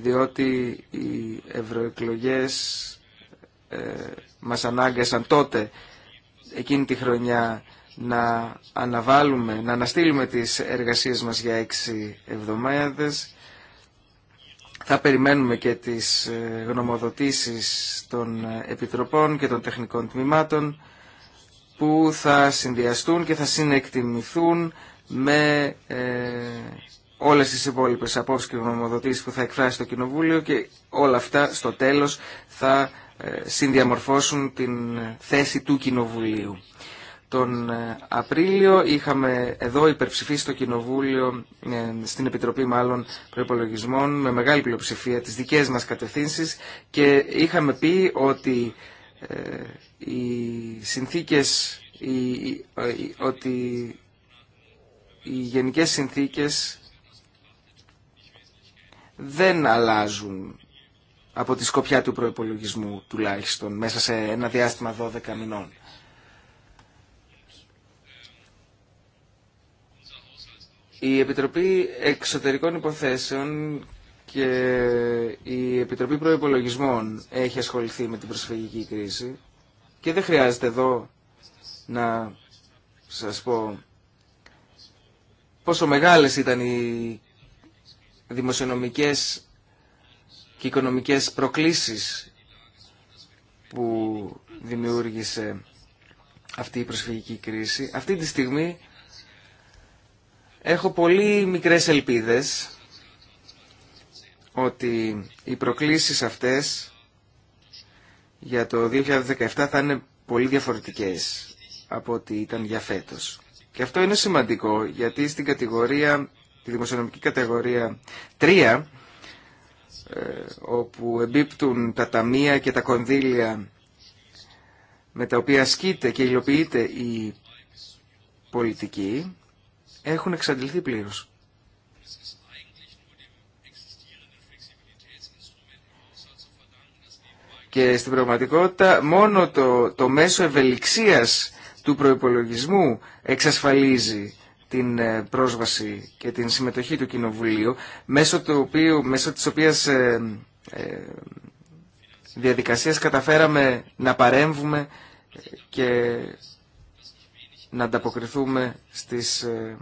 διότι οι ευρωεκλογές ε, μας ανάγκασαν τότε, εκείνη τη χρονιά, να αναβάλουμε, να αναστείλουμε τις εργασίες μας για έξι εβδομάδες. Θα περιμένουμε και τις ε, γνωμοδοτήσεις των ε, επιτροπών και των τεχνικών τμήματων που θα συνδυαστούν και θα συνεκτιμηθούν με ε, όλες τις υπόλοιπες απόψεις και γνωμοδοτήσεις που θα εκφράσει το Κοινοβούλιο και όλα αυτά στο τέλος θα ε, συνδιαμορφώσουν την θέση του Κοινοβουλίου. Τον ε, Απρίλιο είχαμε εδώ υπερψηφίσει το Κοινοβούλιο, στην Επιτροπή μάλλον Προπολογισμών, με μεγάλη πλειοψηφία τις δικές μας κατευθύνσεις και είχαμε πει ότι ε, οι συνθήκες, ε, ότι οι γενικές συνθήκες δεν αλλάζουν από τη σκοπιά του προϋπολογισμού τουλάχιστον μέσα σε ένα διάστημα 12 μηνών. Η Επιτροπή Εξωτερικών Υποθέσεων και η Επιτροπή Προϋπολογισμών έχει ασχοληθεί με την προσφυγική κρίση και δεν χρειάζεται εδώ να σας πω πόσο μεγάλες ήταν οι δημοσιονομικές και οικονομικές προκλήσεις που δημιούργησε αυτή η προσφυγική κρίση. Αυτή τη στιγμή έχω πολύ μικρές ελπίδες ότι οι προκλήσεις αυτές για το 2017 θα είναι πολύ διαφορετικές από ό,τι ήταν για φέτος. Και αυτό είναι σημαντικό γιατί στην κατηγορία, τη δημοσιονομική κατηγορία 3, ε, όπου εμπίπτουν τα ταμεία και τα κονδύλια με τα οποία ασκείται και υλοποιείται η πολιτική, έχουν εξαντληθεί πλήρως. Και στην πραγματικότητα μόνο το, το μέσο ευελιξίας του προϋπολογισμού εξασφαλίζει την ε, πρόσβαση και την συμμετοχή του Κοινοβουλίου, μέσω, του οποίου, μέσω της οποίας ε, ε, διαδικασίας καταφέραμε να παρέμβουμε και να ανταποκριθούμε στις ε,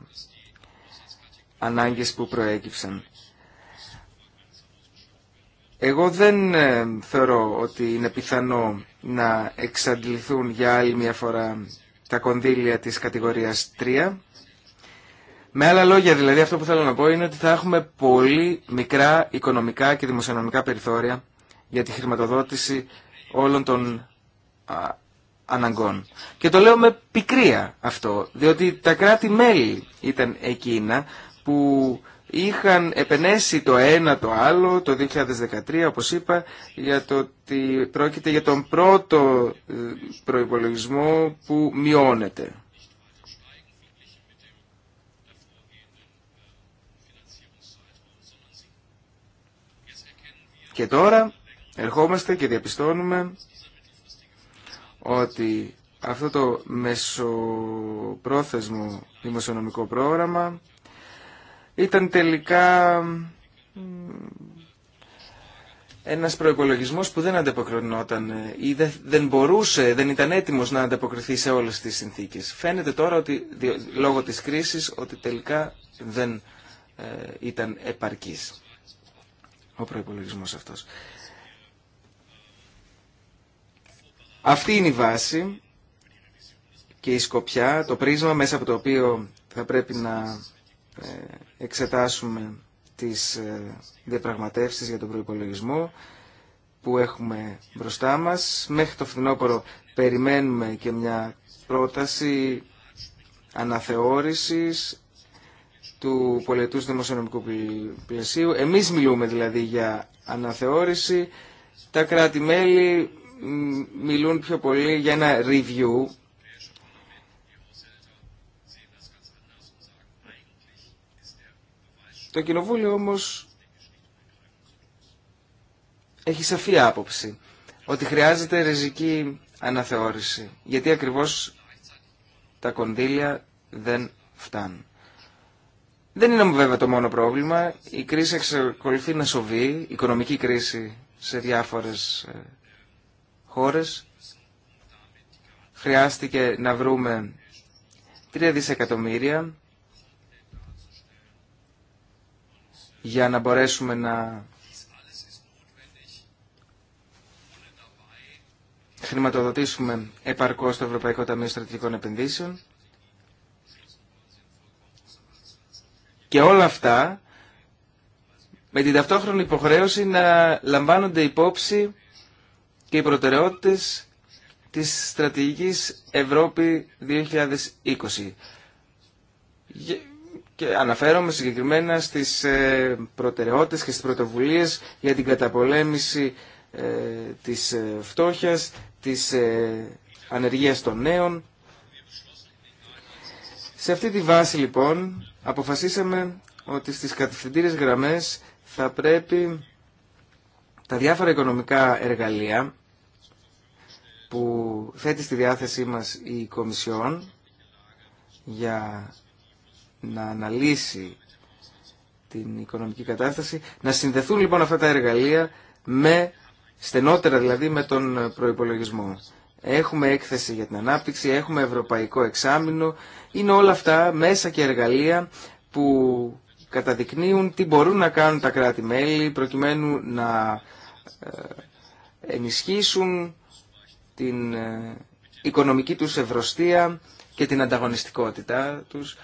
ανάγκες που προέκυψαν. Εγώ δεν ε, θεωρώ ότι είναι πιθανό να εξαντληθούν για άλλη μια φορά τα κονδύλια της κατηγορίας 3. Με άλλα λόγια δηλαδή αυτό που θέλω να πω είναι ότι θα έχουμε πολύ μικρά οικονομικά και δημοσιονομικά περιθώρια για τη χρηματοδότηση όλων των αναγκών. Και το λέω με πικρία αυτό, διότι τα κράτη-μέλη ήταν εκείνα που είχαν επενέσει το ένα το άλλο το 2013 όπως είπα για το ότι πρόκειται για τον πρώτο ε, προϋπολογισμό που μειώνεται. Και τώρα ερχόμαστε και διαπιστώνουμε ότι αυτό το μεσοπρόθεσμο δημοσιονομικό πρόγραμμα ήταν τελικά ένας προϋπολογισμός που δεν αντεποκρινόταν ε, ή δεν μπορούσε, δεν ήταν έτοιμος να αντεποκριθεί σε όλες τις συνθήκες. Φαίνεται τώρα, λόγω της κρίσης, ότι τελικά δεν ε, ήταν επαρκής ο προϋπολογισμός αυτός. Αυτή είναι η βάση και η σκοπιά, το πρίσμα μέσα από το οποίο θα πρέπει να ε, εξετάσουμε τις ε, διαπραγματεύσεις για τον προϋπολογισμό που έχουμε μπροστά μας. Μέχρι το φθινόπωρο περιμένουμε και μια πρόταση αναθεώρησης του πολιτού δημοσιονομικού πλαισίου. Εμείς μιλούμε δηλαδή για αναθεώρηση. Τα κράτη-μέλη μιλούν πιο πολύ για ένα review Το Κοινοβούλιο όμως έχει σαφή άποψη ότι χρειάζεται ριζική αναθεώρηση γιατί ακριβώς τα κονδύλια δεν φτάνουν. Δεν είναι βέβαια το μόνο πρόβλημα. Η κρίση εξακολουθεί να σοβεί, η οικονομική κρίση σε διάφορες ε, χώρες. Χρειάστηκε να βρούμε 3 δισεκατομμύρια για να μπορέσουμε να χρηματοδοτήσουμε επαρκώς το Ευρωπαϊκό Ταμείο Στρατηγικών Επενδύσεων και όλα αυτά με την ταυτόχρονη υποχρέωση να λαμβάνονται υπόψη και οι προτεραιότητες της στρατηγικής Ευρώπη 2020 και αναφέρομαι συγκεκριμένα στις ε, προτεραιότητες και στις πρωτοβουλίες για την καταπολέμηση ε, της ε, φτώχειας, της ανεργίας των νέων. Σε αυτή τη βάση λοιπόν αποφασίσαμε ότι στις κατευθυντήρες γραμμές θα πρέπει τα διάφορα οικονομικά εργαλεία που θέτει στη διάθεσή μας η Κομισιόν για να αναλύσει την οικονομική κατάσταση. Να συνδεθούν λοιπόν αυτά τα εργαλεία με, στενότερα δηλαδή με τον προϋπολογισμό. Έχουμε έκθεση για την ανάπτυξη, έχουμε ευρωπαϊκό εξάμεινο. Είναι όλα αυτά μέσα και εργαλεία που καταδεικνύουν τι μπορούν να κάνουν τα κράτη-μέλη προκειμένου να ε, ενισχύσουν την ε, οικονομική τους ευρωστία και την ανταγωνιστικότητα τους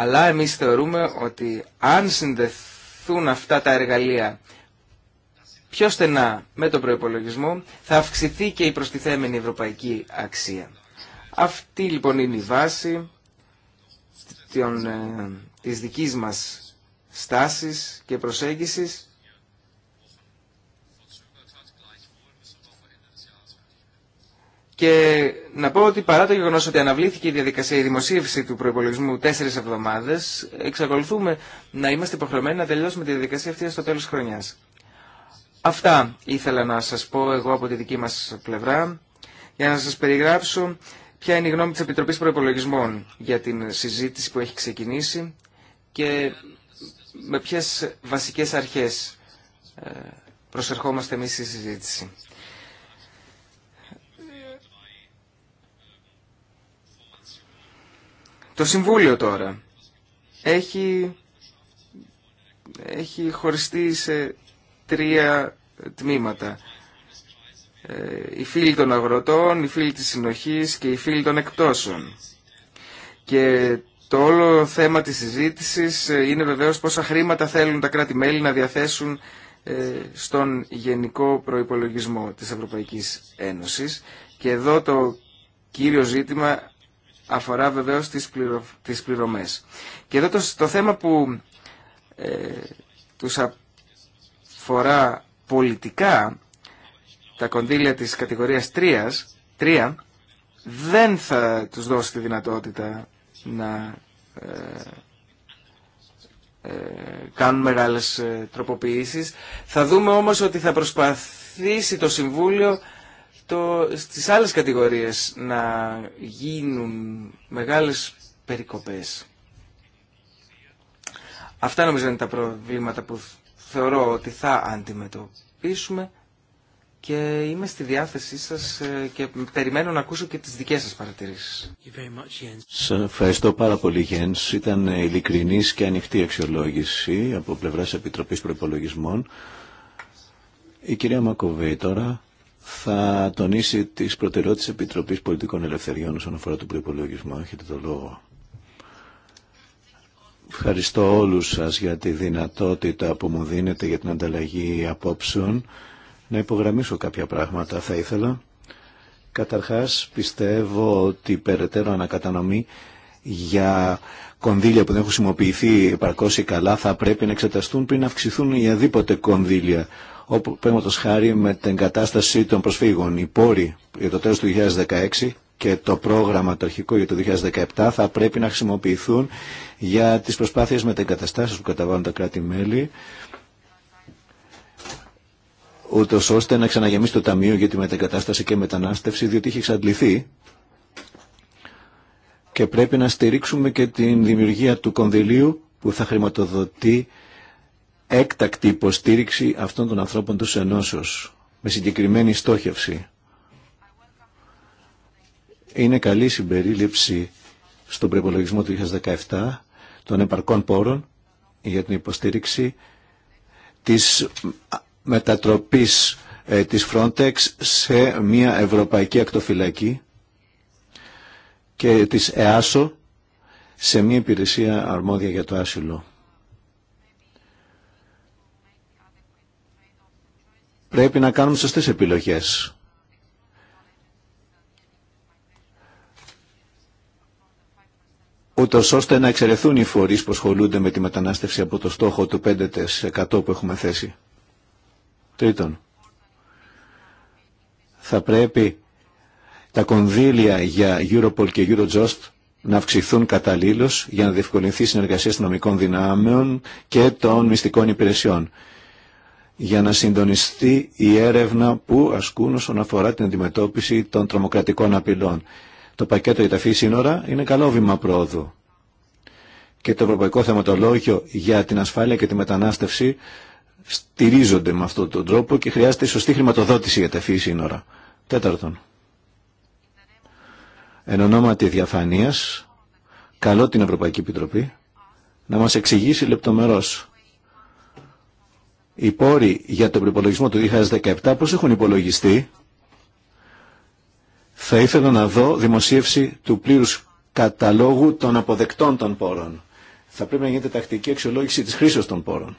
αλλά εμείς θεωρούμε ότι αν συνδεθούν αυτά τα εργαλεία πιο στενά με τον προϋπολογισμό, θα αυξηθεί και η προστιθέμενη ευρωπαϊκή αξία. Αυτή λοιπόν είναι η βάση ε, της δικής μας στάσης και προσέγγισης Και να πω ότι παρά το γεγονός ότι αναβλήθηκε η διαδικασία η δημοσίευση του προπολογισμού τέσσερι εβδομάδε, εξακολουθούμε να είμαστε υποχρεωμένοι να τελειώσουμε τη διαδικασία αυτή στο τέλος χρονιάς. Αυτά ήθελα να σας πω εγώ από τη δική μας πλευρά, για να σας περιγράψω ποια είναι η γνώμη τη Επιτροπής Προπολογισμών για την συζήτηση που έχει ξεκινήσει και με ποιε βασικέ αρχέ ε, προσερχόμαστε εμεί στη συζήτηση. Το Συμβούλιο τώρα έχει, έχει χωριστεί σε τρία τμήματα. Ε, οι φίλοι των αγροτών, οι φίλοι της συνοχής και οι φίλοι των εκπτώσεων. Και το όλο θέμα της συζήτησης ε, είναι βεβαίως πόσα χρήματα θέλουν τα κράτη-μέλη να διαθέσουν ε, στον γενικό προϋπολογισμό της Ευρωπαϊκής Ένωσης. Και εδώ το κύριο ζήτημα αφορά βεβαίως τις, πληρωμέ. πληρωμές. Και εδώ το, θέμα που ε, τους αφορά πολιτικά, τα κονδύλια της κατηγορίας 3, 3 δεν θα τους δώσει τη δυνατότητα να ε, ε κάνουν μεγάλες ε, τροποποιήσεις. Θα δούμε όμως ότι θα προσπαθήσει το Συμβούλιο το στις άλλες κατηγορίες να γίνουν μεγάλες περικοπές. Αυτά νομίζω είναι τα προβλήματα που θεωρώ ότι θα αντιμετωπίσουμε και είμαι στη διάθεσή σας ε, και περιμένω να ακούσω και τις δικές σας παρατηρήσεις. Σα ευχαριστώ πάρα πολύ Γιένς. Ήταν ειλικρινής και ανοιχτή αξιολόγηση από πλευράς Επιτροπής Προπολογισμών. Η κυρία Μακοβέη τώρα θα τονίσει τις προτεραιότητε τη Επιτροπής Πολιτικών Ελευθεριών όσον αφορά τον προπολογισμό. Έχετε το λόγο. Ευχαριστώ όλους σας για τη δυνατότητα που μου δίνετε για την ανταλλαγή απόψεων. Να υπογραμμίσω κάποια πράγματα θα ήθελα. Καταρχάς πιστεύω ότι περαιτέρω ανακατανομή για κονδύλια που δεν έχουν χρησιμοποιηθεί επαρκώς ή καλά θα πρέπει να εξεταστούν πριν αυξηθούν οι αδίποτε κονδύλια όπου παίρνουμε χάρη με την κατάσταση των προσφύγων. Οι πόροι για το τέλος του 2016 και το πρόγραμμα το αρχικό για το 2017 θα πρέπει να χρησιμοποιηθούν για τις προσπάθειες μετεγκαταστάσεις που καταβάλουν τα κράτη-μέλη ούτως ώστε να ξαναγεμίσει το Ταμείο για τη μετεγκατάσταση και μετανάστευση διότι έχει εξαντληθεί και πρέπει να στηρίξουμε και την δημιουργία του κονδυλίου που θα χρηματοδοτεί έκτακτη υποστήριξη αυτών των ανθρώπων του ενώσεως με συγκεκριμένη στόχευση. Είναι καλή συμπερίληψη στον προπολογισμό του 2017 των επαρκών πόρων για την υποστήριξη της μετατροπής ε, της Frontex σε μια ευρωπαϊκή ακτοφυλακή και της ΕΑΣΟ σε μια υπηρεσία αρμόδια για το άσυλο. Πρέπει να κάνουμε σωστές επιλογές. ούτω ώστε να εξαιρεθούν οι φορείς που ασχολούνται με τη μετανάστευση από το στόχο του 5% που έχουμε θέσει. Τρίτον, θα πρέπει τα κονδύλια για Europol και Eurojust να αυξηθούν καταλήλως για να διευκολυνθεί η συνεργασία αστυνομικών δυνάμεων και των μυστικών υπηρεσιών για να συντονιστεί η έρευνα που ασκούν όσον αφορά την αντιμετώπιση των τρομοκρατικών απειλών. Το πακέτο για τα φύση σύνορα είναι καλό βήμα πρόοδου. Και το Ευρωπαϊκό Θεματολόγιο για την ασφάλεια και τη μετανάστευση στηρίζονται με αυτόν τον τρόπο και χρειάζεται σωστή χρηματοδότηση για τα φύση σύνορα. Τέταρτον. Εν ονόματι καλώ την Ευρωπαϊκή Επιτροπή να μας εξηγήσει λεπτομερώς οι πόροι για τον προπολογισμό του 2017 πώς έχουν υπολογιστεί, θα ήθελα να δω δημοσίευση του πλήρους καταλόγου των αποδεκτών των πόρων. Θα πρέπει να γίνεται τακτική αξιολόγηση της χρήσης των πόρων.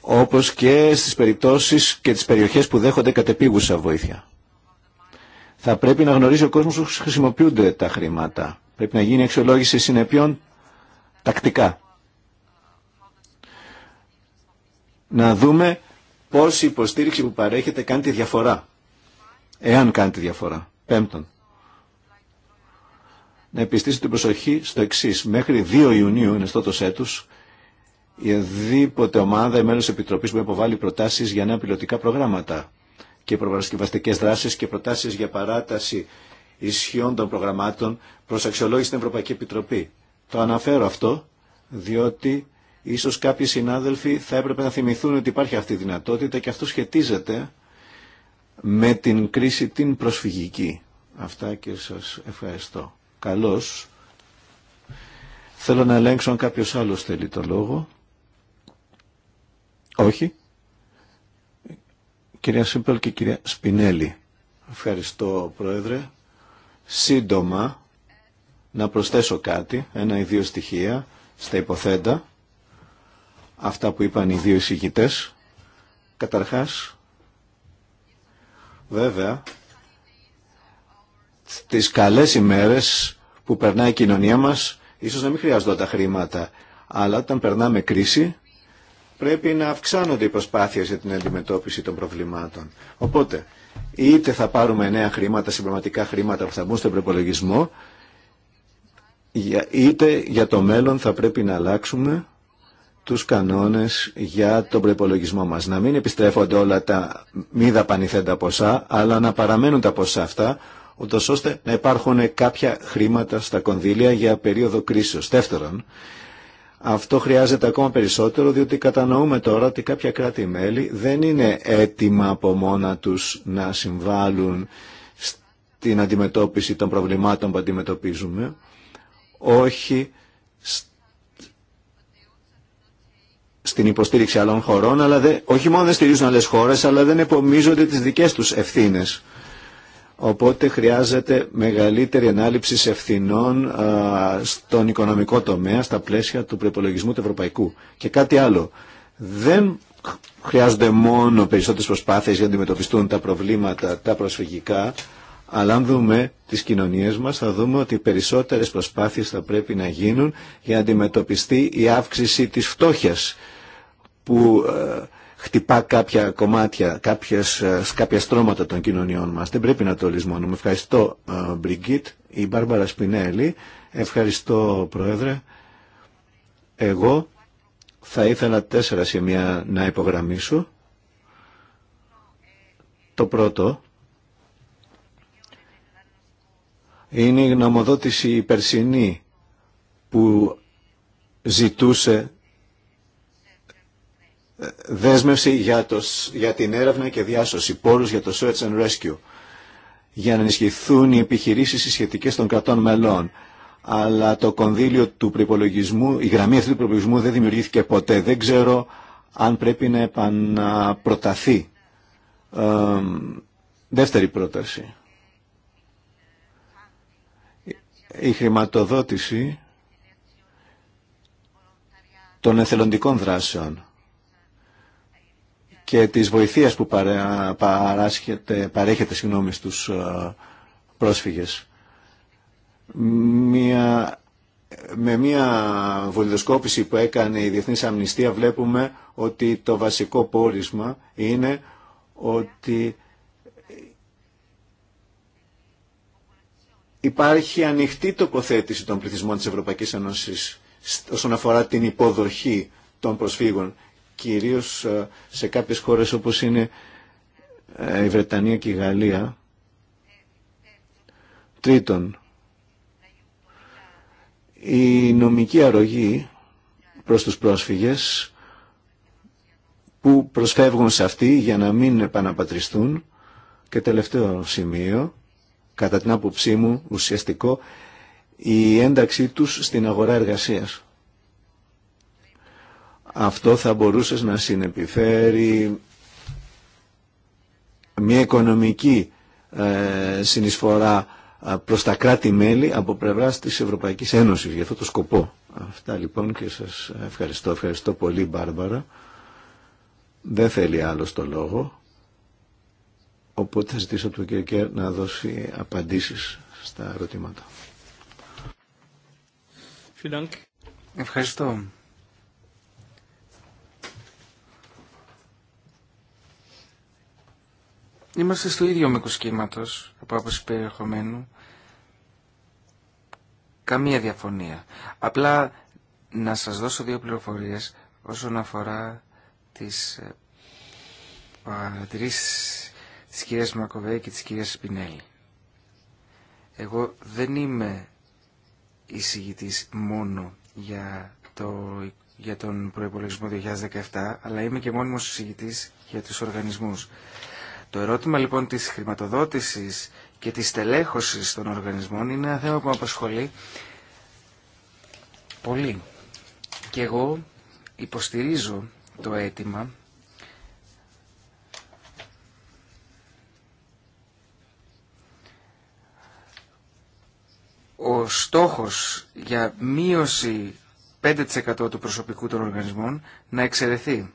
Όπως και στις περιπτώσεις και τις περιοχές που δέχονται κατεπίγουσα βοήθεια. Θα πρέπει να γνωρίζει ο κόσμος πώς χρησιμοποιούνται τα χρήματα. Πρέπει να γίνει αξιολόγηση συνεπειών τακτικά. να δούμε πώς η υποστήριξη που παρέχεται κάνει τη διαφορά. Εάν κάνει τη διαφορά. Πέμπτον. Να επιστήσει την προσοχή στο εξή. Μέχρι 2 Ιουνίου είναι στο τόσο η οδήποτε ομάδα ή μέλος επιτροπής που υποβάλει προτάσεις για νέα πιλωτικά προγράμματα και προπαρασκευαστικές δράσεις και προτάσεις για παράταση ισχυών των προγραμμάτων προ αξιολόγηση στην Ευρωπαϊκή Επιτροπή. Το αναφέρω αυτό διότι Ίσως κάποιοι συνάδελφοι θα έπρεπε να θυμηθούν ότι υπάρχει αυτή η δυνατότητα και αυτό σχετίζεται με την κρίση την προσφυγική. Αυτά και σας ευχαριστώ. Καλώς. Θέλω να ελέγξω αν κάποιος άλλος θέλει το λόγο. Όχι. Κυρία Σίμπελ και κυρία Σπινέλη. Ευχαριστώ Πρόεδρε. Σύντομα να προσθέσω κάτι, ένα ή δύο στοιχεία στα υποθέντα αυτά που είπαν οι δύο εισηγητές. Καταρχάς, βέβαια, τις καλές ημέρες που περνάει η κοινωνία μας, ίσως να μην χρειάζονται τα χρήματα, αλλά όταν περνάμε κρίση, πρέπει να αυξάνονται οι προσπάθειες για την αντιμετώπιση των προβλημάτων. Οπότε, είτε θα πάρουμε νέα χρήματα, συμπληρωματικά χρήματα που θα μπουν στον προπολογισμό, είτε για το μέλλον θα πρέπει να αλλάξουμε τους κανόνες για τον προπολογισμό μας. Να μην επιστρέφονται όλα τα μη δαπανηθέντα ποσά, αλλά να παραμένουν τα ποσά αυτά, ούτω ώστε να υπάρχουν κάποια χρήματα στα κονδύλια για περίοδο κρίσεως. Δεύτερον, αυτό χρειάζεται ακόμα περισσότερο, διότι κατανοούμε τώρα ότι κάποια κράτη-μέλη δεν είναι έτοιμα από μόνα τους να συμβάλλουν στην αντιμετώπιση των προβλημάτων που αντιμετωπίζουμε, όχι την υποστήριξη άλλων χωρών, αλλά δεν, όχι μόνο δεν στηρίζουν άλλες χώρες, αλλά δεν επομίζονται τις δικές τους ευθύνες. Οπότε χρειάζεται μεγαλύτερη ανάληψη ευθυνών α, στον οικονομικό τομέα, στα πλαίσια του προπολογισμού του ευρωπαϊκού. Και κάτι άλλο. Δεν χρειάζονται μόνο περισσότερες προσπάθειες για να αντιμετωπιστούν τα προβλήματα, τα προσφυγικά, αλλά αν δούμε τις κοινωνίες μας θα δούμε ότι περισσότερες προσπάθειες θα πρέπει να γίνουν για να αντιμετωπιστεί η αύξηση της φτώχειας που ε, χτυπά κάποια κομμάτια, κάποιες, ε, κάποια στρώματα των κοινωνιών μας. Δεν πρέπει να το λησμόνουμε. Ευχαριστώ ε, Μπριγκίτ, η Μπάρμπαρα Σπινέλη. Ευχαριστώ Πρόεδρε. Εγώ θα ήθελα τέσσερα σημεία να υπογραμμίσω. Το πρώτο είναι η γνωμοδότηση περσινή που ζητούσε δέσμευση για, το, για την έρευνα και διάσωση, πόρους για το Search and Rescue, για να ενισχυθούν οι επιχειρήσεις οι σχετικές των κρατών μελών. Αλλά το κονδύλιο του προπολογισμού, η γραμμή αυτή του προπολογισμού δεν δημιουργήθηκε ποτέ. Δεν ξέρω αν πρέπει να επαναπροταθεί. δεύτερη πρόταση. Η χρηματοδότηση των εθελοντικών δράσεων και της βοηθείας που παρέχεται συγγνώμη, στους ε, πρόσφυγες. Μια, με μια βολιδοσκόπηση που έκανε η Διεθνής Αμνηστία βλέπουμε ότι το βασικό πόρισμα είναι ότι υπάρχει ανοιχτή τοποθέτηση των πληθυσμών της Ευρωπαϊκής Ένωσης όσον αφορά την υποδοχή των προσφύγων κυρίως ε, σε κάποιες χώρες όπως είναι ε, η Βρετανία και η Γαλλία. Τρίτον, η νομική αρρωγή προς τους πρόσφυγες που προσφεύγουν σε αυτή για να μην επαναπατριστούν και τελευταίο σημείο, κατά την άποψή μου ουσιαστικό, η ένταξή τους στην αγορά εργασίας αυτό θα μπορούσε να συνεπιφέρει μια οικονομική ε, συνεισφορά ε, προς τα κράτη-μέλη από πλευράς της Ευρωπαϊκής Ένωσης για αυτό το σκοπό. Αυτά λοιπόν και σας ευχαριστώ. Ευχαριστώ πολύ Μπάρμπαρα. Δεν θέλει άλλο το λόγο. Οπότε θα ζητήσω τον κύριο Κέρ να δώσει απαντήσεις στα ερωτήματα. Ευχαριστώ. Είμαστε στο ίδιο μήκο από άποψη περιεχομένου. Καμία διαφωνία. Απλά να σας δώσω δύο πληροφορίες όσον αφορά τις ε, παρατηρήσεις της κυρίας Μακοβέη και της κυρίας Σπινέλη. Εγώ δεν είμαι εισηγητής μόνο για, το, για τον προϋπολογισμό 2017, αλλά είμαι και μόνιμος εισηγητής για τους οργανισμούς. Το ερώτημα λοιπόν της χρηματοδότησης και της τελέχωσης των οργανισμών είναι ένα θέμα που με απασχολεί πολύ. Και εγώ υποστηρίζω το αίτημα ο στόχος για μείωση 5% του προσωπικού των οργανισμών να εξαιρεθεί.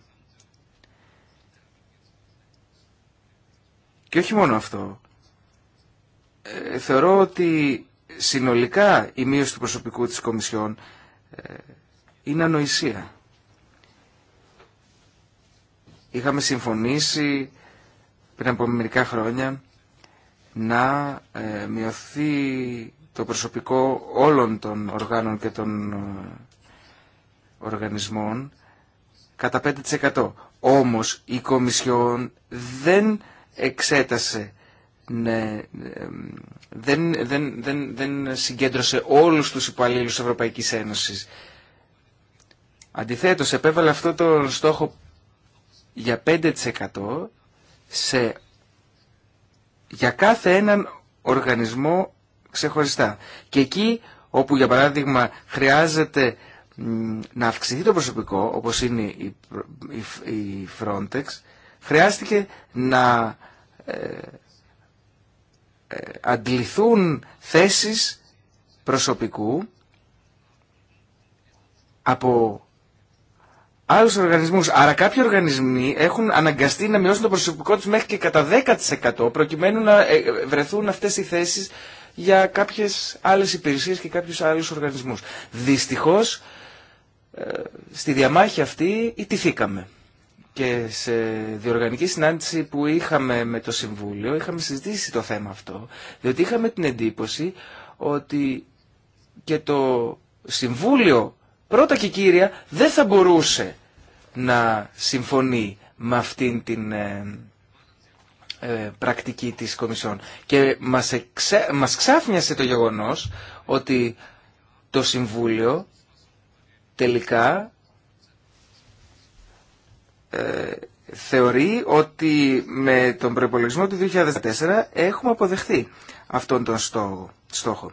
Και όχι μόνο αυτό. Ε, θεωρώ ότι συνολικά η μείωση του προσωπικού της Κομισιόν ε, είναι ανοησία. Είχαμε συμφωνήσει πριν από μερικά χρόνια να ε, μειωθεί το προσωπικό όλων των οργάνων και των οργανισμών κατά 5%. Όμως η Κομισιόν δεν εξέτασε ναι, δεν, δεν, δεν, δεν συγκέντρωσε όλους τους υπαλλήλους της Ευρωπαϊκής Ένωσης. Αντιθέτως, επέβαλε αυτό το στόχο για 5% σε, για κάθε έναν οργανισμό ξεχωριστά. Και εκεί όπου, για παράδειγμα, χρειάζεται να αυξηθεί το προσωπικό, όπως είναι η, η, η Frontex, χρειάστηκε να ε, ε, αντληθούν θέσεις προσωπικού από άλλους οργανισμούς. Άρα κάποιοι οργανισμοί έχουν αναγκαστεί να μειώσουν το προσωπικό τους μέχρι και κατά 10% προκειμένου να ε, βρεθούν αυτές οι θέσεις για κάποιες άλλες υπηρεσίες και κάποιους άλλους οργανισμούς. Δυστυχώς στη διαμάχη αυτή ιτηθήκαμε και σε διοργανική συνάντηση που είχαμε με το Συμβούλιο είχαμε συζητήσει το θέμα αυτό, διότι είχαμε την εντύπωση ότι και το Συμβούλιο πρώτα και κύρια δεν θα μπορούσε να συμφωνεί με αυτήν την ε, ε, πρακτική της Κομισιόν. Και μας, μας ξάφνιασε το γεγονός ότι το Συμβούλιο τελικά θεωρεί ότι με τον προπολογισμό του 2004 έχουμε αποδεχθεί αυτόν τον στόχο.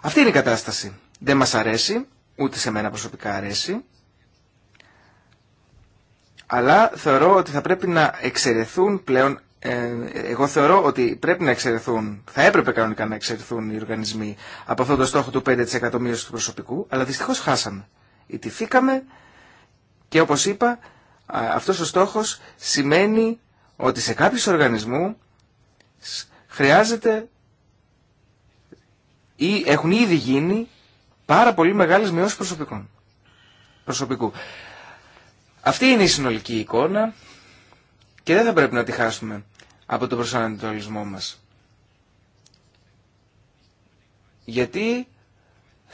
Αυτή είναι η κατάσταση. Δεν μας αρέσει, ούτε σε μένα προσωπικά αρέσει, αλλά θεωρώ ότι θα πρέπει να εξαιρεθούν πλέον ε, εγώ θεωρώ ότι πρέπει να εξαιρεθούν, θα έπρεπε κανονικά να εξαιρεθούν οι οργανισμοί από αυτόν τον στόχο του 5% μείωση του προσωπικού, αλλά δυστυχώς χάσαμε. Ιτηθήκαμε και όπως είπα αυτός ο στόχος σημαίνει ότι σε κάποιους οργανισμούς χρειάζεται ή έχουν έχουν ήδη γίνει πάρα πολύ μειώσεις προσωπικών. προσωπικού. Αυτή είναι η συνολική εικόνα και δεν θα πρέπει να τη χάσουμε από τον προσανατολισμό μας. Γιατί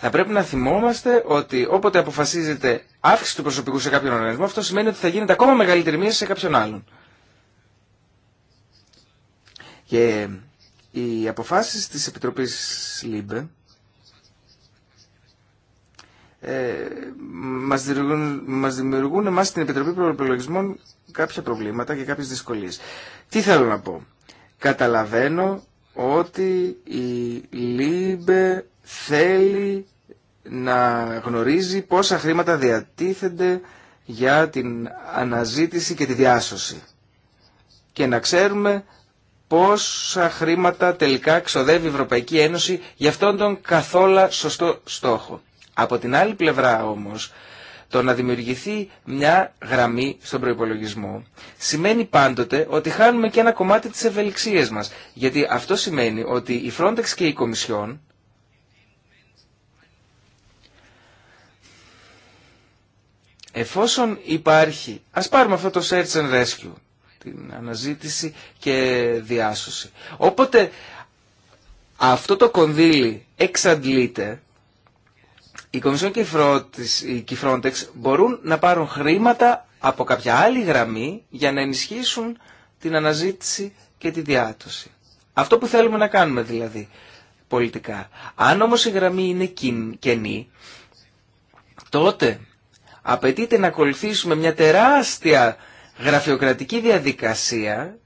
θα πρέπει να θυμόμαστε ότι όποτε αποφασίζεται αύξηση του προσωπικού σε κάποιον οργανισμό, αυτό σημαίνει ότι θα γίνεται ακόμα μεγαλύτερη μείωση σε κάποιον άλλον. Και οι αποφάσεις της Επιτροπής ΛΥΜΠΕ ε, μας δημιουργούν, μας στην Επιτροπή Προπολογισμών κάποια προβλήματα και κάποιες δυσκολίες. Τι θέλω να πω. Καταλαβαίνω ότι η ΛΥΜΠΕ θέλει να γνωρίζει πόσα χρήματα διατίθενται για την αναζήτηση και τη διάσωση. Και να ξέρουμε πόσα χρήματα τελικά ξοδεύει η Ευρωπαϊκή Ένωση για αυτόν τον καθόλου σωστό στόχο. Από την άλλη πλευρά όμως, το να δημιουργηθεί μια γραμμή στον προϋπολογισμό σημαίνει πάντοτε ότι χάνουμε και ένα κομμάτι της ευελιξίας μας. Γιατί αυτό σημαίνει ότι η Frontex και η Κομισιόν Εφόσον υπάρχει, ας πάρουμε αυτό το search and rescue, την αναζήτηση και διάσωση. Όποτε αυτό το κονδύλι εξαντλείται, η Κομισιόν και η Frontex μπορούν να πάρουν χρήματα από κάποια άλλη γραμμή για να ενισχύσουν την αναζήτηση και τη διάτωση. Αυτό που θέλουμε να κάνουμε δηλαδή πολιτικά. Αν όμως η γραμμή είναι κενή, τότε απαιτείται να ακολουθήσουμε μια τεράστια γραφειοκρατική διαδικασία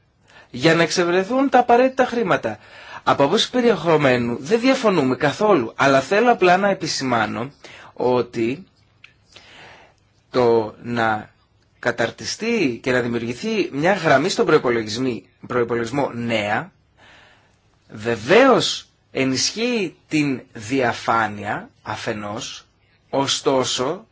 για να εξευρεθούν τα απαραίτητα χρήματα. Από απόψη περιεχομένου δεν διαφωνούμε καθόλου, αλλά θέλω απλά να επισημάνω ότι το να καταρτιστεί και να δημιουργηθεί μια γραμμή στον προϋπολογισμό νέα, βεβαίως ενισχύει την διαφάνεια αφενός, ωστόσο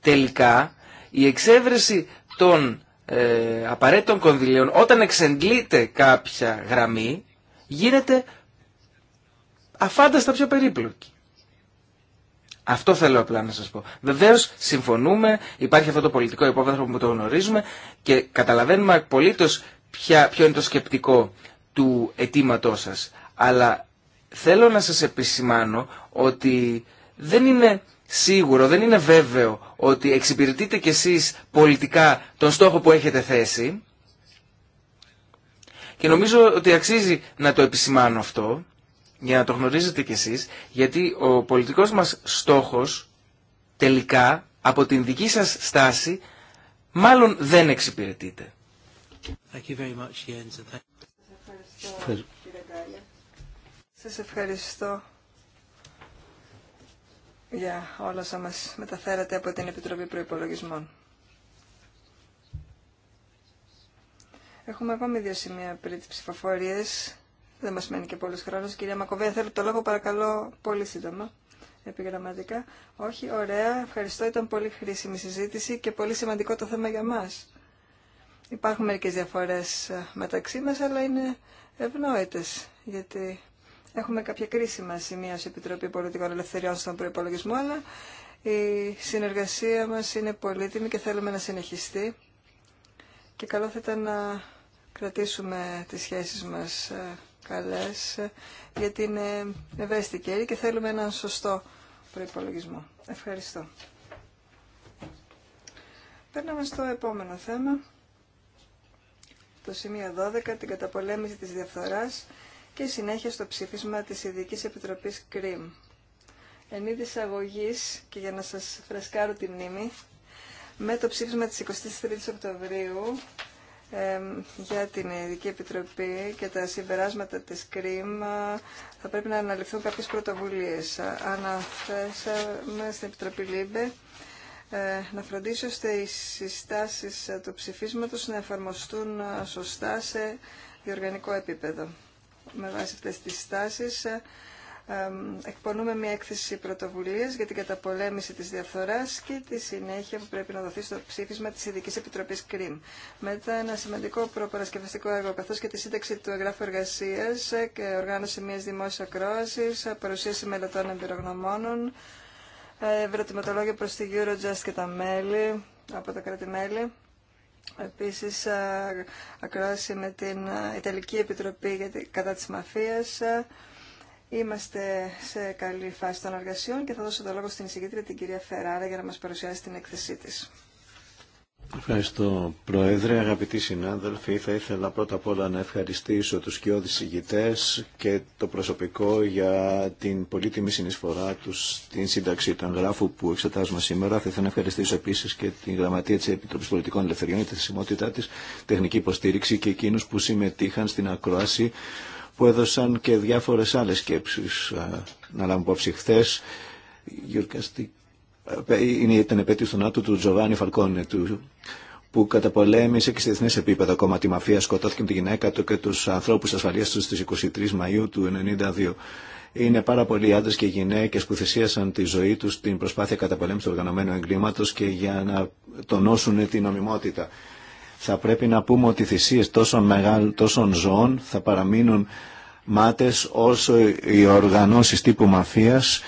τελικά η εξέβρεση των ε, απαραίτητων κονδυλίων όταν εξεντλείται κάποια γραμμή γίνεται αφάνταστα πιο περίπλοκη. Αυτό θέλω απλά να σας πω. Βεβαίως συμφωνούμε, υπάρχει αυτό το πολιτικό υπόβαθρο που το γνωρίζουμε και καταλαβαίνουμε απολύτως ποιο είναι το σκεπτικό του αιτήματό σας. Αλλά θέλω να σας επισημάνω ότι δεν είναι σίγουρο, δεν είναι βέβαιο ότι εξυπηρετείτε κι εσείς πολιτικά τον στόχο που έχετε θέσει και νομίζω ότι αξίζει να το επισημάνω αυτό για να το γνωρίζετε κι εσείς γιατί ο πολιτικός μας στόχος τελικά από την δική σας στάση μάλλον δεν εξυπηρετείται. Thank you very much, Σας ευχαριστώ για όλα όσα μας μεταφέρατε από την Επιτροπή Προϋπολογισμών. Έχουμε ακόμη δύο σημεία πριν τις ψηφοφορίες. Δεν μας μένει και πολλούς χρόνους. Κυρία Μακοβέα, θέλω το λόγο παρακαλώ πολύ σύντομα. Επιγραμματικά. Όχι, ωραία. Ευχαριστώ. Ήταν πολύ χρήσιμη συζήτηση και πολύ σημαντικό το θέμα για μας. Υπάρχουν μερικές διαφορές μεταξύ μας, αλλά είναι ευνόητες, γιατί Έχουμε κάποια κρίσιμα σημεία ως Επιτροπή Πολιτικών Ελευθεριών στον προπολογισμό, αλλά η συνεργασία μας είναι πολύτιμη και θέλουμε να συνεχιστεί και καλό θα ήταν να κρατήσουμε τις σχέσεις μας ε, καλές, ε, γιατί είναι ευαίσθητη και θέλουμε έναν σωστό προϋπολογισμό. Ευχαριστώ. Παίρναμε στο επόμενο θέμα, το σημείο 12, την καταπολέμηση της διαφθοράς και συνέχεια στο ψήφισμα της Ειδική Επιτροπής ΚΡΙΜ. Εν είδη και για να σας φρεσκάρω τη μνήμη, με το ψήφισμα της 23ης Οκτωβρίου για την Ειδική Επιτροπή και τα συμπεράσματα της ΚΡΙΜ θα πρέπει να αναλυθούν κάποιες πρωτοβουλίες. Αναθέσαμε στην Επιτροπή ΛΥΜΠΕ ε, να φροντίσει ώστε οι συστάσεις του ψηφίσματος να εφαρμοστούν σωστά σε διοργανικό επίπεδο με βάση αυτές τις στάσεις ε, εκπονούμε μια έκθεση πρωτοβουλίας για την καταπολέμηση της διαφθοράς και τη συνέχεια που πρέπει να δοθεί στο ψήφισμα της Ειδικής Επιτροπής ΚΡΙΜ. Μετά ένα σημαντικό προπαρασκευαστικό έργο καθώς και τη σύνταξη του εγγράφου εργασίας ε, και οργάνωση μιας δημόσιας ακρόασης, ε, παρουσίαση μελετών εμπειρογνωμόνων, ευρωτηματολόγια προς τη Eurojust και τα μέλη από τα κράτη-μέλη Επίσης, ε, ακρόαση με την ε, Ιταλική Επιτροπή κατά τη Μαφία, ε, Είμαστε σε καλή φάση των εργασιών και θα δώσω το λόγο στην εισηγήτρια την κυρία Φεράρα για να μας παρουσιάσει την έκθεσή της. Ευχαριστώ Πρόεδρε, αγαπητοί συνάδελφοι. Θα ήθελα πρώτα απ' όλα να ευχαριστήσω τους κοιόδης ηγητές και το προσωπικό για την πολύτιμη συνεισφορά τους στην σύνταξη του εγγράφου που εξετάζουμε σήμερα. Θα ήθελα να ευχαριστήσω επίσης και την Γραμματεία της Επιτροπής Πολιτικών Ελευθεριών για τη θεσιμότητά της, τεχνική υποστήριξη και εκείνους που συμμετείχαν στην ακρόαση που έδωσαν και διάφορες άλλες σκέψεις να λάβουν υπόψη χθες είναι η επέτειο του του Τζοβάνι Φαλκόνε, του, που καταπολέμησε και σε διεθνέ επίπεδο ακόμα τη μαφία, σκοτώθηκε με τη γυναίκα του και του ανθρώπου ασφαλείας του στι 23 Μαου του 1992. Είναι πάρα πολλοί άντρε και γυναίκε που θυσίασαν τη ζωή του στην προσπάθεια καταπολέμησης του οργανωμένου εγκλήματος και για να τονώσουν την νομιμότητα. Θα πρέπει να πούμε ότι θυσίες θυσίε τόσων, ζώων θα παραμείνουν μάτες όσο οι οργανώσεις τύπου μαφίας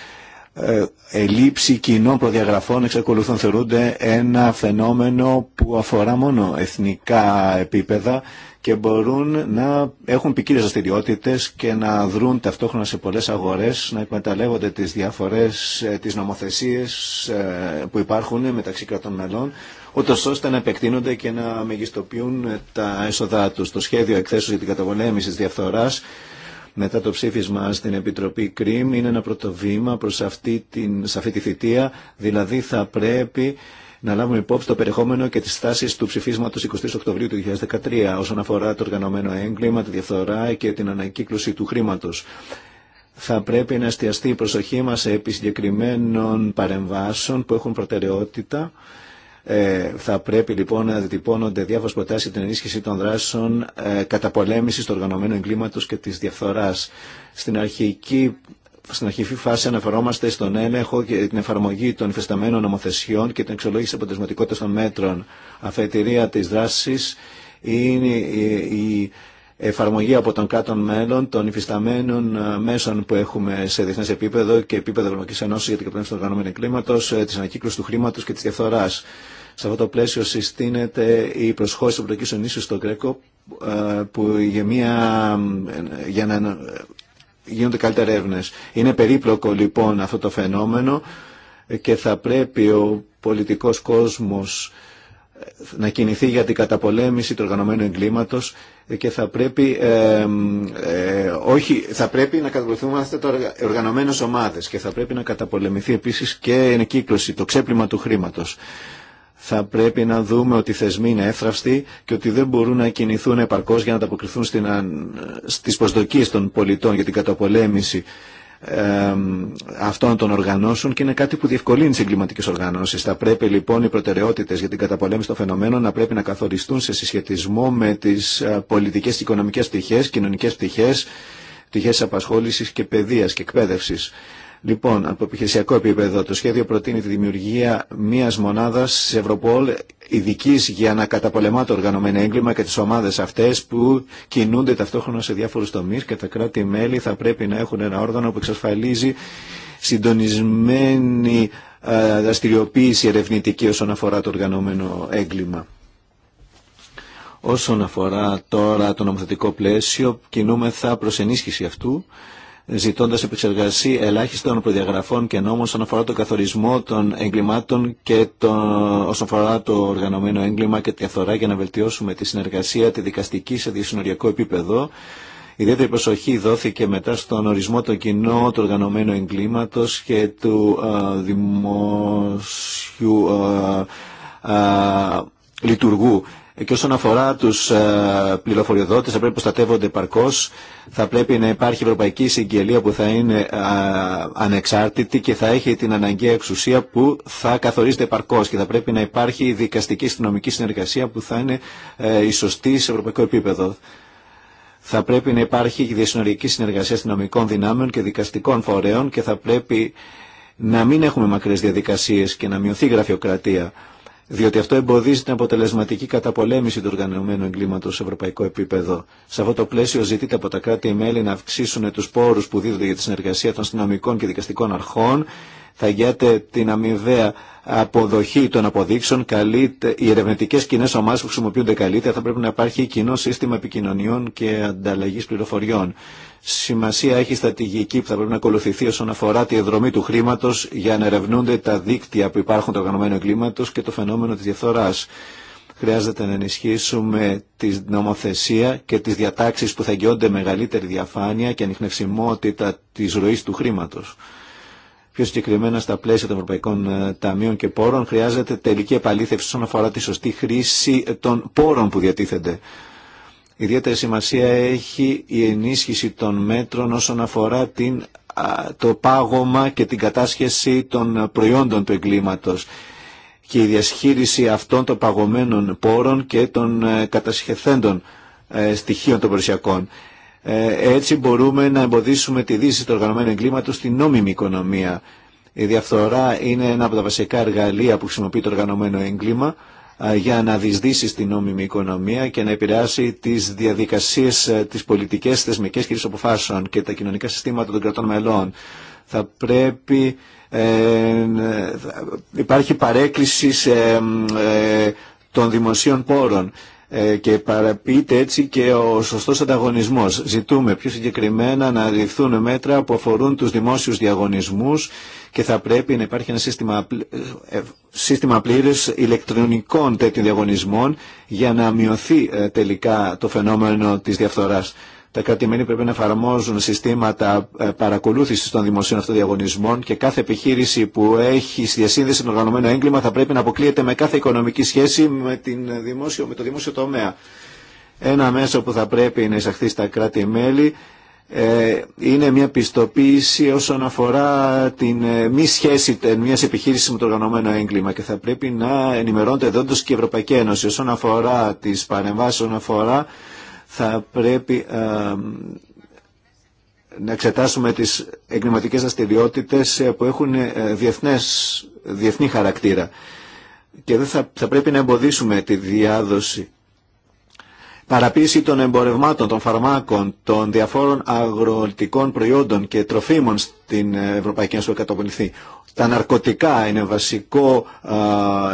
ε, ελήψη κοινών προδιαγραφών εξακολουθούν θεωρούνται ένα φαινόμενο που αφορά μόνο εθνικά επίπεδα και μπορούν να έχουν ποικίλε δραστηριότητε και να δρούν ταυτόχρονα σε πολλές αγορές, να εκμεταλλεύονται τις διαφορές, ε, τις νομοθεσίες ε, που υπάρχουν μεταξύ κρατών μελών, ούτως ώστε να επεκτείνονται και να μεγιστοποιούν τα έσοδά τους. Το σχέδιο εκθέσεως για την καταβολέμηση της διαφθοράς μετά το ψήφισμα στην Επιτροπή ΚΡΙΜ είναι ένα πρωτοβήμα προς αυτή την, σε αυτή τη θητεία, δηλαδή θα πρέπει να λάβουμε υπόψη το περιεχόμενο και τις στάσεις του ψηφίσματος 23 Οκτωβρίου του 2013 όσον αφορά το οργανωμένο έγκλημα, τη διαφθορά και την ανακύκλωση του χρήματος. Θα πρέπει να εστιαστεί η προσοχή μας επί συγκεκριμένων παρεμβάσεων που έχουν προτεραιότητα ε, θα πρέπει λοιπόν να διτυπώνονται διάφορε προτάσει για την ενίσχυση των δράσεων ε, πολέμηση του οργανωμένου εγκλήματο και τη διαφθορά. Στην αρχική στην αρχική φάση αναφερόμαστε στον έλεγχο και την εφαρμογή των υφεσταμένων νομοθεσιών και την εξολόγηση αποτελεσματικότητα των μέτρων. Αφετηρία της δράση είναι η, η, εφαρμογή από τον κάτω μέλλον των υφισταμένων ε, μέσων που έχουμε σε διεθνέ επίπεδο και επίπεδο Ευρωπαϊκή Ενώση για την κατανάλωση του οργανωμένου κλίματο, ε, τη ανακύκλωση του χρήματο και τη διαφθορά. Σε αυτό το πλαίσιο συστήνεται η προσχώρηση του Ευρωπαϊκή Ενίσου στο Κρέκο ε, που για, μια, για να γίνονται καλύτερα έρευνε. Είναι περίπλοκο λοιπόν αυτό το φαινόμενο και θα πρέπει ο πολιτικός κόσμος να κινηθεί για την καταπολέμηση του οργανωμένου εγκλήματος και θα πρέπει, ε, ε όχι, θα πρέπει να καταπολεμηθούμε τα οργανωμένες ομάδες και θα πρέπει να καταπολεμηθεί επίσης και η κύκλωση, το ξέπλυμα του χρήματος. Θα πρέπει να δούμε ότι οι θεσμοί είναι έφραυστοι και ότι δεν μπορούν να κινηθούν επαρκώς για να ανταποκριθούν στην, στις προσδοκίες των πολιτών για την καταπολέμηση αυτών των οργανώσεων και είναι κάτι που διευκολύνει τι εγκληματικέ οργανώσει. Θα πρέπει λοιπόν οι προτεραιότητε για την καταπολέμηση των φαινομένων να πρέπει να καθοριστούν σε συσχετισμό με τι ε, πολιτικέ και οικονομικέ πτυχέ, κοινωνικέ πτυχέ, πτυχέ απασχόληση και παιδεία και εκπαίδευση. Λοιπόν, από επιχειρησιακό επίπεδο, το σχέδιο προτείνει τη δημιουργία μια μονάδα τη Ευρωπόλ ειδική για να καταπολεμά το οργανωμένο έγκλημα και τι ομάδε αυτέ που κινούνται ταυτόχρονα σε διάφορου τομεί και τα κράτη-μέλη θα πρέπει να έχουν ένα όργανο που εξασφαλίζει συντονισμένη δραστηριοποίηση ερευνητική όσον αφορά το οργανωμένο έγκλημα. Όσον αφορά τώρα το νομοθετικό πλαίσιο, κινούμεθα προς ενίσχυση αυτού ζητώντα επεξεργασία ελάχιστων προδιαγραφών και νόμων όσον αφορά τον καθορισμό των εγκλημάτων και το, όσον αφορά το οργανωμένο έγκλημα και τη διαφθορά για να βελτιώσουμε τη συνεργασία τη δικαστική σε διασυνοριακό επίπεδο. Ιδιαίτερη προσοχή δόθηκε μετά στον ορισμό των κοινό του οργανωμένου εγκλήματο και του δημόσιου α, λειτουργού και όσον αφορά του ε, πληροφοριοδότε, θα πρέπει να προστατεύονται επαρκώ. Θα πρέπει να υπάρχει ευρωπαϊκή συγγελία που θα είναι ε, ανεξάρτητη και θα έχει την αναγκαία εξουσία που θα καθορίζεται επαρκώ. Και θα πρέπει να υπάρχει δικαστική αστυνομική συνεργασία που θα είναι ε, η σωστή σε ευρωπαϊκό επίπεδο. Θα πρέπει να υπάρχει διασυνοριακή συνεργασία αστυνομικών δυνάμεων και δικαστικών φορέων και θα πρέπει να μην έχουμε μακρε διαδικασίε και να μειωθεί η γραφειοκρατία διότι αυτό εμποδίζει την αποτελεσματική καταπολέμηση του οργανωμένου εγκλήματο σε ευρωπαϊκό επίπεδο. Σε αυτό το πλαίσιο ζητείται από τα κράτη-μέλη να αυξήσουν του πόρου που δίδονται για τη συνεργασία των αστυνομικών και δικαστικών αρχών, θα γιάται την αμοιβαία αποδοχή των αποδείξεων, καλείται, οι ερευνητικέ κοινέ ομάδε που χρησιμοποιούνται καλύτερα, θα πρέπει να υπάρχει κοινό σύστημα επικοινωνιών και ανταλλαγή πληροφοριών. Σημασία έχει η στρατηγική που θα πρέπει να ακολουθηθεί όσον αφορά τη εδρομή του χρήματο για να ερευνούνται τα δίκτυα που υπάρχουν το οργανωμένου εγκλήματο και το φαινόμενο τη διαφθορά. Χρειάζεται να ενισχύσουμε τη νομοθεσία και τι διατάξει που θα εγγυώνται μεγαλύτερη διαφάνεια και ανιχνευσιμότητα τη ροή του χρήματο. Πιο συγκεκριμένα στα πλαίσια των Ευρωπαϊκών ε, Ταμείων και Πόρων χρειάζεται τελική επαλήθευση όσον αφορά τη σωστή χρήση των πόρων που διατίθενται. Ιδιαίτερη σημασία έχει η ενίσχυση των μέτρων όσον αφορά την, το πάγωμα και την κατάσχεση των προϊόντων του εγκλήματος και η διασχήριση αυτών των παγωμένων πόρων και των ε, κατασχεθέντων ε, στοιχείων των περισσιακών. Ε, έτσι μπορούμε να εμποδίσουμε τη δύση του οργανωμένου εγκλήματος στην νόμιμη οικονομία. Η διαφθορά είναι ένα από τα βασικά εργαλεία που χρησιμοποιεί το οργανωμένο έγκλημα για να δυσδύσει την νόμιμη οικονομία και να επηρεάσει τι διαδικασίε, τι πολιτικέ, θεσμικέ και τι αποφάσεων και τα κοινωνικά συστήματα των κρατών μελών. Θα πρέπει. Ε, ε υπάρχει παρέκκληση ε, των δημοσίων πόρων ε, και παραποιείται έτσι και ο σωστός ανταγωνισμός. Ζητούμε πιο συγκεκριμένα να ληφθούν μέτρα που αφορούν τους δημόσιους διαγωνισμούς και θα πρέπει να υπάρχει ένα σύστημα, ε, σύστημα ηλεκτρονικών τέτοιων διαγωνισμών για να μειωθεί ε, τελικά το φαινόμενο της διαφθοράς. Τα κρατη πρέπει να εφαρμόζουν συστήματα ε, παρακολούθηση των δημοσίων αυτοδιαγωνισμών και κάθε επιχείρηση που έχει διασύνδεση με οργανωμένο έγκλημα θα πρέπει να αποκλείεται με κάθε οικονομική σχέση με, δημόσιο, με το δημόσιο τομέα. Ένα μέσο που θα πρέπει να εισαχθεί στα κράτη-μέλη ε, είναι μια πιστοποίηση όσον αφορά την ε, μη σχέση ε, μια επιχείρηση με το οργανωμένο έγκλημα και θα πρέπει να ενημερώνεται δόντος και η Ευρωπαϊκή Ένωση. Όσον αφορά τις παρεμβάσεις, όσον αφορά θα πρέπει να εξετάσουμε τις εγκληματικές δραστηριότητε που έχουν διεθνές, διεθνή χαρακτήρα και δεν θα, θα πρέπει να εμποδίσουμε τη διάδοση παραποίηση των εμπορευμάτων, των φαρμάκων, των διαφόρων αγροτικών προϊόντων και τροφίμων στην Ευρωπαϊκή Ένωση καταπονηθεί. Τα ναρκωτικά είναι βασικό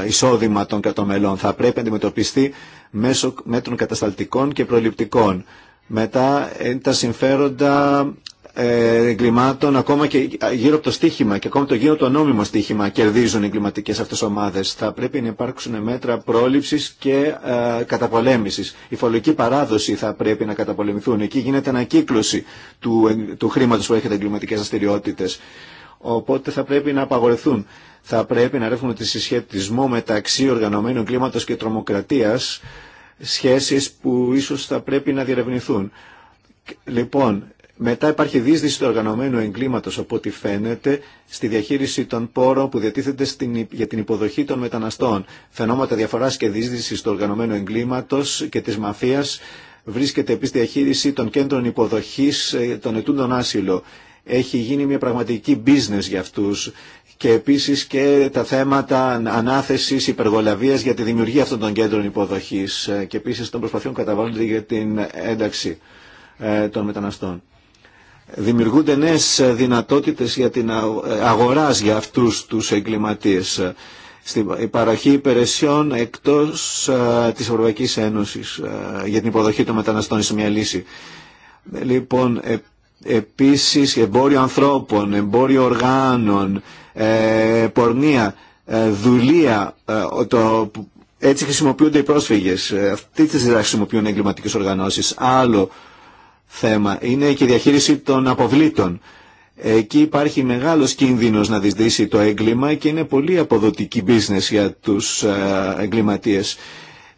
εισόδημα των κατομελών. Θα πρέπει να αντιμετωπιστεί μέσω μέτρων κατασταλτικών και προληπτικών. Μετά είναι τα συμφέροντα ε, εγκλημάτων ακόμα και γύρω από το στίχημα και ακόμα το γύρω από το νόμιμο στίχημα κερδίζουν οι εγκληματικές αυτές ομάδες. Θα πρέπει να υπάρξουν μέτρα πρόληψη και ε, καταπολέμησης. Η φορολογική παράδοση θα πρέπει να καταπολεμηθούν. Εκεί γίνεται ανακύκλωση του, του χρήματος που έχετε εγκληματικέ δραστηριότητε. Οπότε θα πρέπει να απαγορευτούν. Θα πρέπει να ρεύουμε τη συσχετισμό μεταξύ οργανωμένου κλίματος και τρομοκρατίας, σχέσεις που ίσως θα πρέπει να διερευνηθούν. Λοιπόν, μετά υπάρχει δίσδυση του οργανωμένου εγκλήματος, από ό,τι φαίνεται, στη διαχείριση των πόρων που διατίθεται στην, για την υποδοχή των μεταναστών. Φαινόματα διαφοράς και δίσδυση του οργανωμένου εγκλήματος και της μαφίας βρίσκεται επίσης διαχείριση των κέντρων υποδοχής ε, των ετούντων άσυλο. Έχει γίνει μια πραγματική business για αυτούς και επίσης και τα θέματα ανάθεσης υπεργολαβίας για τη δημιουργία αυτών των κέντρων υποδοχής ε, και επίσης των προσπαθειών για την ένταξη ε, των μεταναστών δημιουργούνται νέες δυνατότητες για την αγοράς για αυτούς τους εγκληματίες στην παροχή υπηρεσιών εκτός ε, της Ευρωπαϊκής Ένωσης ε, για την υποδοχή των μεταναστών σε μια λύση. Λοιπόν, ε, επίσης εμπόριο ανθρώπων, εμπόριο οργάνων, πορνεία, δουλεία, το, έτσι χρησιμοποιούνται οι πρόσφυγες. Αυτή στιγμή χρησιμοποιούν εγκληματικές οργανώσεις. Άλλο θέμα. Είναι και η διαχείριση των αποβλήτων. Εκεί υπάρχει μεγάλος κίνδυνος να δυσδύσει το έγκλημα και είναι πολύ αποδοτική business για τους ε, εγκληματίες.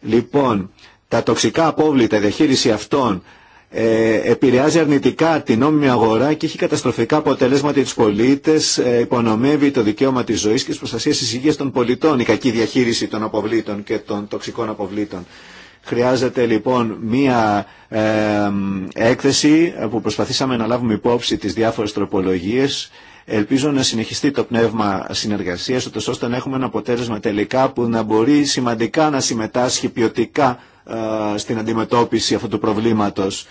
Λοιπόν, τα τοξικά απόβλητα, η διαχείριση αυτών ε, επηρεάζει αρνητικά την νόμιμη αγορά και έχει καταστροφικά αποτελέσματα για τους πολίτες, ε, υπονομεύει το δικαίωμα της ζωής και της προστασίας της υγείας των πολιτών, η κακή διαχείριση των αποβλήτων και των τοξικών αποβλήτων. Χρειάζεται λοιπόν μία ε, έκθεση που προσπαθήσαμε να λάβουμε υπόψη τις διάφορες τροπολογίες. Ελπίζω να συνεχιστεί το πνεύμα συνεργασίας, ώστε να έχουμε ένα αποτέλεσμα τελικά που να μπορεί σημαντικά να συμμετάσχει ποιοτικά ε, στην αντιμετώπιση αυτού του προβλήματος.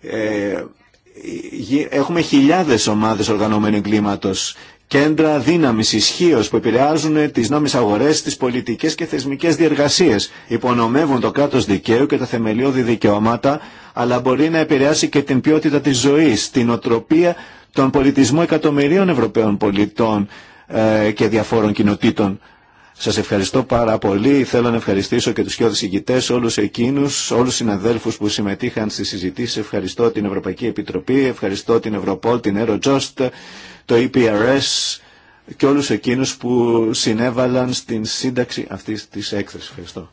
Ε, ε, έχουμε χιλιάδες ομάδες οργανωμένου εγκλήματος κέντρα δύναμης ισχύω που επηρεάζουν τις νόμιες αγορές, τις πολιτικές και θεσμικές διεργασίες. Υπονομεύουν το κράτος δικαίου και τα θεμελιώδη δικαιώματα, αλλά μπορεί να επηρεάσει και την ποιότητα της ζωής, την οτροπία, τον πολιτισμό εκατομμυρίων Ευρωπαίων πολιτών ε, και διαφόρων κοινοτήτων. Σας ευχαριστώ πάρα πολύ. Θέλω να ευχαριστήσω και τους κοιόδους ηγητές, όλους εκείνους, όλους τους συναδέλφου που συμμετείχαν στις συζητήσεις. Ευχαριστώ την Ευρωπαϊκή Επιτροπή, ευχαριστώ την Ευρωπόλ, την Eurojust το EPRS και όλους εκείνους που συνέβαλαν στην σύνταξη αυτής της έκθεσης. Ευχαριστώ.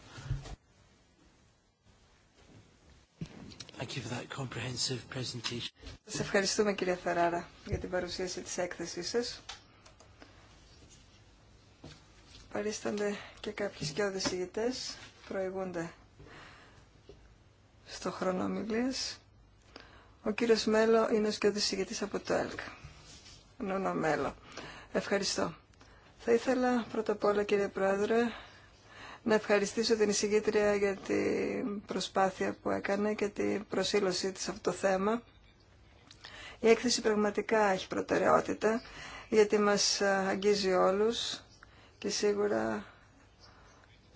Σας ευχαριστούμε κυρία Φεράρα για την παρουσίαση της έκθεσής σας. Παρίστανται και κάποιοι σκιώδες ηγητές, προηγούνται στο χρόνο Ο κύριος Μέλο είναι ο σκιώδης ηγητής από το ΕΛΚΑ μέλο. Ευχαριστώ. Θα ήθελα πρώτα απ' όλα κύριε Πρόεδρε να ευχαριστήσω την εισηγήτρια για την προσπάθεια που έκανε και την προσήλωσή της σε αυτό το θέμα. Η έκθεση πραγματικά έχει προτεραιότητα γιατί μας αγγίζει όλους και σίγουρα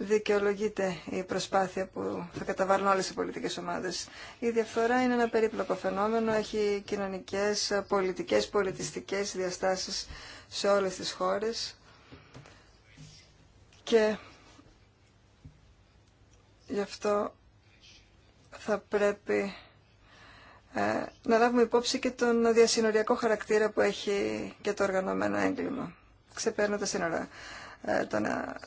δικαιολογείται η προσπάθεια που θα καταβάλουν όλες οι πολιτικές ομάδες. Η διαφθορά είναι ένα περίπλοκο φαινόμενο, έχει κοινωνικές, πολιτικές, πολιτιστικές διαστάσεις σε όλες τις χώρες και γι' αυτό θα πρέπει ε, να λάβουμε υπόψη και τον διασυνοριακό χαρακτήρα που έχει και το οργανωμένο έγκλημα, τα σύνορα. Ε, ε,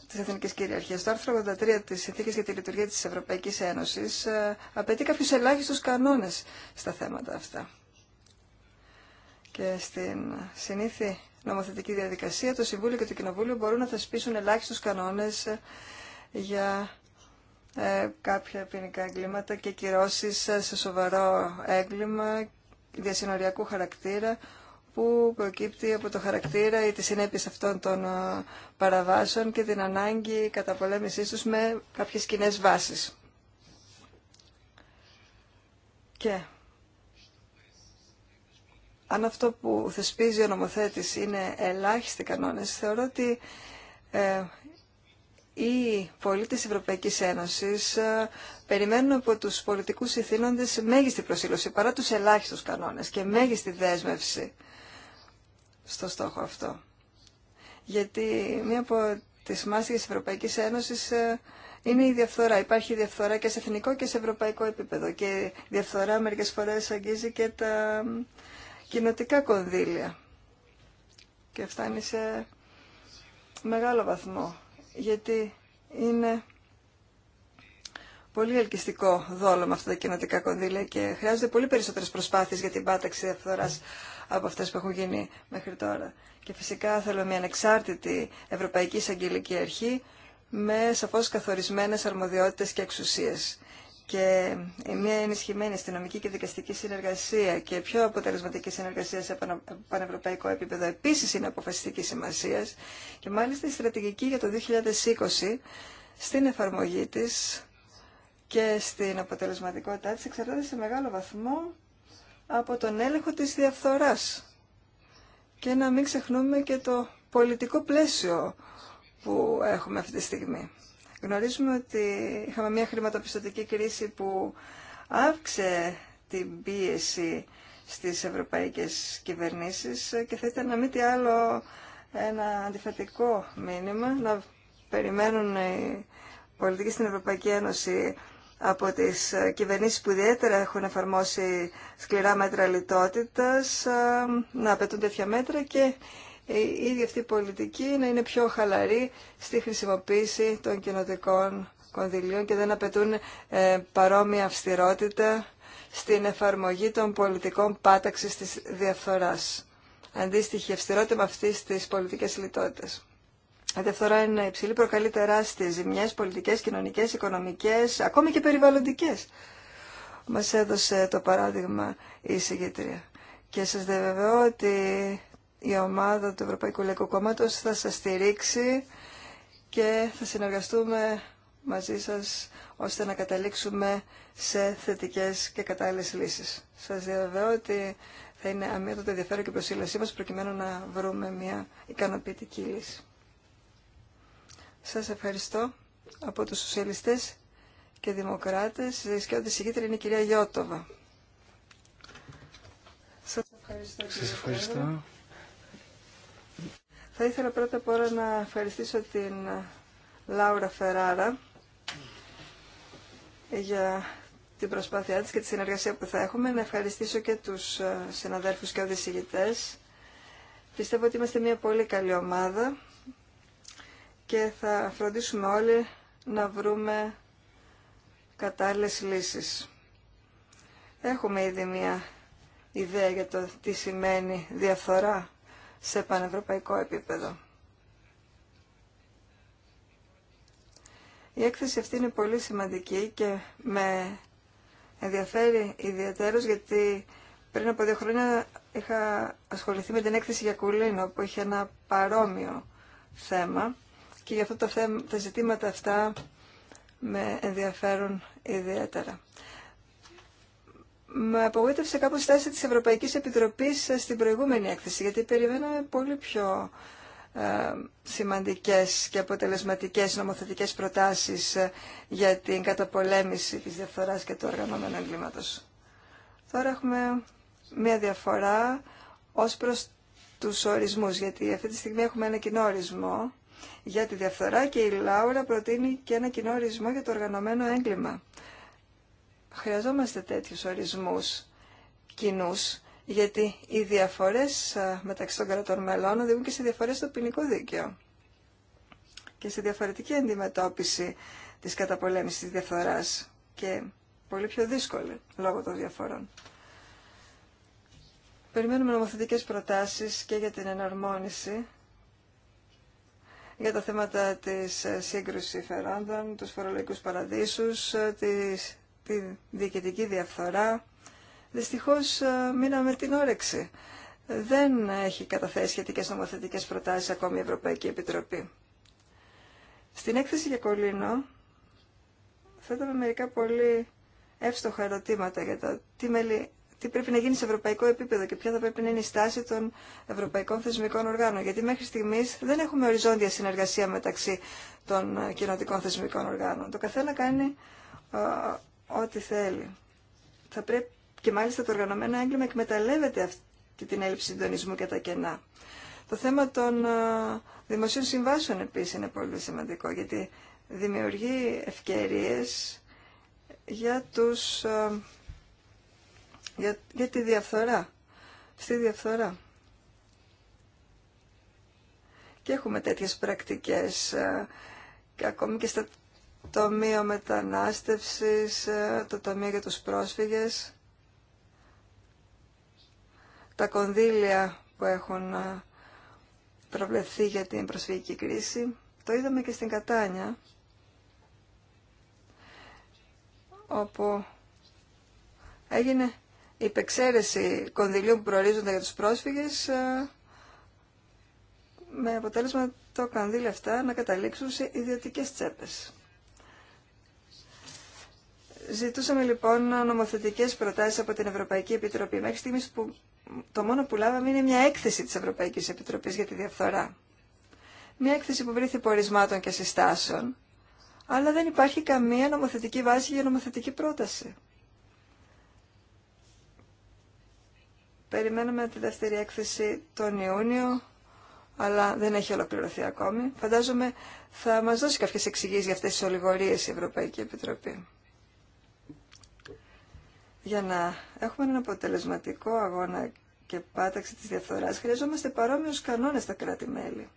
της εθνικής κυριαρχίας. Το άρθρο 83 της Συνθήκης για τη Λειτουργία της Ευρωπαϊκής Ένωσης ε, απαιτεί κάποιους ελάχιστους κανόνες στα θέματα αυτά. Και στην συνήθι νομοθετική διαδικασία το Συμβούλιο και το Κοινοβούλιο μπορούν να θεσπίσουν ελάχιστους κανόνες για κάποια ποινικά εγκλήματα και κυρώσεις σε σοβαρό έγκλημα διασυνοριακού χαρακτήρα που προκύπτει από το χαρακτήρα ή τη συνέπειες αυτών των ε, παραβάσεων και την ανάγκη καταπολέμησής τους με κάποιες κοινέ βάσεις. Και αν αυτό που θεσπίζει ο νομοθέτης είναι ελάχιστοι κανόνες, θεωρώ ότι ε, οι πολίτες Ευρωπαϊκής Ένωσης ε, περιμένουν από τους πολιτικούς ηθήνοντες μέγιστη προσήλωση παρά τους ελάχιστους κανόνες και μέγιστη δέσμευση στο στόχο αυτό. Γιατί μία από τι μάστιγες τη Ευρωπαϊκής Ένωσης ε, είναι η διαφθορά. Υπάρχει διαφθορά και σε εθνικό και σε ευρωπαϊκό επίπεδο. Και η διαφθορά μερικέ φορέ αγγίζει και τα κοινοτικά κονδύλια. Και φτάνει σε μεγάλο βαθμό. Γιατί είναι πολύ ελκυστικό δόλο με αυτά τα κοινοτικά κονδύλια και χρειάζονται πολύ περισσότερε προσπάθειε για την πάταξη διαφθοράς από αυτές που έχουν γίνει μέχρι τώρα. Και φυσικά θέλω μια ανεξάρτητη Ευρωπαϊκή Εισαγγελική Αρχή με σαφώς καθορισμένες αρμοδιότητες και εξουσίες και ε, μια ενισχυμένη αστυνομική και δικαστική συνεργασία και πιο αποτελεσματική συνεργασία σε πανευρωπαϊκό επίπεδο επίσης είναι αποφασιστική σημασία και μάλιστα η στρατηγική για το 2020 στην εφαρμογή της και στην αποτελεσματικότητά της εξαρτάται σε μεγάλο βαθμό από τον έλεγχο της διαφθοράς και να μην ξεχνούμε και το πολιτικό πλαίσιο που έχουμε αυτή τη στιγμή. Γνωρίζουμε ότι είχαμε μια χρηματοπιστωτική κρίση που αύξε την πίεση στις ευρωπαϊκές κυβερνήσεις και θα ήταν να μην τι άλλο ένα αντιφατικό μήνυμα, να περιμένουν οι πολιτικοί στην Ευρωπαϊκή Ένωση από τις ε, κυβερνήσεις που ιδιαίτερα έχουν εφαρμόσει σκληρά μέτρα λιτότητας ε, να απαιτούν τέτοια μέτρα και η ίδια αυτή η πολιτική να είναι πιο χαλαρή στη χρησιμοποίηση των κοινοτικών κονδυλίων και δεν απαιτούν ε, παρόμοια αυστηρότητα στην εφαρμογή των πολιτικών πάταξης της διαφθοράς. Αντίστοιχη αυστηρότητα με αυτή στις πολιτικές λιτότητες. Η διαφθορά είναι υψηλή, προκαλεί τεράστιες ζημιέ, πολιτικέ, κοινωνικέ, οικονομικέ, ακόμη και περιβαλλοντικέ. Μα έδωσε το παράδειγμα η συγκεκριά. Και σα διαβεβαιώ ότι η ομάδα του Ευρωπαϊκού Λαϊκού Κόμματο θα σα στηρίξει και θα συνεργαστούμε μαζί σα ώστε να καταλήξουμε σε θετικέ και κατάλληλε λύσει. Σα διαβεβαιώ ότι θα είναι αμύωτο το ενδιαφέρον και η προσήλωσή μα προκειμένου να βρούμε μια ικανοποιητική λύση. Σας ευχαριστώ. Από τους σοσιαλιστές και δημοκράτες, η σκιώδη είναι η κυρία Γιώτοβα. Σας ευχαριστώ. Σας ευχαριστώ. Θα ήθελα πρώτα απ' όλα να ευχαριστήσω την Λάουρα Φεράρα για την προσπάθειά της και τη συνεργασία που θα έχουμε. Να ευχαριστήσω και τους ε, συναδέλφους και οδησηγητές. Πιστεύω ότι είμαστε μια πολύ καλή ομάδα και θα φροντίσουμε όλοι να βρούμε κατάλληλες λύσεις. Έχουμε ήδη μια ιδέα για το τι σημαίνει διαφθορά σε πανευρωπαϊκό επίπεδο. Η έκθεση αυτή είναι πολύ σημαντική και με ενδιαφέρει ιδιαίτερος γιατί πριν από δύο χρόνια είχα ασχοληθεί με την έκθεση για Κουλίνο που είχε ένα παρόμοιο θέμα και γι' αυτό τα, ζητήματα αυτά με ενδιαφέρουν ιδιαίτερα. Με απογοήτευσε κάπως η στάση της Ευρωπαϊκής Επιτροπής στην προηγούμενη έκθεση, γιατί περιμέναμε πολύ πιο ε, σημαντικές και αποτελεσματικές νομοθετικές προτάσεις ε, για την καταπολέμηση της διαφθοράς και του οργανωμένου εγκλήματος. Τώρα έχουμε μία διαφορά ως προς τους ορισμούς, γιατί αυτή τη στιγμή έχουμε ένα κοινό ορισμό για τη διαφθορά και η Λάουρα προτείνει και ένα κοινό ορισμό για το οργανωμένο έγκλημα. Χρειαζόμαστε τέτοιους ορισμούς κοινού, γιατί οι διαφορές μεταξύ των κρατών μελών οδηγούν και σε διαφορές στο ποινικό δίκαιο και σε διαφορετική αντιμετώπιση της καταπολέμησης της διαφθοράς και πολύ πιο δύσκολη λόγω των διαφορών. Περιμένουμε νομοθετικές προτάσεις και για την εναρμόνιση για τα θέματα της ε, σύγκρουσης συμφερόντων, τους φορολογικούς παραδείσους, ε, της, τη διοικητική διαφθορά. Δυστυχώς ε, μείναμε την όρεξη. Δεν έχει καταθέσει σχετικέ νομοθετικές προτάσεις ακόμη η Ευρωπαϊκή Επιτροπή. Στην έκθεση για Κολίνο θέταμε μερικά πολύ εύστοχα ερωτήματα για το τι μέλη τι πρέπει να γίνει σε ευρωπαϊκό επίπεδο και ποια θα πρέπει να είναι η στάση των ευρωπαϊκών θεσμικών οργάνων. Γιατί μέχρι στιγμή δεν έχουμε οριζόντια συνεργασία μεταξύ των κοινοτικών θεσμικών οργάνων. Το καθένα κάνει ό,τι θέλει. Θα πρέπει και μάλιστα το οργανωμένο έγκλημα εκμεταλλεύεται αυτή την έλλειψη συντονισμού και τα κενά. Το θέμα των δημοσίων συμβάσεων επίση είναι πολύ σημαντικό γιατί δημιουργεί ευκαιρίε για τους για, τη διαφθορά. Στη διαφθορά. Και έχουμε τέτοιες πρακτικές και ε, ακόμη και στο τομείο μετανάστευσης, ε, το τομείο για τους πρόσφυγες, τα κονδύλια που έχουν ε, προβλεφθεί για την προσφυγική κρίση. Το είδαμε και στην Κατάνια, όπου έγινε υπεξαίρεση κονδυλίων που προορίζονται για τους πρόσφυγες ε, με αποτέλεσμα το κανδύλι αυτά να καταλήξουν σε ιδιωτικές τσέπες. Ζητούσαμε λοιπόν νομοθετικές προτάσεις από την Ευρωπαϊκή Επιτροπή. Μέχρι στιγμής που το μόνο που λάβαμε είναι μια έκθεση της Ευρωπαϊκής Επιτροπής για τη διαφθορά. Μια έκθεση που βρήθη πορισμάτων και συστάσεων, αλλά δεν υπάρχει καμία νομοθετική βάση για νομοθετική πρόταση. Περιμένουμε τη δεύτερη έκθεση τον Ιούνιο, αλλά δεν έχει ολοκληρωθεί ακόμη. Φαντάζομαι θα μας δώσει κάποιες εξηγήσεις για αυτές τις ολιγορίες η Ευρωπαϊκή Επιτροπή. Για να έχουμε έναν αποτελεσματικό αγώνα και πάταξη της διαφθοράς, χρειαζόμαστε παρόμοιους κανόνες στα κράτη-μέλη.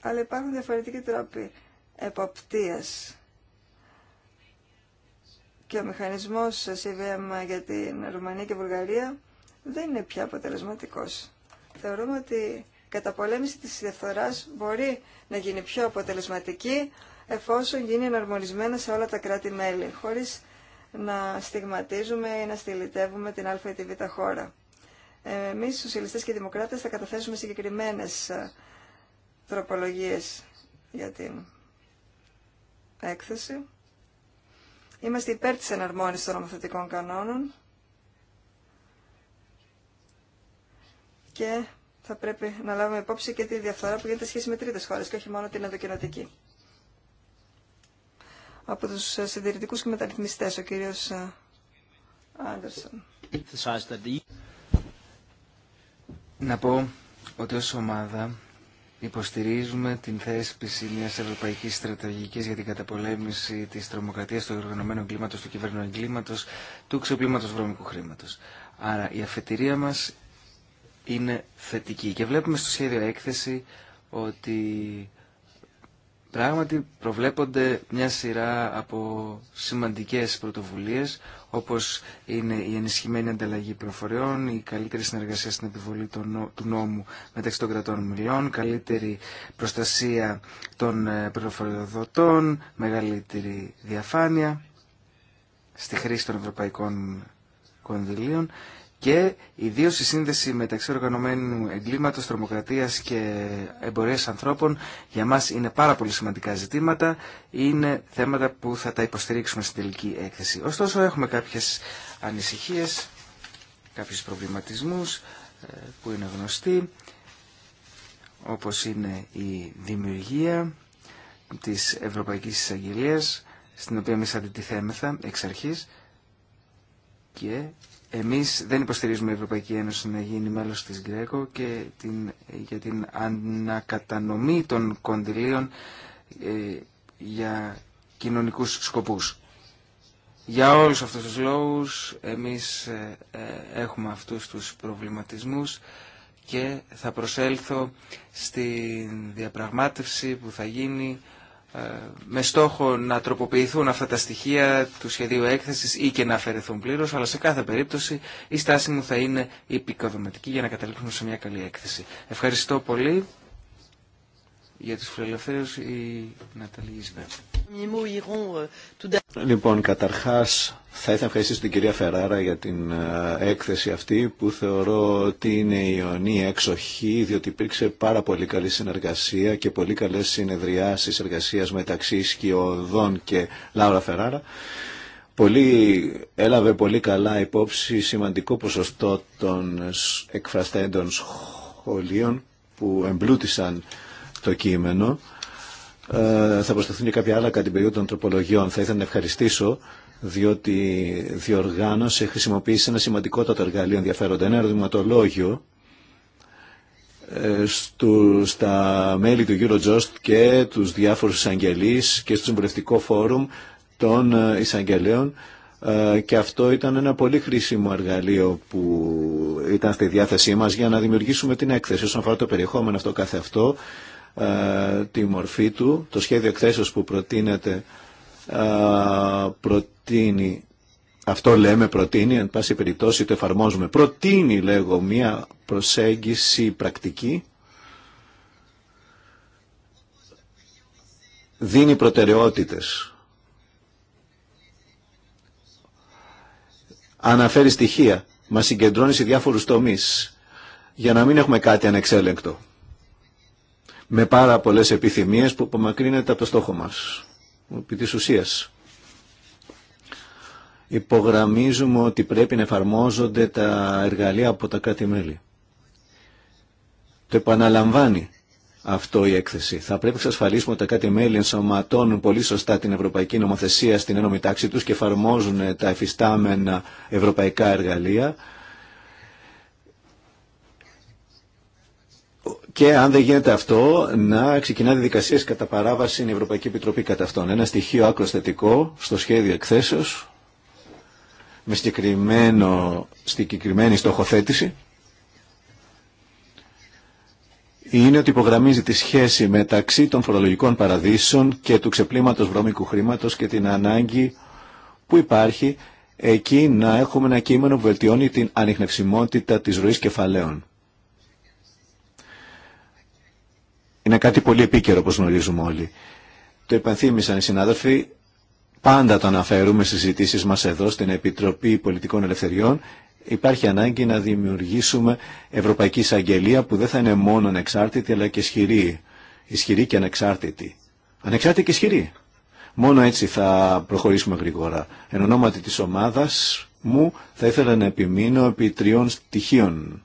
Αλλά υπάρχουν διαφορετικοί τρόποι εποπτείας και ο μηχανισμός CVM για την Ρουμανία και Βουλγαρία δεν είναι πια αποτελεσματικός. Θεωρούμε ότι η καταπολέμηση της διαφθοράς μπορεί να γίνει πιο αποτελεσματική εφόσον γίνει εναρμονισμένα σε όλα τα κράτη-μέλη, χωρίς να στιγματίζουμε ή να στυλιτεύουμε την α ή τη β χώρα. Εμείς, σοσιαλιστές και δημοκράτες, θα καταθέσουμε συγκεκριμένες ε, τροπολογίες για την έκθεση. Είμαστε υπέρ της εναρμόνισης των νομοθετικών κανόνων και θα πρέπει να λάβουμε υπόψη και τη διαφθορά που γίνεται σχέση με τρίτες χώρες και όχι μόνο την ενδοκινοτική. Από τους συντηρητικούς και μεταρρυθμιστές, ο κύριος ε, Άντερσον. Να πω ότι ως ομάδα Υποστηρίζουμε την θέσπιση μια ευρωπαϊκή στρατηγική για την καταπολέμηση τη τρομοκρατία, του οργανωμένου εγκλήματο, του κυβέρνου εγκλήματο, του ξεπλήματο βρώμικου χρήματο. Άρα η αφετηρία μα είναι θετική. Και βλέπουμε στο σχέδιο έκθεση ότι Πράγματι προβλέπονται μια σειρά από σημαντικές πρωτοβουλίες όπως είναι η ενισχυμένη ανταλλαγή πληροφοριών, η καλύτερη συνεργασία στην επιβολή του νόμου μεταξύ των κρατών μιλιών, καλύτερη προστασία των ε, πληροφοριοδοτών, μεγαλύτερη διαφάνεια στη χρήση των ευρωπαϊκών κονδυλίων και ιδίω η σύνδεση μεταξύ οργανωμένου εγκλήματος, τρομοκρατίας και εμπορίας ανθρώπων για μας είναι πάρα πολύ σημαντικά ζητήματα, είναι θέματα που θα τα υποστηρίξουμε στην τελική έκθεση. Ωστόσο έχουμε κάποιες ανησυχίες, κάποιους προβληματισμούς ε, που είναι γνωστοί, όπως είναι η δημιουργία της Ευρωπαϊκής Εισαγγελίας, στην οποία εμείς αντιτιθέμεθα εξ αρχής και εμείς δεν υποστηρίζουμε η Ευρωπαϊκή Ένωση να γίνει μέλο της Γκρέκο και την, για την ανακατανομή των κονδυλίων ε, για κοινωνικούς σκοπούς. Για όλους αυτούς τους λόγους εμείς ε, ε, έχουμε αυτούς τους προβληματισμούς και θα προσέλθω στην διαπραγμάτευση που θα γίνει ε, με στόχο να τροποποιηθούν αυτά τα στοιχεία του σχεδίου έκθεσης ή και να αφαιρεθούν πλήρως, αλλά σε κάθε περίπτωση η στάση μου θα είναι υπηκοδοματική για να καταλήξουμε σε μια καλή έκθεση. Ευχαριστώ πολύ. Για τους φιλελευθέρους η Ναταλή Λοιπόν, καταρχάς θα ήθελα να ευχαριστήσω την κυρία Φεράρα για την ε, έκθεση αυτή που θεωρώ ότι είναι ιονή εξοχή διότι υπήρξε πάρα πολύ καλή συνεργασία και πολύ καλές συνεδριάσεις εργασίας μεταξύ Σκιωδών και Λάουρα Φεράρα. Πολύ, έλαβε πολύ καλά υπόψη σημαντικό ποσοστό των εκφραστέντων σχολείων που εμπλούτησαν το κείμενο. Ε, θα προσταθούν και κάποια άλλα κατά την περίοδο των τροπολογιών. Θα ήθελα να ευχαριστήσω διότι διοργάνωσε, χρησιμοποίησε ένα σημαντικότατο εργαλείο ενδιαφέροντα, ένα ερωτηματολόγιο ε, στα μέλη του Eurojust και τους διάφορους εισαγγελείς και στο συμβουλευτικό φόρουμ των ε, εισαγγελέων ε, και αυτό ήταν ένα πολύ χρήσιμο εργαλείο που ήταν στη διάθεσή μας για να δημιουργήσουμε την έκθεση όσον αφορά το περιεχόμενο αυτό κάθε αυτό ε, τη μορφή του. Το σχέδιο εκθέσεως που προτείνεται ε, προτείνει αυτό λέμε προτείνει, εν πάση περιπτώσει το εφαρμόζουμε. Προτείνει λέγω μια προσέγγιση πρακτική. Δίνει προτεραιότητες. Αναφέρει στοιχεία. Μας συγκεντρώνει σε διάφορους τομείς. Για να μην έχουμε κάτι ανεξέλεγκτο με πάρα πολλές επιθυμίες που απομακρύνεται από το στόχο μας, επί της ουσίας. Υπογραμμίζουμε ότι πρέπει να εφαρμόζονται τα εργαλεία από τα κράτη-μέλη. Το επαναλαμβάνει αυτό η έκθεση. Θα πρέπει να εξασφαλίσουμε ότι τα κάτι μελη ενσωματώνουν πολύ σωστά την ευρωπαϊκή νομοθεσία στην ένωμη τάξη τους και εφαρμόζουν τα εφιστάμενα ευρωπαϊκά εργαλεία και αν δεν γίνεται αυτό, να ξεκινά δικασίες κατά παράβαση στην Ευρωπαϊκή Επιτροπή κατά αυτόν. Ένα στοιχείο άκρο θετικό στο σχέδιο εκθέσεως, με συγκεκριμένο, συγκεκριμένη στοχοθέτηση, είναι ότι υπογραμμίζει τη σχέση μεταξύ των φορολογικών παραδείσων και του ξεπλήματος βρώμικου χρήματος και την ανάγκη που υπάρχει εκεί να έχουμε ένα κείμενο που βελτιώνει την ανιχνευσιμότητα της ροής κεφαλαίων. Είναι κάτι πολύ επίκαιρο όπως γνωρίζουμε όλοι. Το υπενθύμησαν οι συνάδελφοι, πάντα το αναφέρουμε στις συζητήσεις μας εδώ στην Επιτροπή Πολιτικών Ελευθεριών. Υπάρχει ανάγκη να δημιουργήσουμε Ευρωπαϊκή Εισαγγελία που δεν θα είναι μόνο ανεξάρτητη αλλά και ισχυρή. Ισχυρή και ανεξάρτητη. Ανεξάρτητη και ισχυρή. Μόνο έτσι θα προχωρήσουμε γρήγορα. Εν ονόματι της ομάδας μου θα ήθελα να επιμείνω επί τριών στοιχείων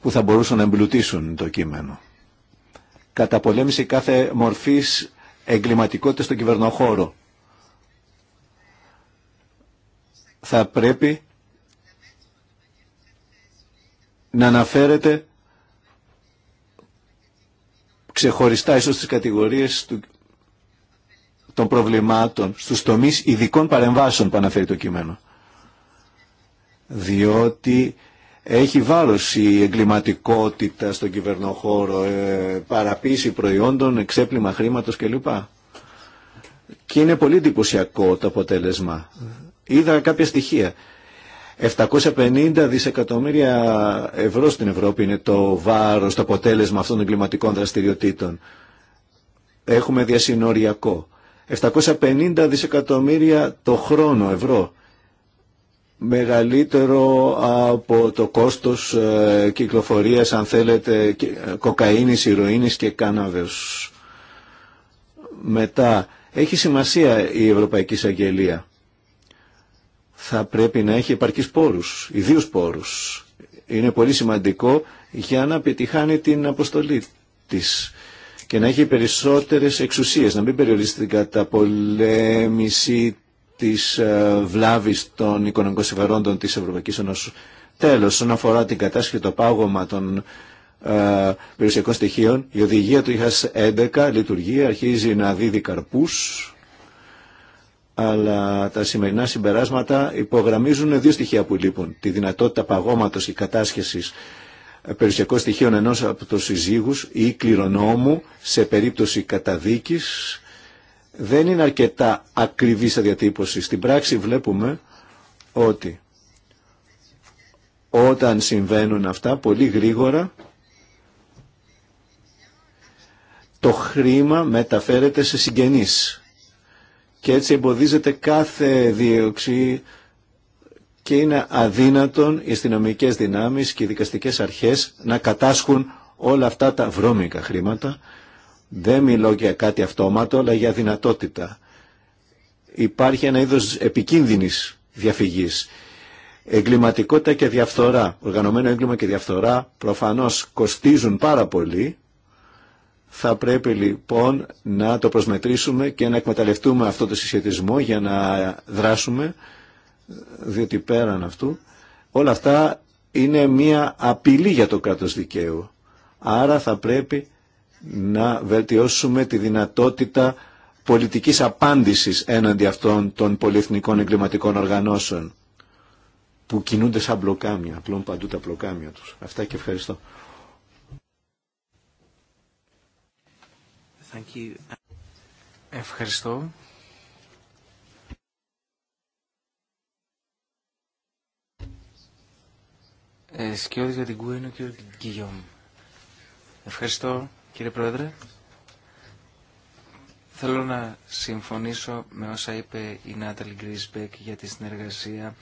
που θα μπορούσαν να εμπλουτίσουν το κείμενο πολέμηση κάθε μορφής εγκληματικότητας στον κυβερνοχώρο. Θα πρέπει να αναφέρεται ξεχωριστά ίσως τις κατηγορίες του, των προβλημάτων στους τομείς ειδικών παρεμβάσεων που αναφέρει το κείμενο. Διότι έχει βάρος η εγκληματικότητα στον κυβερνοχώρο, ε, παραποίηση προϊόντων, εξέπλημα χρήματος κλπ. Και είναι πολύ εντυπωσιακό το αποτέλεσμα. Είδα κάποια στοιχεία. 750 δισεκατομμύρια ευρώ στην Ευρώπη είναι το βάρος, το αποτέλεσμα αυτών των εγκληματικών δραστηριοτήτων. Έχουμε διασυνοριακό. 750 δισεκατομμύρια το χρόνο ευρώ μεγαλύτερο από το κόστος ε, κυκλοφορίας, αν θέλετε, ε, κοκαίνης, ηρωίνης και κάναβες. Μετά, έχει σημασία η Ευρωπαϊκή Εισαγγελία. Θα πρέπει να έχει επαρκείς πόρους, ιδίους πόρους. Είναι πολύ σημαντικό για να πετυχάνει την αποστολή της και να έχει περισσότερες εξουσίες, να μην περιοριστικά την καταπολέμηση της ε, βλάβης των οικονομικών συμφερόντων της Ευρωπαϊκής Ένωσης. Τέλος, όσον αφορά την κατάσχεση το πάγωμα των ε, περιουσιακών στοιχείων, η οδηγία του ΙΧΑΣ 11 λειτουργεί, αρχίζει να δίδει καρπούς, αλλά τα σημερινά συμπεράσματα υπογραμμίζουν δύο στοιχεία που λείπουν. Τη δυνατότητα παγώματος και κατάσχεσης περιουσιακών στοιχείων ενός από τους συζύγους ή κληρονόμου σε περίπτωση καταδίκης δεν είναι αρκετά ακριβή σε διατύπωση. Στην πράξη βλέπουμε ότι όταν συμβαίνουν αυτά πολύ γρήγορα το χρήμα μεταφέρεται σε συγγενείς και έτσι εμποδίζεται κάθε δίωξη και είναι αδύνατον οι αστυνομικέ δυνάμεις και οι δικαστικές αρχές να κατάσχουν όλα αυτά τα βρώμικα χρήματα δεν μιλώ για κάτι αυτόματο, αλλά για δυνατότητα. Υπάρχει ένα είδος επικίνδυνης διαφυγής. Εγκληματικότητα και διαφθορά, οργανωμένο έγκλημα και διαφθορά, προφανώς κοστίζουν πάρα πολύ. Θα πρέπει λοιπόν να το προσμετρήσουμε και να εκμεταλλευτούμε αυτό το συσχετισμό για να δράσουμε, διότι πέραν αυτού όλα αυτά είναι μία απειλή για το κράτος δικαίου. Άρα θα πρέπει να βελτιώσουμε τη δυνατότητα πολιτικής απάντησης έναντι αυτών των πολυεθνικών εγκληματικών οργανώσεων που κινούνται σαν μπλοκάμια, απλών παντού τα μπλοκάμια τους. Αυτά και ευχαριστώ. Ευχαριστώ. Ε, και Ευχαριστώ. Κύριε Πρόεδρε, θέλω να συμφωνήσω με όσα είπε η Νάταλ Γκρίσμπεκ για τη συνεργασία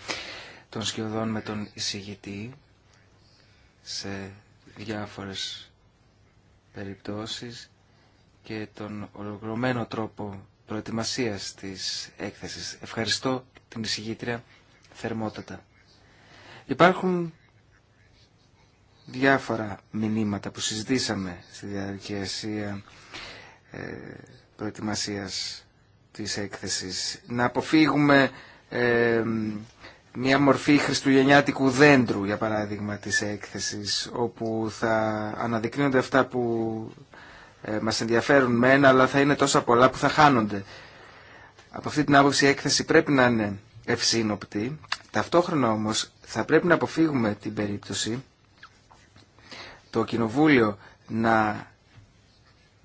των σκιωδών με τον εισηγητή σε διάφορες περιπτώσεις και τον ολοκληρωμένο τρόπο προετοιμασίας της έκθεσης. Ευχαριστώ την εισηγήτρια θερμότατα. Υπάρχουν διάφορα μηνύματα που συζητήσαμε στη διαδικασία ε, προετοιμασίας της έκθεσης. Να αποφύγουμε ε, μια μορφή χριστουγεννιάτικου δέντρου, για παράδειγμα, της έκθεσης, όπου θα αναδεικνύονται αυτά που ε, μας ενδιαφέρουν μεν, αλλά θα είναι τόσα πολλά που θα χάνονται. Από αυτή την άποψη η έκθεση πρέπει να είναι ευσύνοπτη. Ταυτόχρονα όμως θα πρέπει να αποφύγουμε την περίπτωση το Κοινοβούλιο να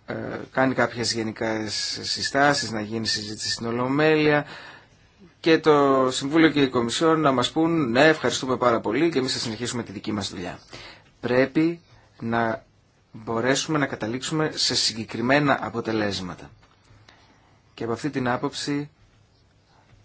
ε, κάνει κάποιες γενικές συστάσεις, να γίνει συζήτηση στην Ολομέλεια και το Συμβούλιο και η Κομισιόν να μας πούν ναι ευχαριστούμε πάρα πολύ και εμείς θα συνεχίσουμε τη δική μας δουλειά. Πρέπει να μπορέσουμε να καταλήξουμε σε συγκεκριμένα αποτελέσματα. Και από αυτή την άποψη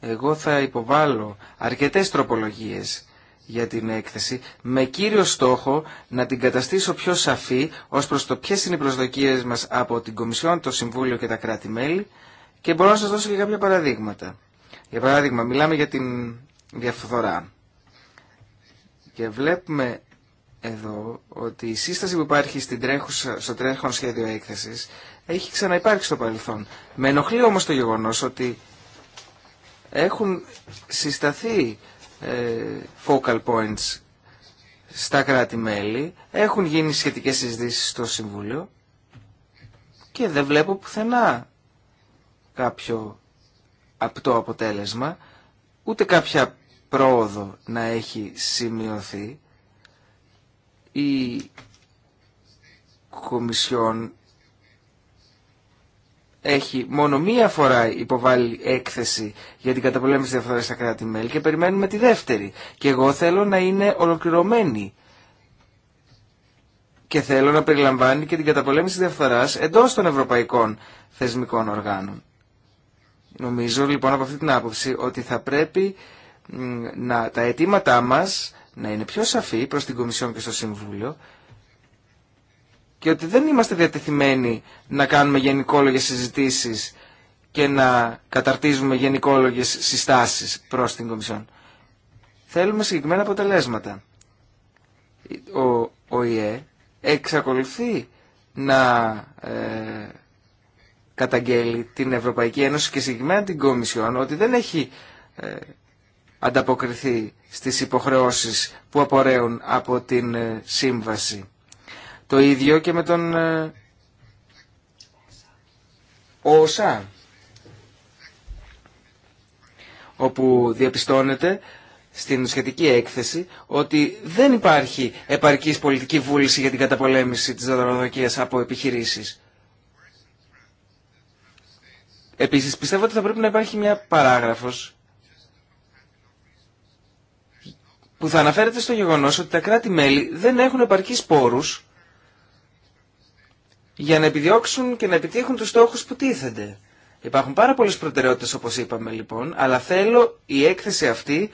εγώ θα υποβάλω αρκετές τροπολογίες για την έκθεση με κύριο στόχο να την καταστήσω πιο σαφή ως προς το ποιες είναι οι προσδοκίες μας από την Κομισιόν, το Συμβούλιο και τα κράτη-μέλη και μπορώ να σας δώσω και κάποια παραδείγματα. Για παράδειγμα, μιλάμε για την διαφθορά και βλέπουμε εδώ ότι η σύσταση που υπάρχει στην τρέχουσα, στο τρέχον σχέδιο έκθεσης έχει ξαναυπάρξει στο παρελθόν. Με ενοχλεί όμως το γεγονός ότι έχουν συσταθεί ε, focal points στα κράτη-μέλη. Έχουν γίνει σχετικές συζητήσεις στο Συμβούλιο και δεν βλέπω πουθενά κάποιο απτό αποτέλεσμα, ούτε κάποια πρόοδο να έχει σημειωθεί. Η Κομισιόν έχει μόνο μία φορά υποβάλει έκθεση για την καταπολέμηση διαφθοράς στα κράτη-μέλη και περιμένουμε τη δεύτερη. Και εγώ θέλω να είναι ολοκληρωμένη και θέλω να περιλαμβάνει και την καταπολέμηση διαφθοράς εντός των ευρωπαϊκών θεσμικών οργάνων. Νομίζω λοιπόν από αυτή την άποψη ότι θα πρέπει να, τα αιτήματά μας να είναι πιο σαφή προς την Κομισιόν και στο Συμβούλιο και ότι δεν είμαστε διατεθειμένοι να κάνουμε γενικόλογες συζητήσεις και να καταρτίζουμε γενικόλογες συστάσεις προς την Κομισιόν. Θέλουμε συγκεκριμένα αποτελέσματα. Ο ΙΕ εξακολουθεί να ε, καταγγέλει την Ευρωπαϊκή Ένωση και συγκεκριμένα την Κομισιόν ότι δεν έχει ε, ανταποκριθεί στις υποχρεώσεις που απορρέουν από την ε, Σύμβαση. Το ίδιο και με τον ε, ΟΣΑ, όπου διαπιστώνεται στην σχετική έκθεση ότι δεν υπάρχει επαρκής πολιτική βούληση για την καταπολέμηση της δωροδοκίας από επιχειρήσεις. Επίσης, πιστεύω ότι θα πρέπει να υπάρχει μια παράγραφος που θα αναφέρεται στο γεγονός ότι τα κράτη-μέλη δεν έχουν επαρκείς πόρους για να επιδιώξουν και να επιτύχουν τους στόχους που τίθενται. Υπάρχουν πάρα πολλές προτεραιότητες όπως είπαμε λοιπόν, αλλά θέλω η έκθεση αυτή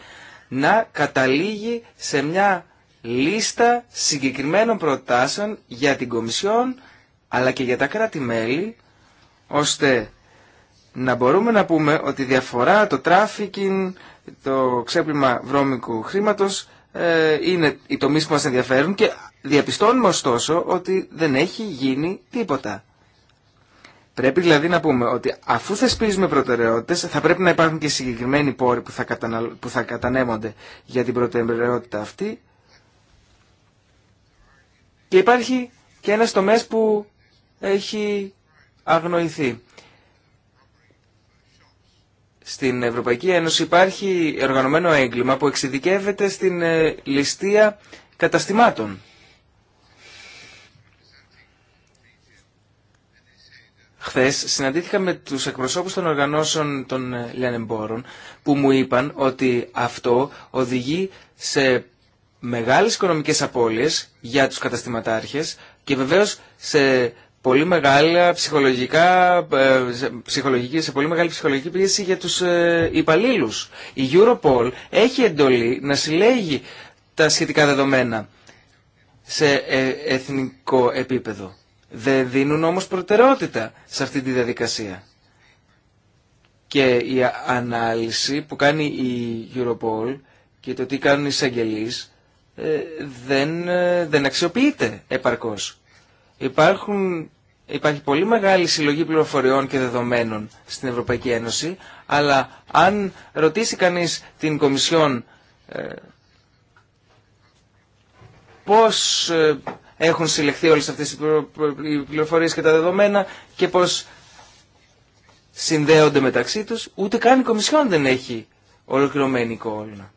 να καταλήγει σε μια λίστα συγκεκριμένων προτάσεων για την Κομισιόν αλλά και για τα κράτη-μέλη, ώστε να μπορούμε να πούμε ότι διαφορά το τράφικιν, το ξέπλυμα βρώμικου χρήματος ε, είναι οι τομείς που μα ενδιαφέρουν και διαπιστώνουμε ωστόσο ότι δεν έχει γίνει τίποτα. Πρέπει δηλαδή να πούμε ότι αφού θεσπίζουμε προτεραιότητες θα πρέπει να υπάρχουν και συγκεκριμένοι πόροι που θα, κατανέμονται για την προτεραιότητα αυτή και υπάρχει και ένας τομέας που έχει αγνοηθεί στην Ευρωπαϊκή Ένωση υπάρχει οργανωμένο έγκλημα που εξειδικεύεται στην ε, ληστεία καταστημάτων. Χθε συναντήθηκα με τους εκπροσώπους των οργανώσεων των ε, λιανεμπόρων που μου είπαν ότι αυτό οδηγεί σε μεγάλες οικονομικές απώλειες για τους καταστηματάρχες και βεβαίως σε πολύ μεγάλα ψυχολογικά, ε, ψυχολογική, σε πολύ μεγάλη ψυχολογική πίεση για τους ε, υπαλλήλους. Η Europol έχει εντολή να συλλέγει τα σχετικά δεδομένα σε ε, εθνικό επίπεδο. Δεν δίνουν όμως προτεραιότητα σε αυτή τη διαδικασία. Και η ανάλυση που κάνει η Europol και το τι κάνουν οι εισαγγελείς δεν, δεν αξιοποιείται επαρκώς. Υπάρχουν, υπάρχει πολύ μεγάλη συλλογή πληροφοριών και δεδομένων στην Ευρωπαϊκή Ένωση, αλλά αν ρωτήσει κανείς την Κομισιόν ε, πώς ε, έχουν συλλεχθεί όλες αυτές οι πληροφορίες και τα δεδομένα και πώς συνδέονται μεταξύ τους, ούτε καν η Κομισιόν δεν έχει ολοκληρωμένη εικόνα.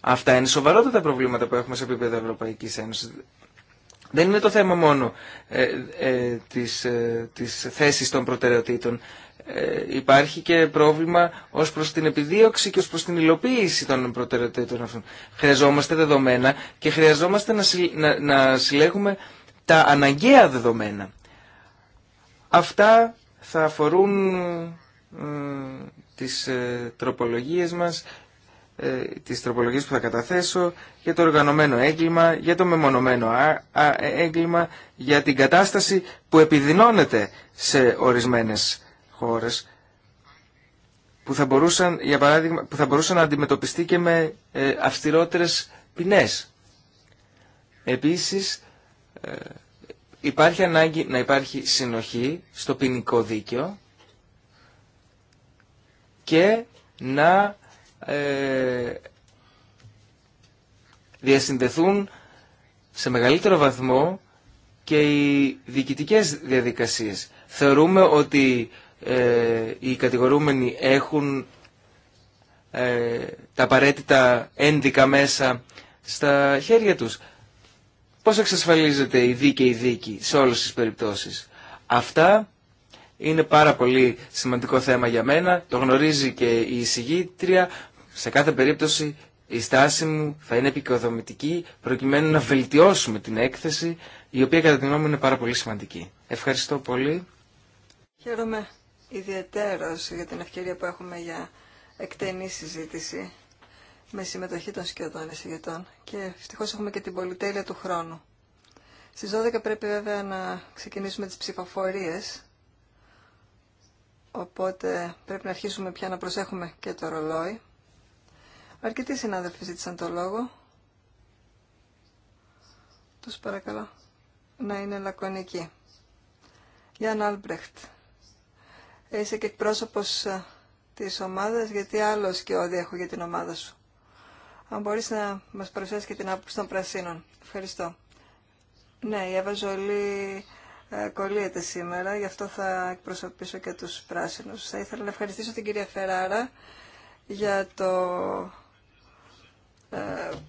Αυτά είναι σοβαρότατα προβλήματα που έχουμε σε επίπεδο Ευρωπαϊκής Ένωσης. Δεν είναι το θέμα μόνο ε, ε, της, ε, της θέσης των προτεραιοτήτων. Ε, υπάρχει και πρόβλημα ως προς την επιδίωξη και ως προς την υλοποίηση των προτεραιοτήτων αυτών. Χρειαζόμαστε δεδομένα και χρειαζόμαστε να, να, να συλλέγουμε τα αναγκαία δεδομένα. Αυτά θα αφορούν ε, τις τροπολογίες μας ε, τις τροπολογίες που θα καταθέσω για το οργανωμένο έγκλημα, για το μεμονωμένο ε, έγκλημα, για την κατάσταση που επιδεινώνεται σε ορισμένες χώρες που θα μπορούσαν, για παράδειγμα, που θα μπορούσαν να αντιμετωπιστεί και με ε, αυστηρότερες ποινές. Επίσης υπάρχει ανάγκη να υπάρχει συνοχή στο ποινικό δίκαιο και να ε, διασυνδεθούν σε μεγαλύτερο βαθμό και οι διοικητικές διαδικασίες. Θεωρούμε ότι ε, οι κατηγορούμενοι έχουν ε, τα απαραίτητα ένδικα μέσα στα χέρια τους. Πώς εξασφαλίζεται η δίκαιη δίκη σε όλες τις περιπτώσεις. Αυτά είναι πάρα πολύ σημαντικό θέμα για μένα, το γνωρίζει και η εισηγήτρια. Σε κάθε περίπτωση η στάση μου θα είναι επικοδομητική προκειμένου να βελτιώσουμε την έκθεση η οποία κατά την γνώμη μου είναι πάρα πολύ σημαντική. Ευχαριστώ πολύ. Χαίρομαι ιδιαίτερος για την ευκαιρία που έχουμε για εκτενή συζήτηση με συμμετοχή των σκιωτών εισηγητών και ευτυχώ έχουμε και την πολυτέλεια του χρόνου. Στις 12 πρέπει βέβαια να ξεκινήσουμε τις ψηφοφορίες Οπότε πρέπει να αρχίσουμε πια να προσέχουμε και το ρολόι. Αρκετοί συνάδελφοι ζήτησαν το λόγο. Τους παρακαλώ να είναι λακωνικοί. Γιάννα Άλμπρεχτ, είσαι και εκπρόσωπος ε, της ομάδας, γιατί άλλο όδη έχω για την ομάδα σου. Αν μπορείς να μας παρουσιάσεις και την άποψη των πρασίνων. Ευχαριστώ. Ναι, η Εύα Ζολή ε, κολλείεται σήμερα, γι' αυτό θα εκπροσωπήσω και τους πράσινους. Θα ήθελα να ευχαριστήσω την κυρία Φεράρα για, το, ε,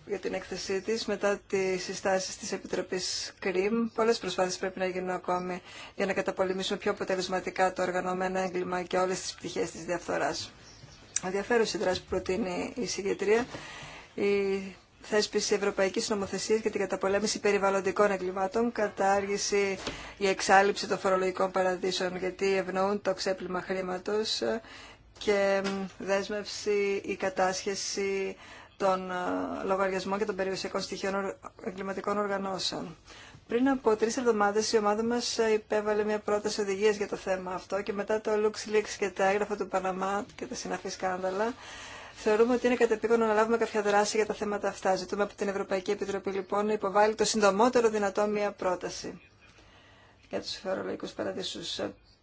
για την έκθεσή της μετά τις συστάσεις της Επιτροπής ΚΡΙΜ. Πολλές προσπάθειες πρέπει να γίνουν ακόμη για να καταπολεμήσουμε πιο αποτελεσματικά το οργανωμένο έγκλημα και όλες τις πτυχές της διαφθοράς. Ενδιαφέρουσα η δράση που προτείνει η συγκεντρία η θέσπιση ευρωπαϊκής νομοθεσίας για την καταπολέμηση περιβαλλοντικών εγκλημάτων, κατάργηση ή εξάλληψη των φορολογικών παραδείσων, γιατί ευνοούν το ξέπλυμα χρήματος και δέσμευση ή κατάσχεση των λογαριασμών και των περιουσιακών στοιχείων εγκληματικών οργανώσεων. Πριν από τρει εβδομάδε η ομάδα μα υπέβαλε μια πρόταση οδηγία για το θέμα αυτό και μετά το LuxLeaks και τα έγγραφα του Παναμά και τα συναφή σκάνδαλα Θεωρούμε ότι είναι κατεπίγον να λάβουμε κάποια δράση για τα θέματα αυτά. Ζητούμε από την Ευρωπαϊκή Επιτροπή λοιπόν να υποβάλει το συντομότερο δυνατό μία πρόταση για τους φορολογικούς παραδείσους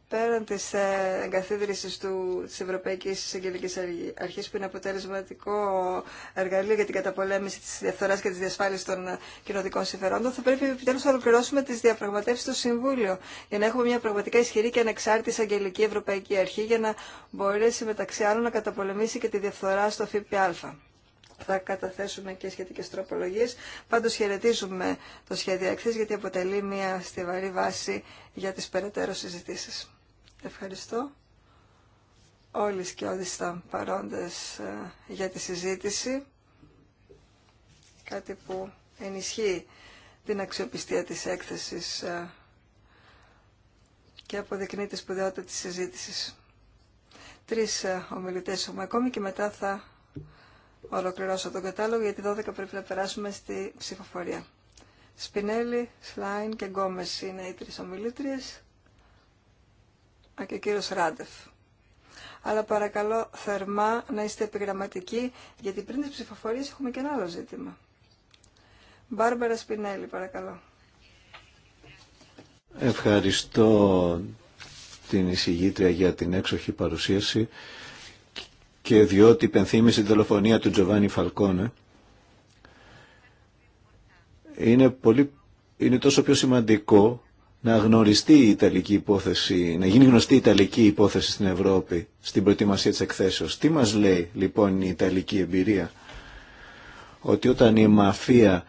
πέραν τη ε, εγκαθίδρυσης τη της Ευρωπαϊκής Αρχή, Αρχής που είναι αποτελεσματικό εργαλείο για την καταπολέμηση τη διαφθοράς και τη διασφάλισης των ε, κοινωτικών συμφερόντων θα πρέπει επιτέλου να ολοκληρώσουμε τι διαπραγματεύσει στο Συμβούλιο για να έχουμε μια πραγματικά ισχυρή και ανεξάρτητη Αγγελική Ευρωπαϊκή Αρχή για να μπορέσει μεταξύ άλλων να καταπολεμήσει και τη διαφθορά στο ΦΠΑ. Θα καταθέσουμε και σχετικέ τροπολογίε. Πάντω, χαιρετίζουμε το σχέδιο έκθεση γιατί αποτελεί μια στιβαρή βάση για τι περαιτέρω συζητήσει. Ευχαριστώ όλες και όλοι ήταν παρόντες ε, για τη συζήτηση. Κάτι που ενισχύει την αξιοπιστία της έκθεσης ε, και αποδεικνύει τη σπουδαιότητα της συζήτησης. Τρεις ε, ομιλητές έχουμε ακόμη και μετά θα ολοκληρώσω τον κατάλογο γιατί 12 πρέπει να περάσουμε στη ψηφοφορία. Σπινέλη, Σλάιν και Γκόμες είναι οι τρεις ομιλήτριες και ο κύριος Ράντεφ. Αλλά παρακαλώ θερμά να είστε επιγραμματικοί, γιατί πριν τις ψηφοφορίες έχουμε και ένα άλλο ζήτημα. Μπάρμπερα Σπινέλη, παρακαλώ. Ευχαριστώ την εισηγήτρια για την έξοχη παρουσίαση και διότι υπενθύμησε την δολοφονία του Τζοβάνι Φαλκόνε. Είναι, πολύ, είναι τόσο πιο σημαντικό να γνωριστεί η Ιταλική υπόθεση, να γίνει γνωστή η Ιταλική υπόθεση στην Ευρώπη στην προετοιμασία της εκθέσεως. Τι μας λέει λοιπόν η Ιταλική εμπειρία, ότι όταν η μαφία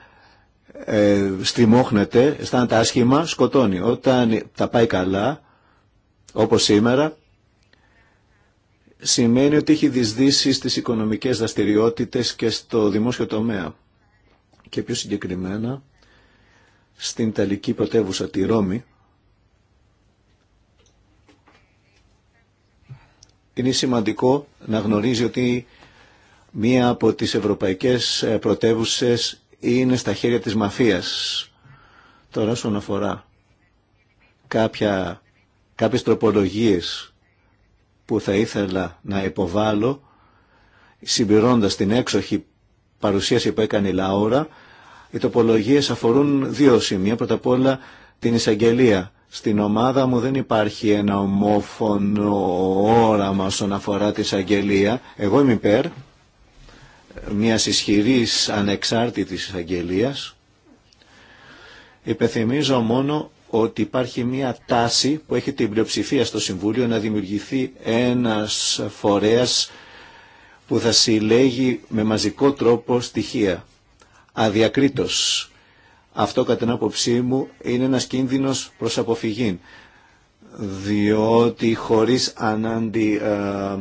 ε, στριμώχνεται, αισθάνεται άσχημα, σκοτώνει. Όταν τα πάει καλά, όπως σήμερα, σημαίνει ότι έχει δυσδύσει στις οικονομικές δραστηριότητες και στο δημόσιο τομέα. Και πιο συγκεκριμένα, στην Ιταλική πρωτεύουσα τη Ρώμη είναι σημαντικό να γνωρίζει ότι μία από τις ευρωπαϊκές ε, πρωτεύουσες είναι στα χέρια της μαφίας. Τώρα όσον αφορά κάποια, κάποιες τροπολογίες που θα ήθελα να υποβάλω συμπληρώντας την έξοχη παρουσίαση που έκανε η Λαόρα... Οι τοπολογίες αφορούν δύο σημεία. Πρώτα απ' όλα την εισαγγελία. Στην ομάδα μου δεν υπάρχει ένα ομόφωνο όραμα όσον αφορά τη εισαγγελία. Εγώ είμαι υπέρ μια ισχυρή ανεξάρτητης εισαγγελία. Υπενθυμίζω μόνο ότι υπάρχει μια τάση που έχει την πλειοψηφία στο Συμβούλιο να δημιουργηθεί ένας φορέας που θα συλλέγει με μαζικό τρόπο στοιχεία αδιακρίτως. Αυτό κατά την άποψή μου είναι ένας κίνδυνος προς αποφυγή. Διότι χωρίς ανάντι, ε,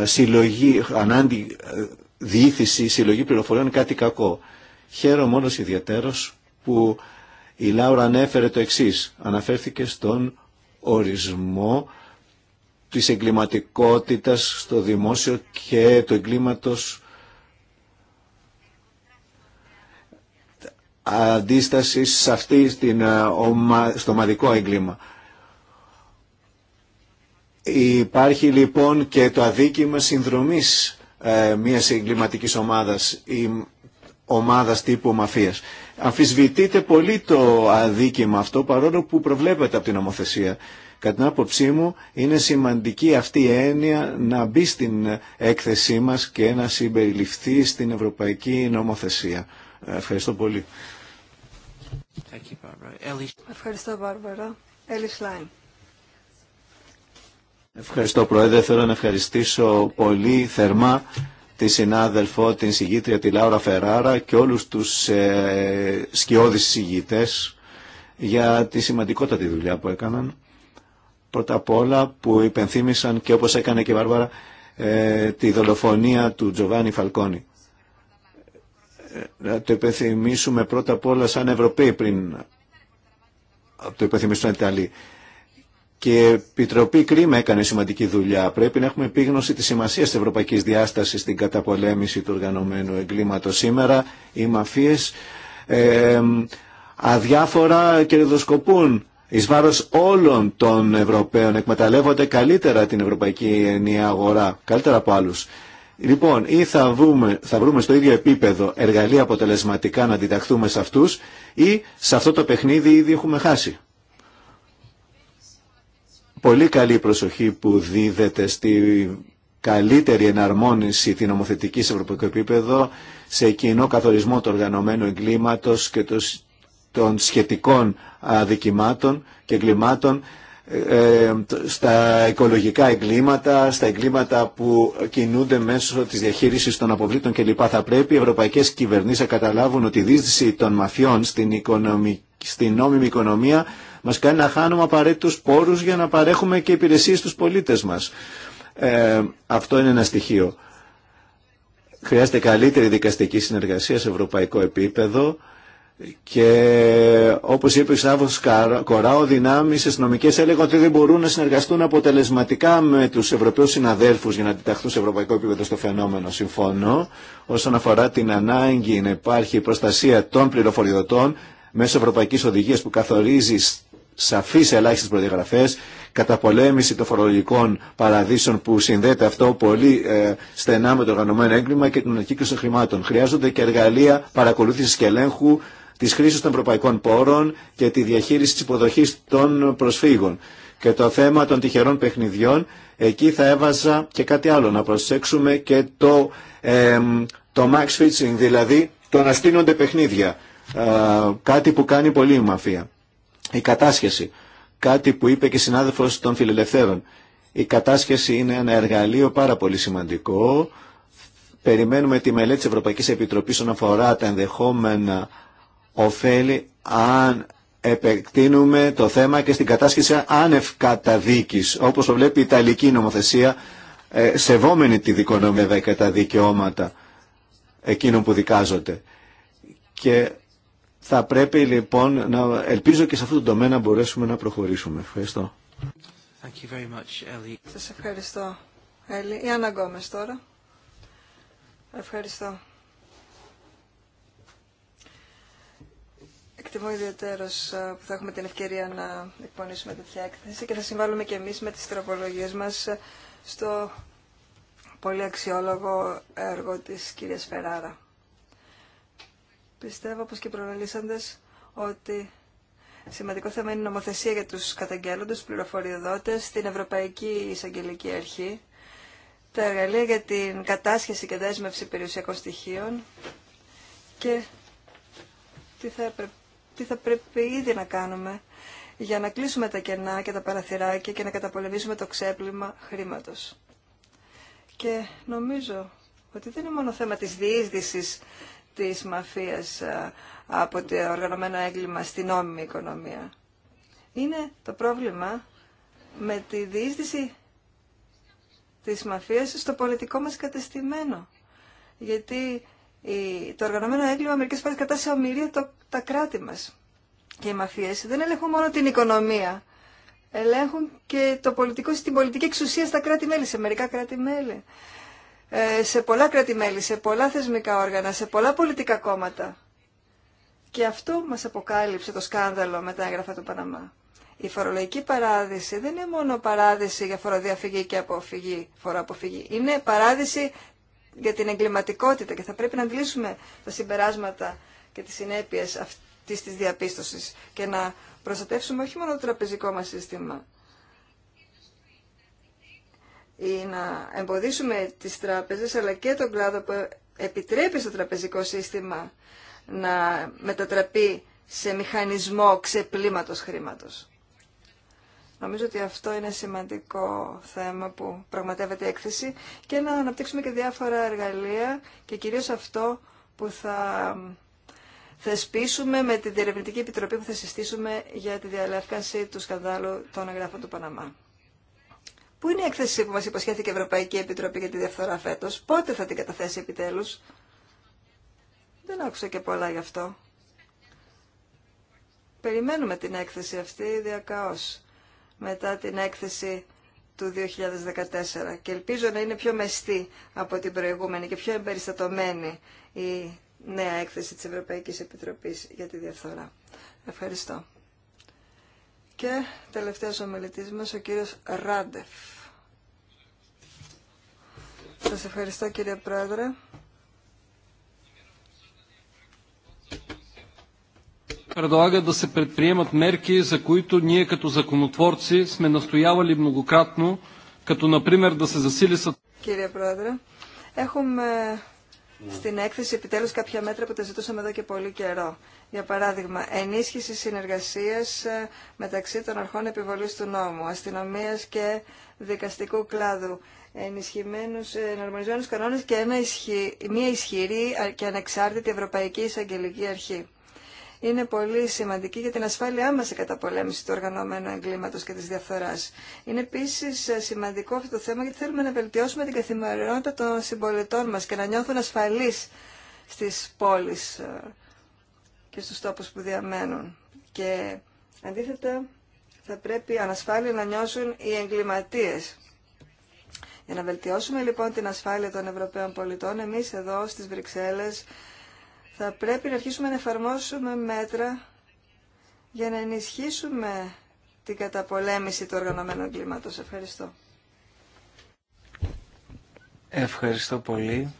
ε, συλλογή, ανάντι ε, διήθηση, συλλογή πληροφοριών κάτι κακό. Χαίρομαι όλος ιδιαίτερος που η Λάουρα ανέφερε το εξής. Αναφέρθηκε στον ορισμό της εγκληματικότητας στο δημόσιο και του εγκλήματος αντίσταση σε αυτή ε, στο ομαδικό έγκλημα. Υπάρχει λοιπόν και το αδίκημα συνδρομής ε, μιας εγκληματικής ομάδας ή ομάδας τύπου μαφίας. Αμφισβητείται πολύ το αδίκημα αυτό παρόλο που προβλέπεται από την νομοθεσία. Κατά την άποψή μου είναι σημαντική αυτή η έννοια να μπει στην έκθεσή μας και να συμπεριληφθεί στην Ευρωπαϊκή Νομοθεσία. Ε, ευχαριστώ πολύ. Ευχαριστώ, Ευχαριστώ, Πρόεδρε. Θέλω να ευχαριστήσω πολύ θερμά τη συνάδελφο, την συγγήτρια, τη Λάουρα Φεράρα και όλους τους ε, σκιώδεις συγγητές για τη σημαντικότατη δουλειά που έκαναν. Πρώτα απ' όλα που υπενθύμησαν και όπως έκανε και η Βάρβαρα ε, τη δολοφονία του Τζοβάνι Φαλκόνη. Ε, να το υπενθυμίσουμε πρώτα απ' όλα σαν Ευρωπαίοι πριν το υπενθυμίσουν Ιταλοί. Και η Επιτροπή Κρίμα έκανε σημαντική δουλειά. Πρέπει να έχουμε επίγνωση τη σημασία τη ευρωπαϊκή διάσταση στην καταπολέμηση του οργανωμένου εγκλήματο. Σήμερα οι μαφίε ε, αδιάφορα κερδοσκοπούν ει βάρο όλων των Ευρωπαίων. Εκμεταλλεύονται καλύτερα την ευρωπαϊκή ενιαία αγορά, καλύτερα από άλλου. Λοιπόν, ή θα, βρούμε, θα βρούμε στο ίδιο επίπεδο εργαλεία αποτελεσματικά να αντιταχθούμε σε αυτούς ή σε αυτό το παιχνίδι ήδη έχουμε χάσει. Πολύ καλή προσοχή που δίδεται στη καλύτερη εναρμόνιση την νομοθετική σε ευρωπαϊκό επίπεδο σε κοινό καθορισμό του οργανωμένου εγκλήματος και των σχετικών αδικημάτων και εγκλημάτων ε, ε, στα οικολογικά εγκλήματα, στα εγκλήματα που κινούνται μέσω της διαχείρισης των αποβλήτων κλπ. Θα πρέπει οι ευρωπαϊκές κυβερνήσεις να καταλάβουν ότι η δίστηση των μαφιών στην, στην νόμιμη οικονομία μας κάνει να χάνουμε απαραίτητους πόρους για να παρέχουμε και υπηρεσίες στους πολίτες μας. Ε, αυτό είναι ένα στοιχείο. Χρειάζεται καλύτερη δικαστική συνεργασία σε ευρωπαϊκό επίπεδο και όπως είπε ο Σάβος Κοράο, δυνάμεις αστυνομικέ έλεγαν ότι δεν μπορούν να συνεργαστούν αποτελεσματικά με τους Ευρωπαίους συναδέλφους για να αντιταχθούν σε ευρωπαϊκό επίπεδο στο φαινόμενο. Συμφωνώ όσον αφορά την ανάγκη να υπάρχει προστασία των πληροφοριοδοτών μέσω ευρωπαϊκής οδηγίας που καθορίζει σαφείς ελάχιστες προδιαγραφές, καταπολέμηση των φορολογικών παραδείσων που συνδέεται αυτό πολύ ε, στενά με το οργανωμένο έγκλημα και την ανακύκλωση χρημάτων. Χρειάζονται και εργαλεία παρακολούθησης και ελέγχου της χρήσης των ευρωπαϊκών πόρων και τη διαχείριση της υποδοχής των προσφύγων. Και το θέμα των τυχερών παιχνιδιών, εκεί θα έβαζα και κάτι άλλο, να προσέξουμε και το, το max fitting, δηλαδή το να στείνονται παιχνίδια, κάτι που κάνει πολύ η μαφία. Η κατάσχεση, κάτι που είπε και συνάδελφος των φιλελευθέρων. Η κατάσχεση είναι ένα εργαλείο πάρα πολύ σημαντικό. Περιμένουμε τη μελέτη της Ευρωπαϊκής Επιτροπής όσον αφορά τα ενδεχόμενα ωφέλη αν επεκτείνουμε το θέμα και στην κατάσχεση άνευ καταδίκης, όπως το βλέπει η Ιταλική νομοθεσία, ε, σεβόμενη τη δικονομία και τα δικαιώματα εκείνων που δικάζονται. Και θα πρέπει λοιπόν να ελπίζω και σε αυτό το τομέα να μπορέσουμε να προχωρήσουμε. Ευχαριστώ. Thank you very much, Σας ευχαριστώ, Έλλη. Η αναγκόμες τώρα. Ευχαριστώ. εκτιμώ ιδιαίτερω ε, που θα έχουμε την ευκαιρία να εκπονήσουμε τέτοια έκθεση και θα συμβάλλουμε και εμείς με τις τροπολογίε μας στο πολύ αξιόλογο έργο της κύρια Φεράρα. Πιστεύω, όπω και προλαλήσαντες, ότι σημαντικό θέμα είναι η νομοθεσία για τους του πληροφοριοδότες, στην Ευρωπαϊκή Εισαγγελική Αρχή, τα εργαλεία για την κατάσχεση και δέσμευση περιουσιακών στοιχείων και τι θα έπρεπε τι θα πρέπει ήδη να κάνουμε για να κλείσουμε τα κενά και τα παραθυράκια και να καταπολεμήσουμε το ξέπλυμα χρήματος. Και νομίζω ότι δεν είναι μόνο θέμα της διείσδυσης της μαφίας από το οργανωμένο έγκλημα στην νόμιμη οικονομία. Είναι το πρόβλημα με τη διείσδυση της μαφίας στο πολιτικό μας κατεστημένο. Γιατί το οργανωμένο έγκλημα μερικέ φορέ κρατά σε ομοιρία τα κράτη μα Και οι μαφίε δεν ελέγχουν μόνο την οικονομία, ελέγχουν και το πολιτικό, την πολιτική εξουσία στα κράτη-μέλη, σε μερικά κράτη-μέλη, ε, σε πολλά κράτη-μέλη, σε πολλά θεσμικά όργανα, σε πολλά πολιτικά κόμματα. Και αυτό μας αποκάλυψε το σκάνδαλο με τα έγγραφα του Παναμά. Η φορολογική παράδειση δεν είναι μόνο παράδειση για φοροδιαφυγή και αποφυγή, φοροαποφυγή. Είναι παράδειση για την εγκληματικότητα και θα πρέπει να αντλήσουμε τα συμπεράσματα και τις συνέπειες αυτής της διαπίστωσης και να προστατεύσουμε όχι μόνο το τραπεζικό μας σύστημα ή να εμποδίσουμε τις τράπεζες αλλά και τον κλάδο που επιτρέπει στο τραπεζικό σύστημα να μετατραπεί σε μηχανισμό ξεπλήματος χρήματος. Νομίζω ότι αυτό είναι σημαντικό θέμα που πραγματεύεται η έκθεση και να αναπτύξουμε και διάφορα εργαλεία και κυρίως αυτό που θα θεσπίσουμε με τη Διερευνητική Επιτροπή που θα συστήσουμε για τη διαλεύκανση του σκανδάλου των εγγράφων του Παναμά. Πού είναι η έκθεση που μας υποσχέθηκε η Ευρωπαϊκή Επιτροπή για τη διαφθορά φέτος, πότε θα την καταθέσει επιτέλους. Δεν άκουσα και πολλά γι' αυτό. Περιμένουμε την έκθεση αυτή διακάως μετά την έκθεση του 2014 και ελπίζω να είναι πιο μεστή από την προηγούμενη και πιο εμπεριστατωμένη η νέα έκθεση της Ευρωπαϊκής Επιτροπής για τη Διαφθορά. Ευχαριστώ. Και τελευταίος ομιλητής μας, ο κύριος Ράντεφ. Σας ευχαριστώ κύριε Πρόεδρε. Κύριε Πρόεδρε, έχουμε ναι. στην έκθεση επιτέλους κάποια μέτρα που τα ζητούσαμε εδώ και πολύ καιρό. Για παράδειγμα, ενίσχυση συνεργασίας ε, μεταξύ των αρχών επιβολής του νόμου, αστυνομίας και δικαστικού κλάδου, ενισχυμένους, ε, εναρμονισμένους κανόνες και μια ισχυρή και ανεξάρτητη Ευρωπαϊκή Εισαγγελική Αρχή είναι πολύ σημαντική για την ασφάλειά μας η καταπολέμηση του οργανωμένου εγκλήματος και της διαφθοράς. Είναι επίσης ε, σημαντικό αυτό το θέμα γιατί θέλουμε να βελτιώσουμε την καθημερινότητα των συμπολιτών μας και να νιώθουν ασφαλείς στις πόλεις ε, και στους τόπους που διαμένουν. Και αντίθετα θα πρέπει ανασφάλεια να νιώσουν οι εγκληματίε. Για να βελτιώσουμε λοιπόν την ασφάλεια των Ευρωπαίων πολιτών, εμείς εδώ στι Βρυξέλλες θα πρέπει να αρχίσουμε να εφαρμόσουμε μέτρα για να ενισχύσουμε την καταπολέμηση του οργανωμένου εγκλήματος. Ευχαριστώ. Ευχαριστώ πολύ.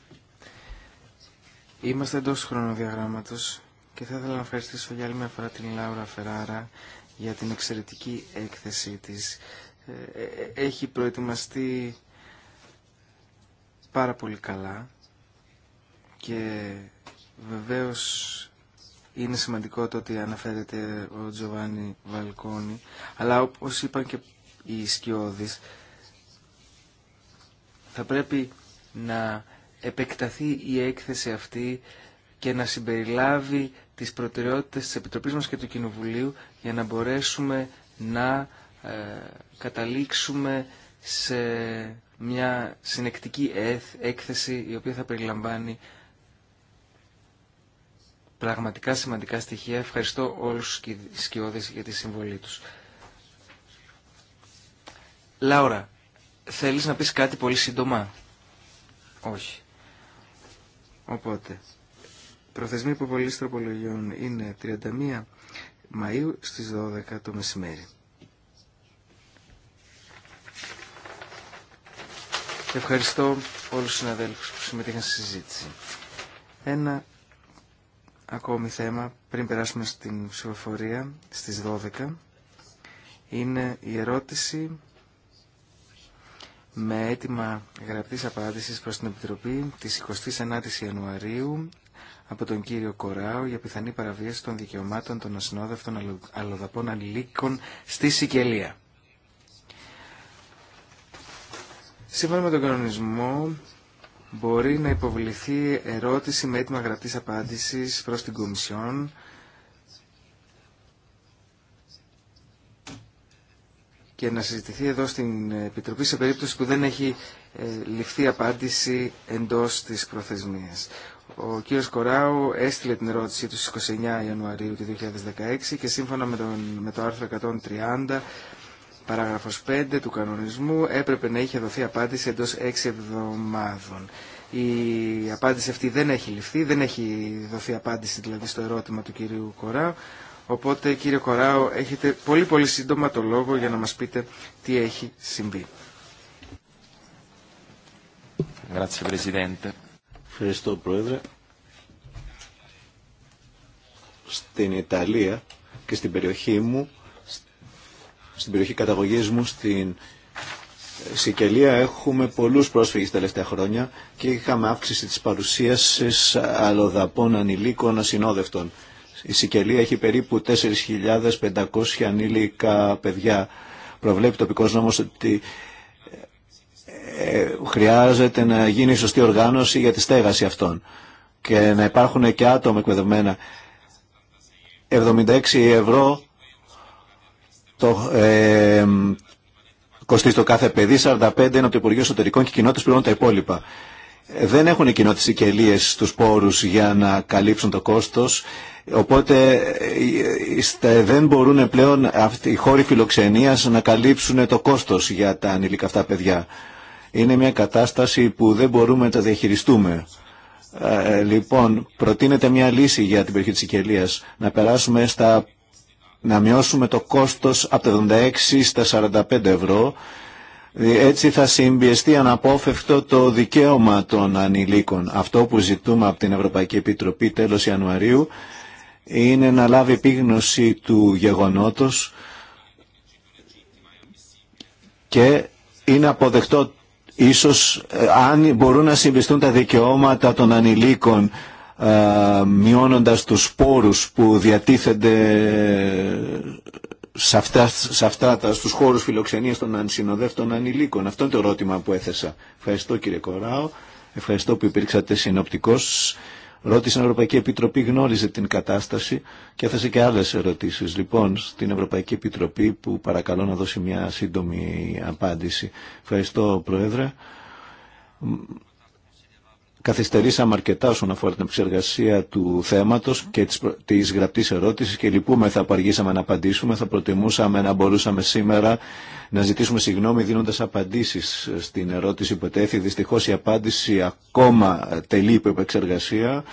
Είμαστε εντό χρονοδιαγράμματος και θα ήθελα να ευχαριστήσω για άλλη μια φορά την Λάουρα Φεράρα για την εξαιρετική έκθεσή της. Ε, ε, έχει προετοιμαστεί πάρα πολύ καλά και Βεβαίως είναι σημαντικό το ότι αναφέρεται ο Τζοβάνι Βαλκόνη, αλλά όπως είπαν και οι σκιώδεις, θα πρέπει να επεκταθεί η έκθεση αυτή και να συμπεριλάβει τις προτεραιότητες της Επιτροπής μας και του Κοινοβουλίου για να μπορέσουμε να ε, καταλήξουμε σε μια συνεκτική έκθεση η οποία θα περιλαμβάνει πραγματικά σημαντικά στοιχεία. Ευχαριστώ όλους τους σκιώδες για τη συμβολή τους. Λάουρα, θέλεις να πεις κάτι πολύ σύντομα. Όχι. Οπότε, προθεσμή υποβολής τροπολογιών είναι 31 Μαΐου στις 12 το μεσημέρι. Ευχαριστώ όλους τους συναδέλφους που συμμετείχαν στη συζήτηση. Ένα ακόμη θέμα πριν περάσουμε στην ψηφοφορία στις 12 είναι η ερώτηση με αίτημα γραπτής απάντησης προς την Επιτροπή της 29 η Ιανουαρίου από τον κύριο Κοράο για πιθανή παραβίαση των δικαιωμάτων των ασυνόδευτων αλλοδαπών αλληλίκων στη Σικελία. Σύμφωνα με τον κανονισμό μπορεί να υποβληθεί ερώτηση με έτοιμα γραπτής απάντησης προς την Κομισιόν και να συζητηθεί εδώ στην Επιτροπή σε περίπτωση που δεν έχει ε, ληφθεί απάντηση εντός της προθεσμίας. Ο κύριος Κοράου έστειλε την ερώτησή του στις 29 Ιανουαρίου του 2016 και σύμφωνα με, τον, με το άρθρο 130 Παράγραφος 5 του κανονισμού έπρεπε να είχε δοθεί απάντηση εντός 6 εβδομάδων. Η απάντηση αυτή δεν έχει ληφθεί, δεν έχει δοθεί απάντηση δηλαδή στο ερώτημα του κυρίου Κοράου. Οπότε κύριε Κοράου έχετε πολύ πολύ σύντομα το λόγο για να μας πείτε τι έχει συμβεί. Ευχαριστώ Πρόεδρε. Στην Ιταλία και στην περιοχή μου στην περιοχή καταγωγή μου, στην Σικελία, έχουμε πολλού πρόσφυγες τελευταία χρόνια και είχαμε αύξηση τη παρουσίαση αλλοδαπών ανηλίκων ασυνόδευτων. Η Σικελία έχει περίπου 4.500 ανήλικα παιδιά. Προβλέπει τοπικό νόμο ότι ε, χρειάζεται να γίνει σωστή οργάνωση για τη στέγαση αυτών και να υπάρχουν και άτομα εκπαιδευμένα. 76 ευρώ το, ε, κοστίζει το κάθε παιδί, 45 είναι από το Υπουργείο Εσωτερικών και οι πληρώνουν τα υπόλοιπα. Δεν έχουν οι κοινότητε συγκελίε του πόρου για να καλύψουν το κόστος Οπότε ε, δεν μπορούν πλέον αυτοί οι χώροι φιλοξενίας να καλύψουν το κόστος για τα ανήλικα αυτά παιδιά. Είναι μια κατάσταση που δεν μπορούμε να τα διαχειριστούμε. Ε, λοιπόν, προτείνεται μια λύση για την περιοχή της Σικελίας. Να περάσουμε στα να μειώσουμε το κόστος από τα 76 στα 45 ευρώ. Ε, έτσι θα συμπιεστεί αναπόφευκτο το δικαίωμα των ανηλίκων. Αυτό που ζητούμε από την Ευρωπαϊκή Επιτροπή τέλος Ιανουαρίου είναι να λάβει επίγνωση του γεγονότος και είναι αποδεκτό ίσως ε, αν μπορούν να συμπιστούν τα δικαιώματα των ανηλίκων μειώνοντας τους σπόρους που διατίθενται σε αυτά, σε αυτά τα, στους χώρους φιλοξενίας των ανσυνοδεύτων ανηλίκων. Αυτό είναι το ερώτημα που έθεσα. Ευχαριστώ κύριε Κοράο, ευχαριστώ που υπήρξατε συνοπτικός. Ρώτησε η Ευρωπαϊκή Επιτροπή, γνώριζε την κατάσταση και έθεσε και άλλες ερωτήσεις. Λοιπόν, στην Ευρωπαϊκή Επιτροπή που παρακαλώ να δώσει μια σύντομη απάντηση. Ευχαριστώ Πρόεδρε. Καθυστερήσαμε αρκετά όσον αφορά την επεξεργασία του θέματος και τη γραπτής ερώτηση και λυπούμε θα απαργήσαμε να απαντήσουμε, θα προτιμούσαμε να μπορούσαμε σήμερα να ζητήσουμε συγγνώμη δίνοντας απαντήσεις στην ερώτηση που τέθη. Δυστυχώ η απάντηση ακόμα τελεί υπό επεξεργασία.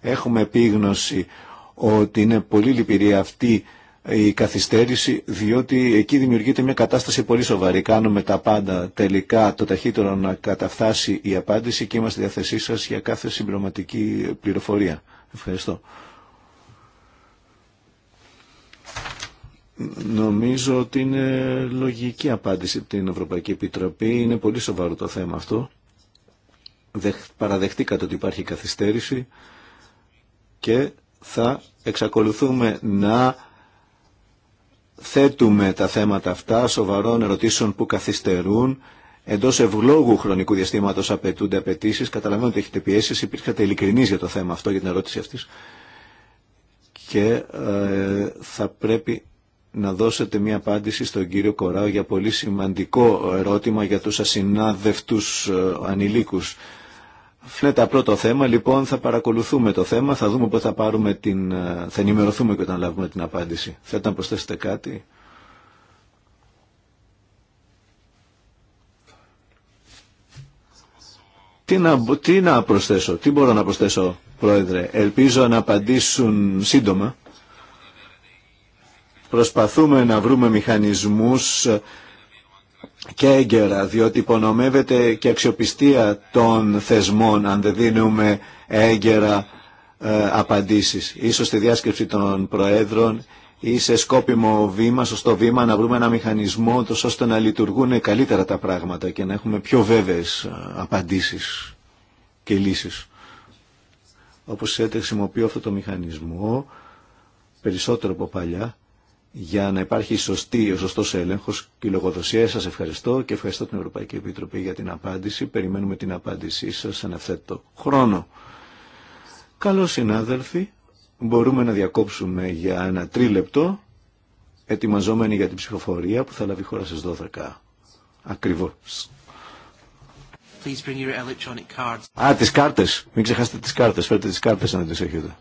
Έχουμε επίγνωση ότι είναι πολύ λυπηρή αυτή η καθυστέρηση, διότι εκεί δημιουργείται μια κατάσταση πολύ σοβαρή. Κάνουμε τα πάντα τελικά το ταχύτερο να καταφτάσει η απάντηση και είμαστε διαθεσή σα για κάθε συμπληρωματική πληροφορία. Ευχαριστώ. Νομίζω ότι είναι λογική απάντηση την Ευρωπαϊκή Επιτροπή. Είναι πολύ σοβαρό το θέμα αυτό. Παραδεχτήκατε ότι υπάρχει καθυστέρηση και θα εξακολουθούμε να θέτουμε τα θέματα αυτά σοβαρών ερωτήσεων που καθυστερούν. Εντό ευλόγου χρονικού διαστήματο απαιτούνται απαιτήσει. Καταλαβαίνω ότι έχετε πιέσει. Υπήρχατε ειλικρινεί για το θέμα αυτό, για την ερώτηση αυτή. Και ε, θα πρέπει να δώσετε μια απάντηση στον κύριο Κοράου για πολύ σημαντικό ερώτημα για τους ασυνάδευτους ε, ανηλίκους. Φλέτα, ναι, πρώτο θέμα, λοιπόν, θα παρακολουθούμε το θέμα, θα δούμε πώς θα πάρουμε την... Ε, θα ενημερωθούμε και όταν λάβουμε την απάντηση. Θέλετε να προσθέσετε κάτι. Τι να, τι να προσθέσω, τι μπορώ να προσθέσω, Πρόεδρε. Ελπίζω να απαντήσουν σύντομα. Προσπαθούμε να βρούμε μηχανισμούς και έγκαιρα, διότι υπονομεύεται και αξιοπιστία των θεσμών αν δεν δίνουμε έγκαιρα ε, απαντήσεις. Ίσως στη διάσκεψη των Προέδρων ή σε σκόπιμο βήμα, σωστό βήμα, να βρούμε ένα μηχανισμό ώστε να λειτουργούν καλύτερα τα πράγματα και να έχουμε πιο βέβαιες ε, απαντήσεις και λύσεις. Όπως έτσι χρησιμοποιώ αυτό το μηχανισμό, περισσότερο από παλιά, για να υπάρχει σωστή, ο σωστός έλεγχος και η λογοδοσία. Σας ευχαριστώ και ευχαριστώ την Ευρωπαϊκή Επιτροπή για την απάντηση. Περιμένουμε την απάντησή σας σε ευθέτω χρόνο. Καλό συνάδελφοι, μπορούμε να διακόψουμε για ένα τρίλεπτο ετοιμαζόμενοι για την ψηφοφορία που θα λάβει η χώρα στις 12. Ακριβώς. Α, τις κάρτες. Μην ξεχάσετε τις κάρτες. Φέρετε τις κάρτες αν δεν τις έχετε.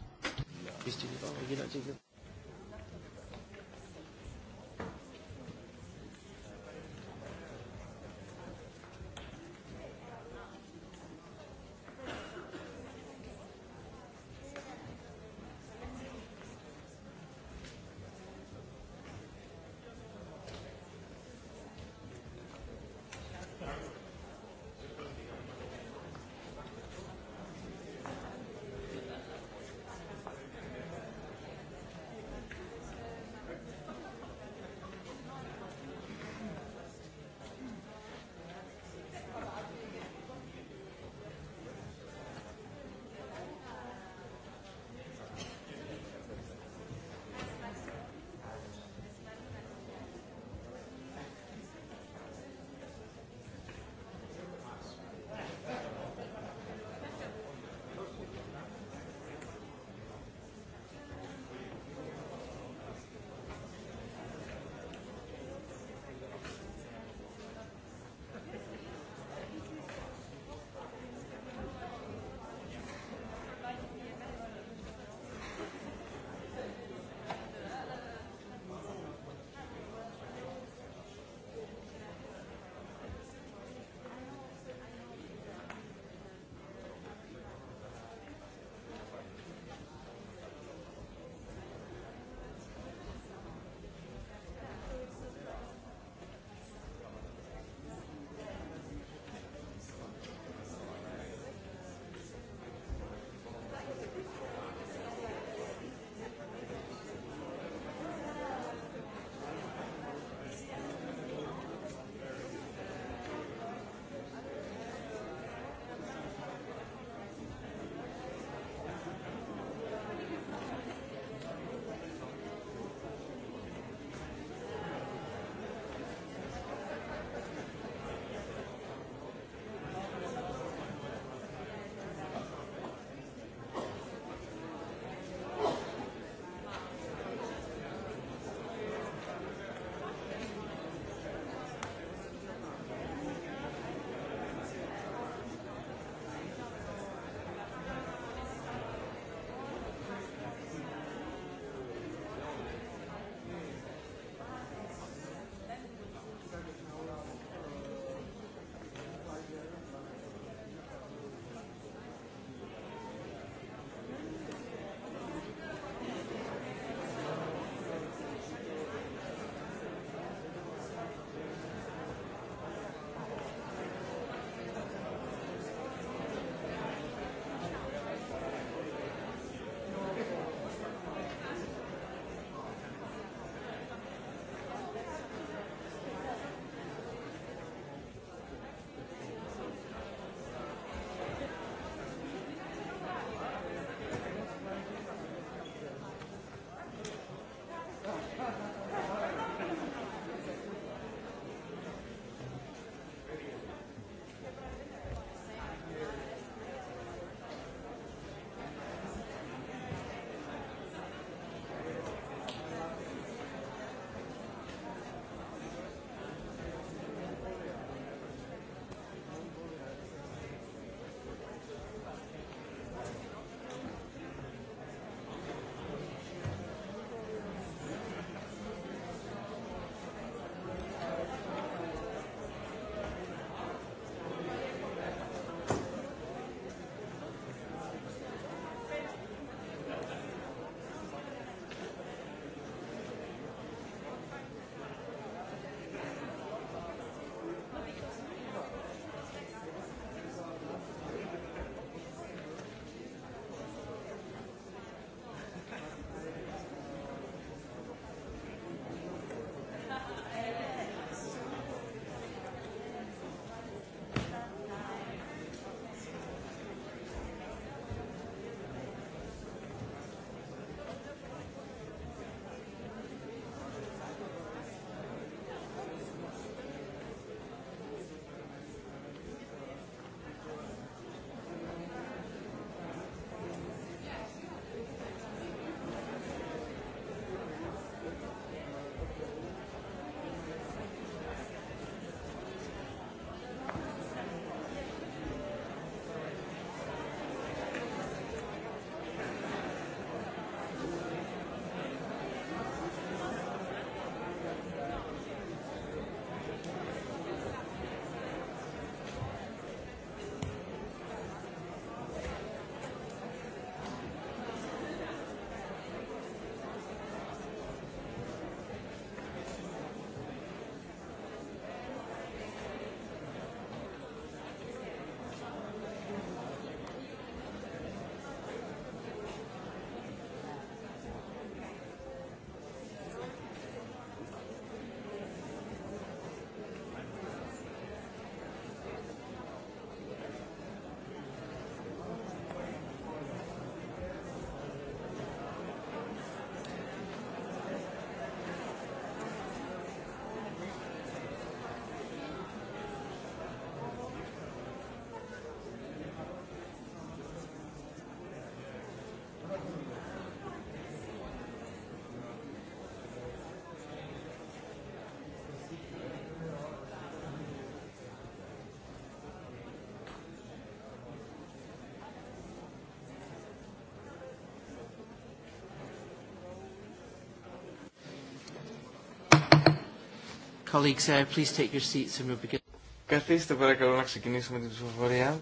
colleagues, uh, please take your seats and we'll begin. Καθίστε παρακαλώ να ξεκινήσουμε την ψηφοφορία.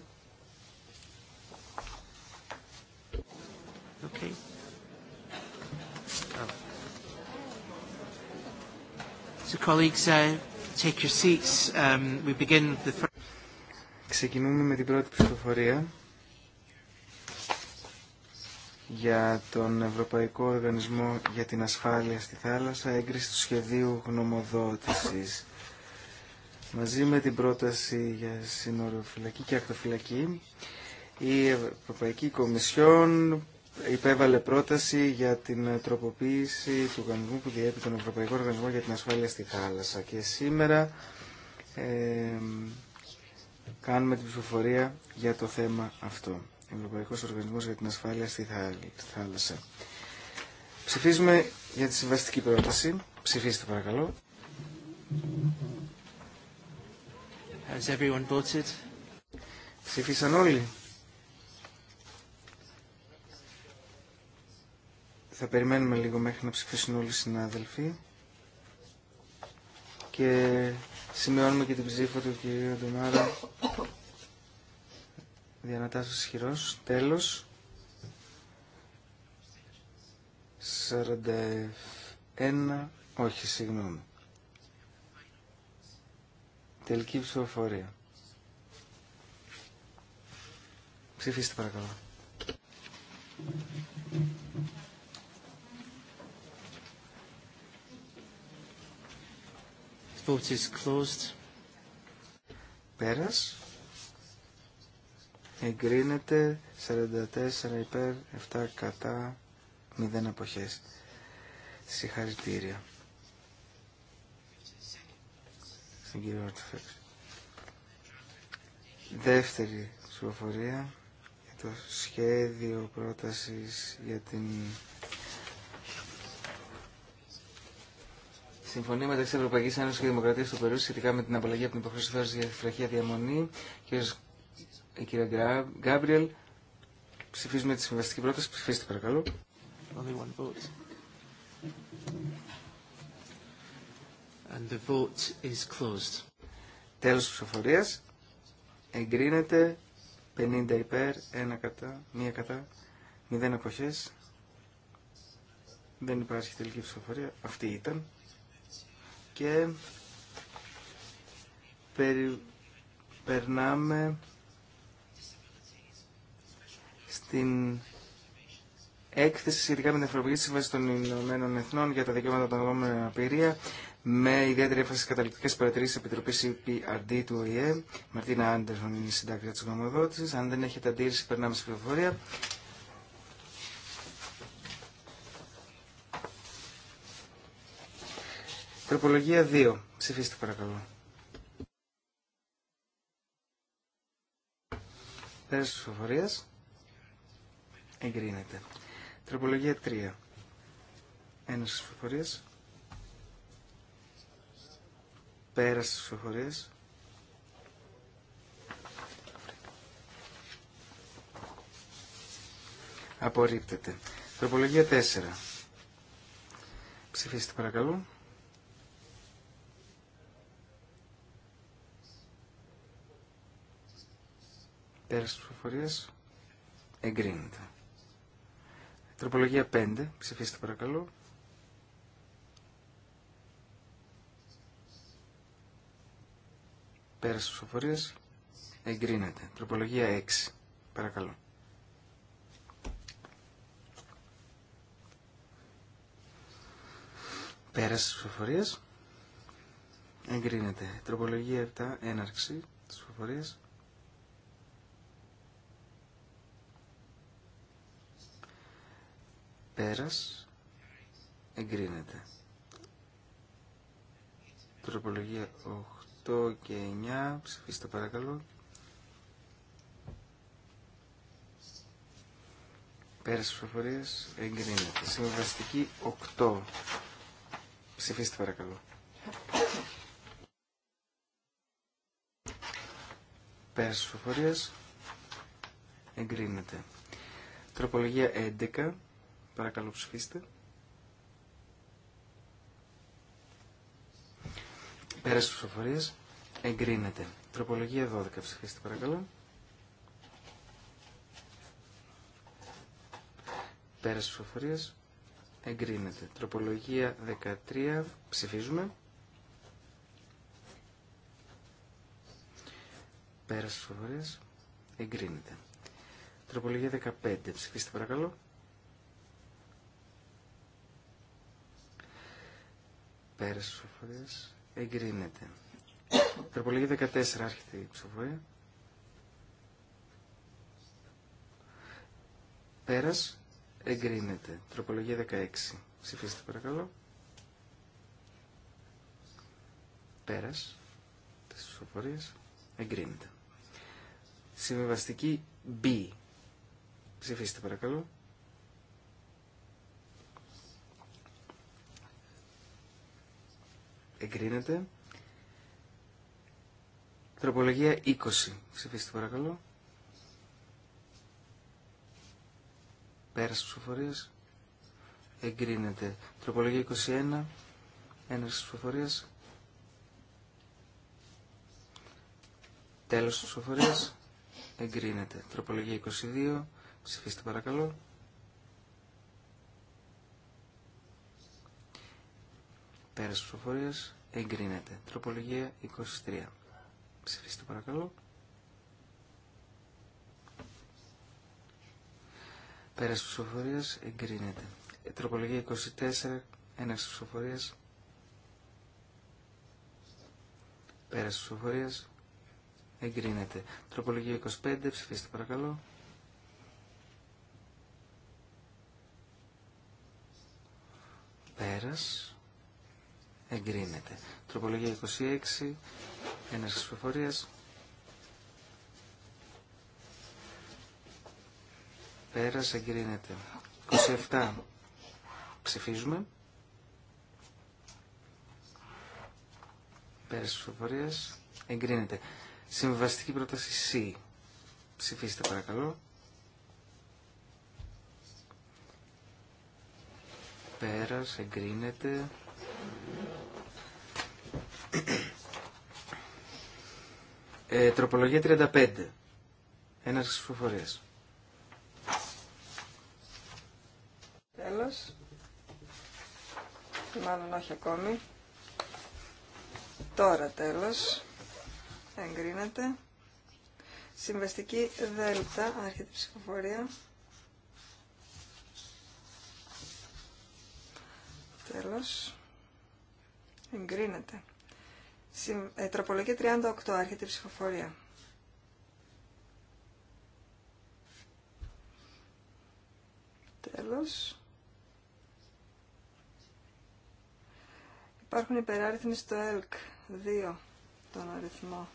Okay. So colleagues, uh, take your seats. Um, we begin the first... Ξεκινούμε με την πρώτη ψηφοφορία για τον Ευρωπαϊκό Οργανισμό για την Ασφάλεια στη Θάλασσα, έγκριση του σχεδίου γνωμοδότησης. Μαζί με την πρόταση για σύνοροφυλακή και ακτοφυλακή, η Ευρωπαϊκή Κομισιόν υπέβαλε πρόταση για την τροποποίηση του οργανισμού που διέπει τον Ευρωπαϊκό Οργανισμό για την Ασφάλεια στη Θάλασσα. Και σήμερα κάνουμε την ψηφοφορία για το θέμα αυτό. Ευρωπαϊκός Οργανισμός για την Ασφάλεια στη Θάλασσα. Ψηφίζουμε για τη συμβαστική πρόταση. Ψηφίστε παρακαλώ. Has everyone voted? Ψήφισαν όλοι. Θα περιμένουμε λίγο μέχρι να ψηφίσουν όλοι οι συνάδελφοι. Και σημειώνουμε και την ψήφα του κ. Ντομάρα Διανατάσσω ισχυρό. τέλος 41. Όχι, συγγνώμη. Τελική ψηφοφορία. Ψηφίστε παρακαλώ. votes closed. Πέρας εγκρίνεται 44 υπέρ 7 κατά 0 αποχές συγχαρητήρια δεύτερη ψηφοφορία για το σχέδιο πρότασης για την Συμφωνία μεταξύ Ευρωπαϊκή Ένωση και Δημοκρατία του Περού σχετικά με την απαλλαγή από την υποχρέωση για τη διαμονή η ε, κυρία Γκάμπριελ. Ψηφίζουμε τη συμβαστική πρόταση. Ψηφίστε παρακαλώ. And the vote Τέλος Εγκρίνεται 50 υπέρ, 1 κατά, 1 κατά, 0 εποχέ. Δεν υπάρχει τελική ψηφοφορία. Αυτή ήταν. Και περι... περνάμε στην έκθεση σχετικά με την εφαρμογή τη Σύμβαση των Ηνωμένων Εθνών για τα δικαιώματα των ανθρώπων με αναπηρία, με ιδιαίτερη έμφαση στι καταληκτικέ παρατηρήσει τη Επιτροπή EPRD του ΟΗΕ. Μαρτίνα Άντερσον είναι η συντάκτρια τη γνωμοδότηση. Αν δεν έχετε αντίρρηση, περνάμε στην πληροφορία. Τροπολογία 2. Ψηφίστε παρακαλώ. Πέρας της εγκρίνεται. Τροπολογία 3. Ένας ψηφοφορίας. Πέρα στι ψηφοφορίας. Απορρίπτεται. Τροπολογία 4. Ψηφίστε παρακαλώ. Πέρα στι ψηφοφορίας. Εγκρίνεται. Τροπολογία 5. Ψηφίστε παρακαλώ. Πέρασε ψηφοφορίας. Εγκρίνεται. Τροπολογία 6. Παρακαλώ. Πέρασε ψηφοφορίας. Εγκρίνεται. Τροπολογία 7. Έναρξη της ψηφοφορίας. Πέρας. Εγκρίνεται. Τροπολογία 8 και 9. Ψηφίστε παρακαλώ. Πέρας ψηφοφορίας. Εγκρίνεται. Συμβαστική 8. Ψηφίστε παρακαλώ. Πέρας ψηφοφορίας. Εγκρίνεται. Τροπολογία 11. Παρακαλώ ψηφίστε. Πέρας ψηφοφορίες. εγκρίνεται. Τροπολογία 12 ψηφίστε παρακαλώ. Πέρας ψηφοφορίες. εγκρίνεται. Τροπολογία 13 ψηφίζουμε. Πέρας ψηφοφορίες. εγκρίνεται. Τροπολογία 15 ψηφίστε παρακαλώ. Πέρας Εγκρίνεται. Τροπολογία 14. Άρχεται η ψηφοφορία. Πέρας. Εγκρίνεται. Τροπολογία 16. Ψηφίστε παρακαλώ. Πέρας. της ψηφοφορίες. Εγκρίνεται. Συμβεβαστική B. Ψηφίστε παρακαλώ. εγκρίνεται. Τροπολογία 20. Ψηφίστε παρακαλώ. Πέρας ψηφοφορίες. Εγκρίνεται. Τροπολογία 21. Έναρξη ψηφοφορίες. Τέλος της ψηφοφορίας. Εγκρίνεται. Τροπολογία 22. Ψηφίστε παρακαλώ. Πέρας ψηφοφορίας εγκρίνεται. Τροπολογία 23. Ψηφίστε παρακαλώ. Πέρας ψηφοφορίας εγκρίνεται. Ε, τροπολογία 24. Ένας ψηφοφορίας. Πέρας ψηφοφορίας εγκρίνεται. Τροπολογία 25. Ψηφίστε παρακαλώ. Πέρας εγκρίνεται. Τροπολογία 26, ένας ψηφοφορίας. Πέρας εγκρίνεται. 27, ψηφίζουμε. Πέρας ψηφοφορίας, εγκρίνεται. Συμβαστική πρόταση C. Ψηφίστε παρακαλώ. Πέρας εγκρίνεται. Ε, τροπολογία 35. Ένας ψηφοφορίας. Τέλος. Μάλλον όχι ακόμη. Τώρα τέλος. Εγκρίνεται. Συμβαστική δέλτα. Άρχεται η ψηφοφορία. Τέλος. Εγκρίνεται. Ε, τροπολογία 38. Άρχεται η ψηφοφορία. Τέλος. Υπάρχουν υπεράριθμοι στο ΕΛΚ. 2 τον αριθμό.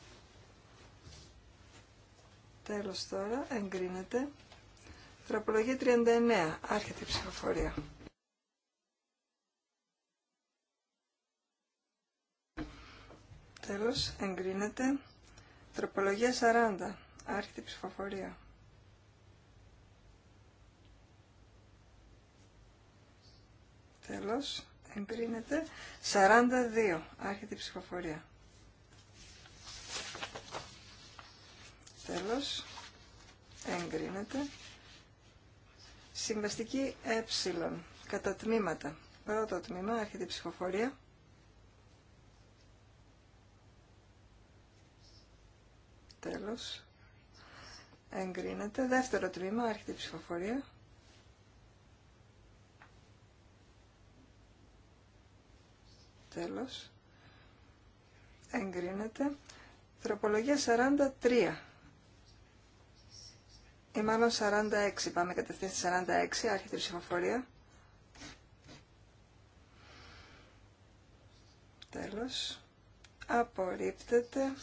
Τέλος τώρα. Εγκρίνεται. Τροπολογία 39. Άρχεται η ψηφοφορία. Τέλος, εγκρίνεται. Τροπολογία 40. άρχιτη ψηφοφορία. Τέλος, εγκρίνεται. 42. άρχιτη ψηφοφορία. Τέλος, εγκρίνεται. Συμβαστική ε, κατά τμήματα. Πρώτο τμήμα, άρχιτη ψηφοφορία. Τέλος. Εγκρίνεται. Δεύτερο τμήμα, άρχεται η ψηφοφορία. Τέλος. Εγκρίνεται. Τροπολογία 43. Ή μάλλον 46. Πάμε κατευθείαν στη 46, άρχεται η ψηφοφορία. Τέλος. Απορρίπτεται.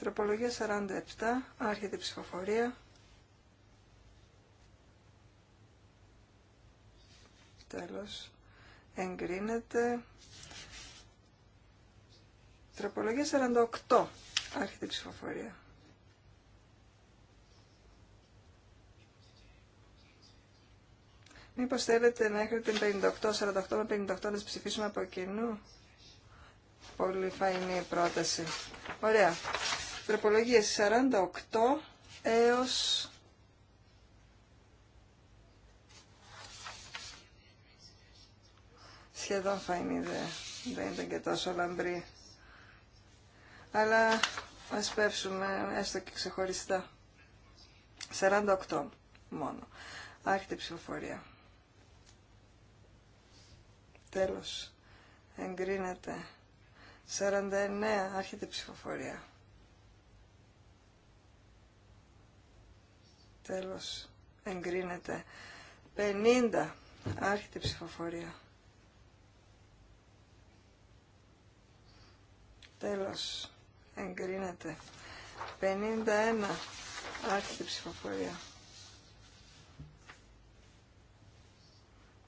Τροπολογία 47, άρχεται η ψηφοφορία. Τέλος, εγκρίνεται. Τροπολογία 48, άρχεται η ψηφοφορία. Μήπως θέλετε να έχετε την 58, 48 με 58 να ψηφίσουμε από κοινού. Πολύ φαϊνή πρόταση. Ωραία προπολογίες 48 έως Σχεδόν θα Δεν ήταν και τόσο λαμπρή. Αλλά ας πέψουμε έστω και ξεχωριστά. 48 μόνο. Άρχεται η ψηφοφορία. Τέλος. Εγκρίνεται. 49. Άρχεται η ψηφοφορία. τέλος εγκρίνεται 50 άρχεται ψηφοφορία τέλος εγκρίνεται 51 άρχεται ψηφοφορία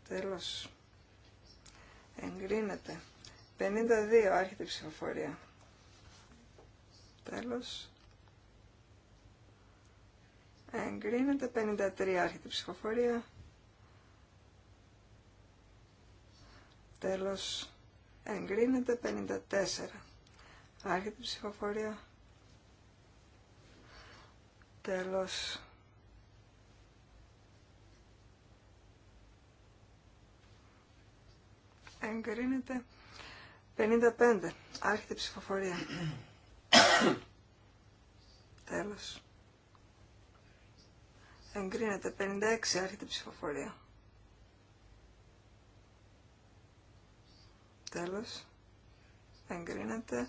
τέλος εγκρίνεται 52 άρχεται ψηφοφορία τέλος Εγκρίνεται 53 άρχεται ψηφοφορία. Τέλος εγκρίνεται 54 άρχεται ψηφοφορία. Τέλος εγκρίνεται 55 άρχεται ψηφοφορία. Τέλος. Εγκρίνεται. 56 άρχεται ψηφοφορία. Τέλος. Εγκρίνεται.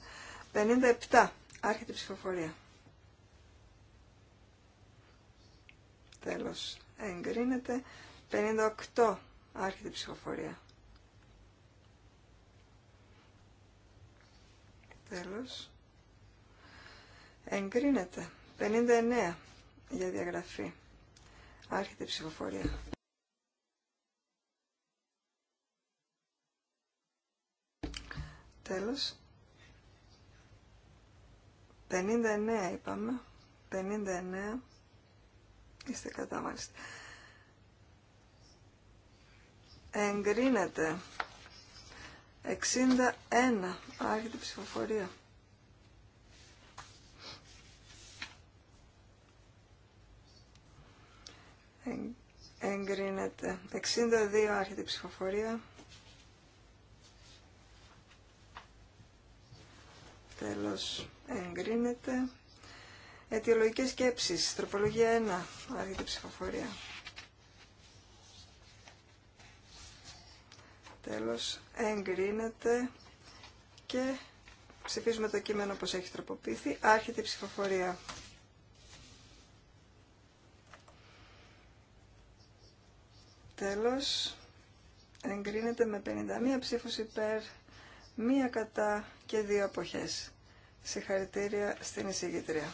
57 άρχεται ψηφοφορία. Τέλος. Εγκρίνεται. 58 άρχεται ψηφοφορία. Τέλος. Εγκρίνεται. 59 για διαγραφή. Άρχεται η ψηφοφορία. Τέλος. 59 είπαμε. 59. Είστε κατά μάλιστα. Εγκρίνεται. 61. Άρχεται η ψηφοφορία. εγκρίνεται. 62 άρχεται η ψηφοφορία. Τέλος εγκρίνεται. Αιτιολογικές σκέψεις. Τροπολογία 1 άρχεται η ψηφοφορία. Τέλος εγκρίνεται και ψηφίζουμε το κείμενο όπως έχει τροποποιηθεί. Άρχεται η ψηφοφορία. Τέλος, εγκρίνεται με 51 ψήφους υπέρ, μία κατά και δύο αποχές. Συγχαρητήρια στην εισηγητρία.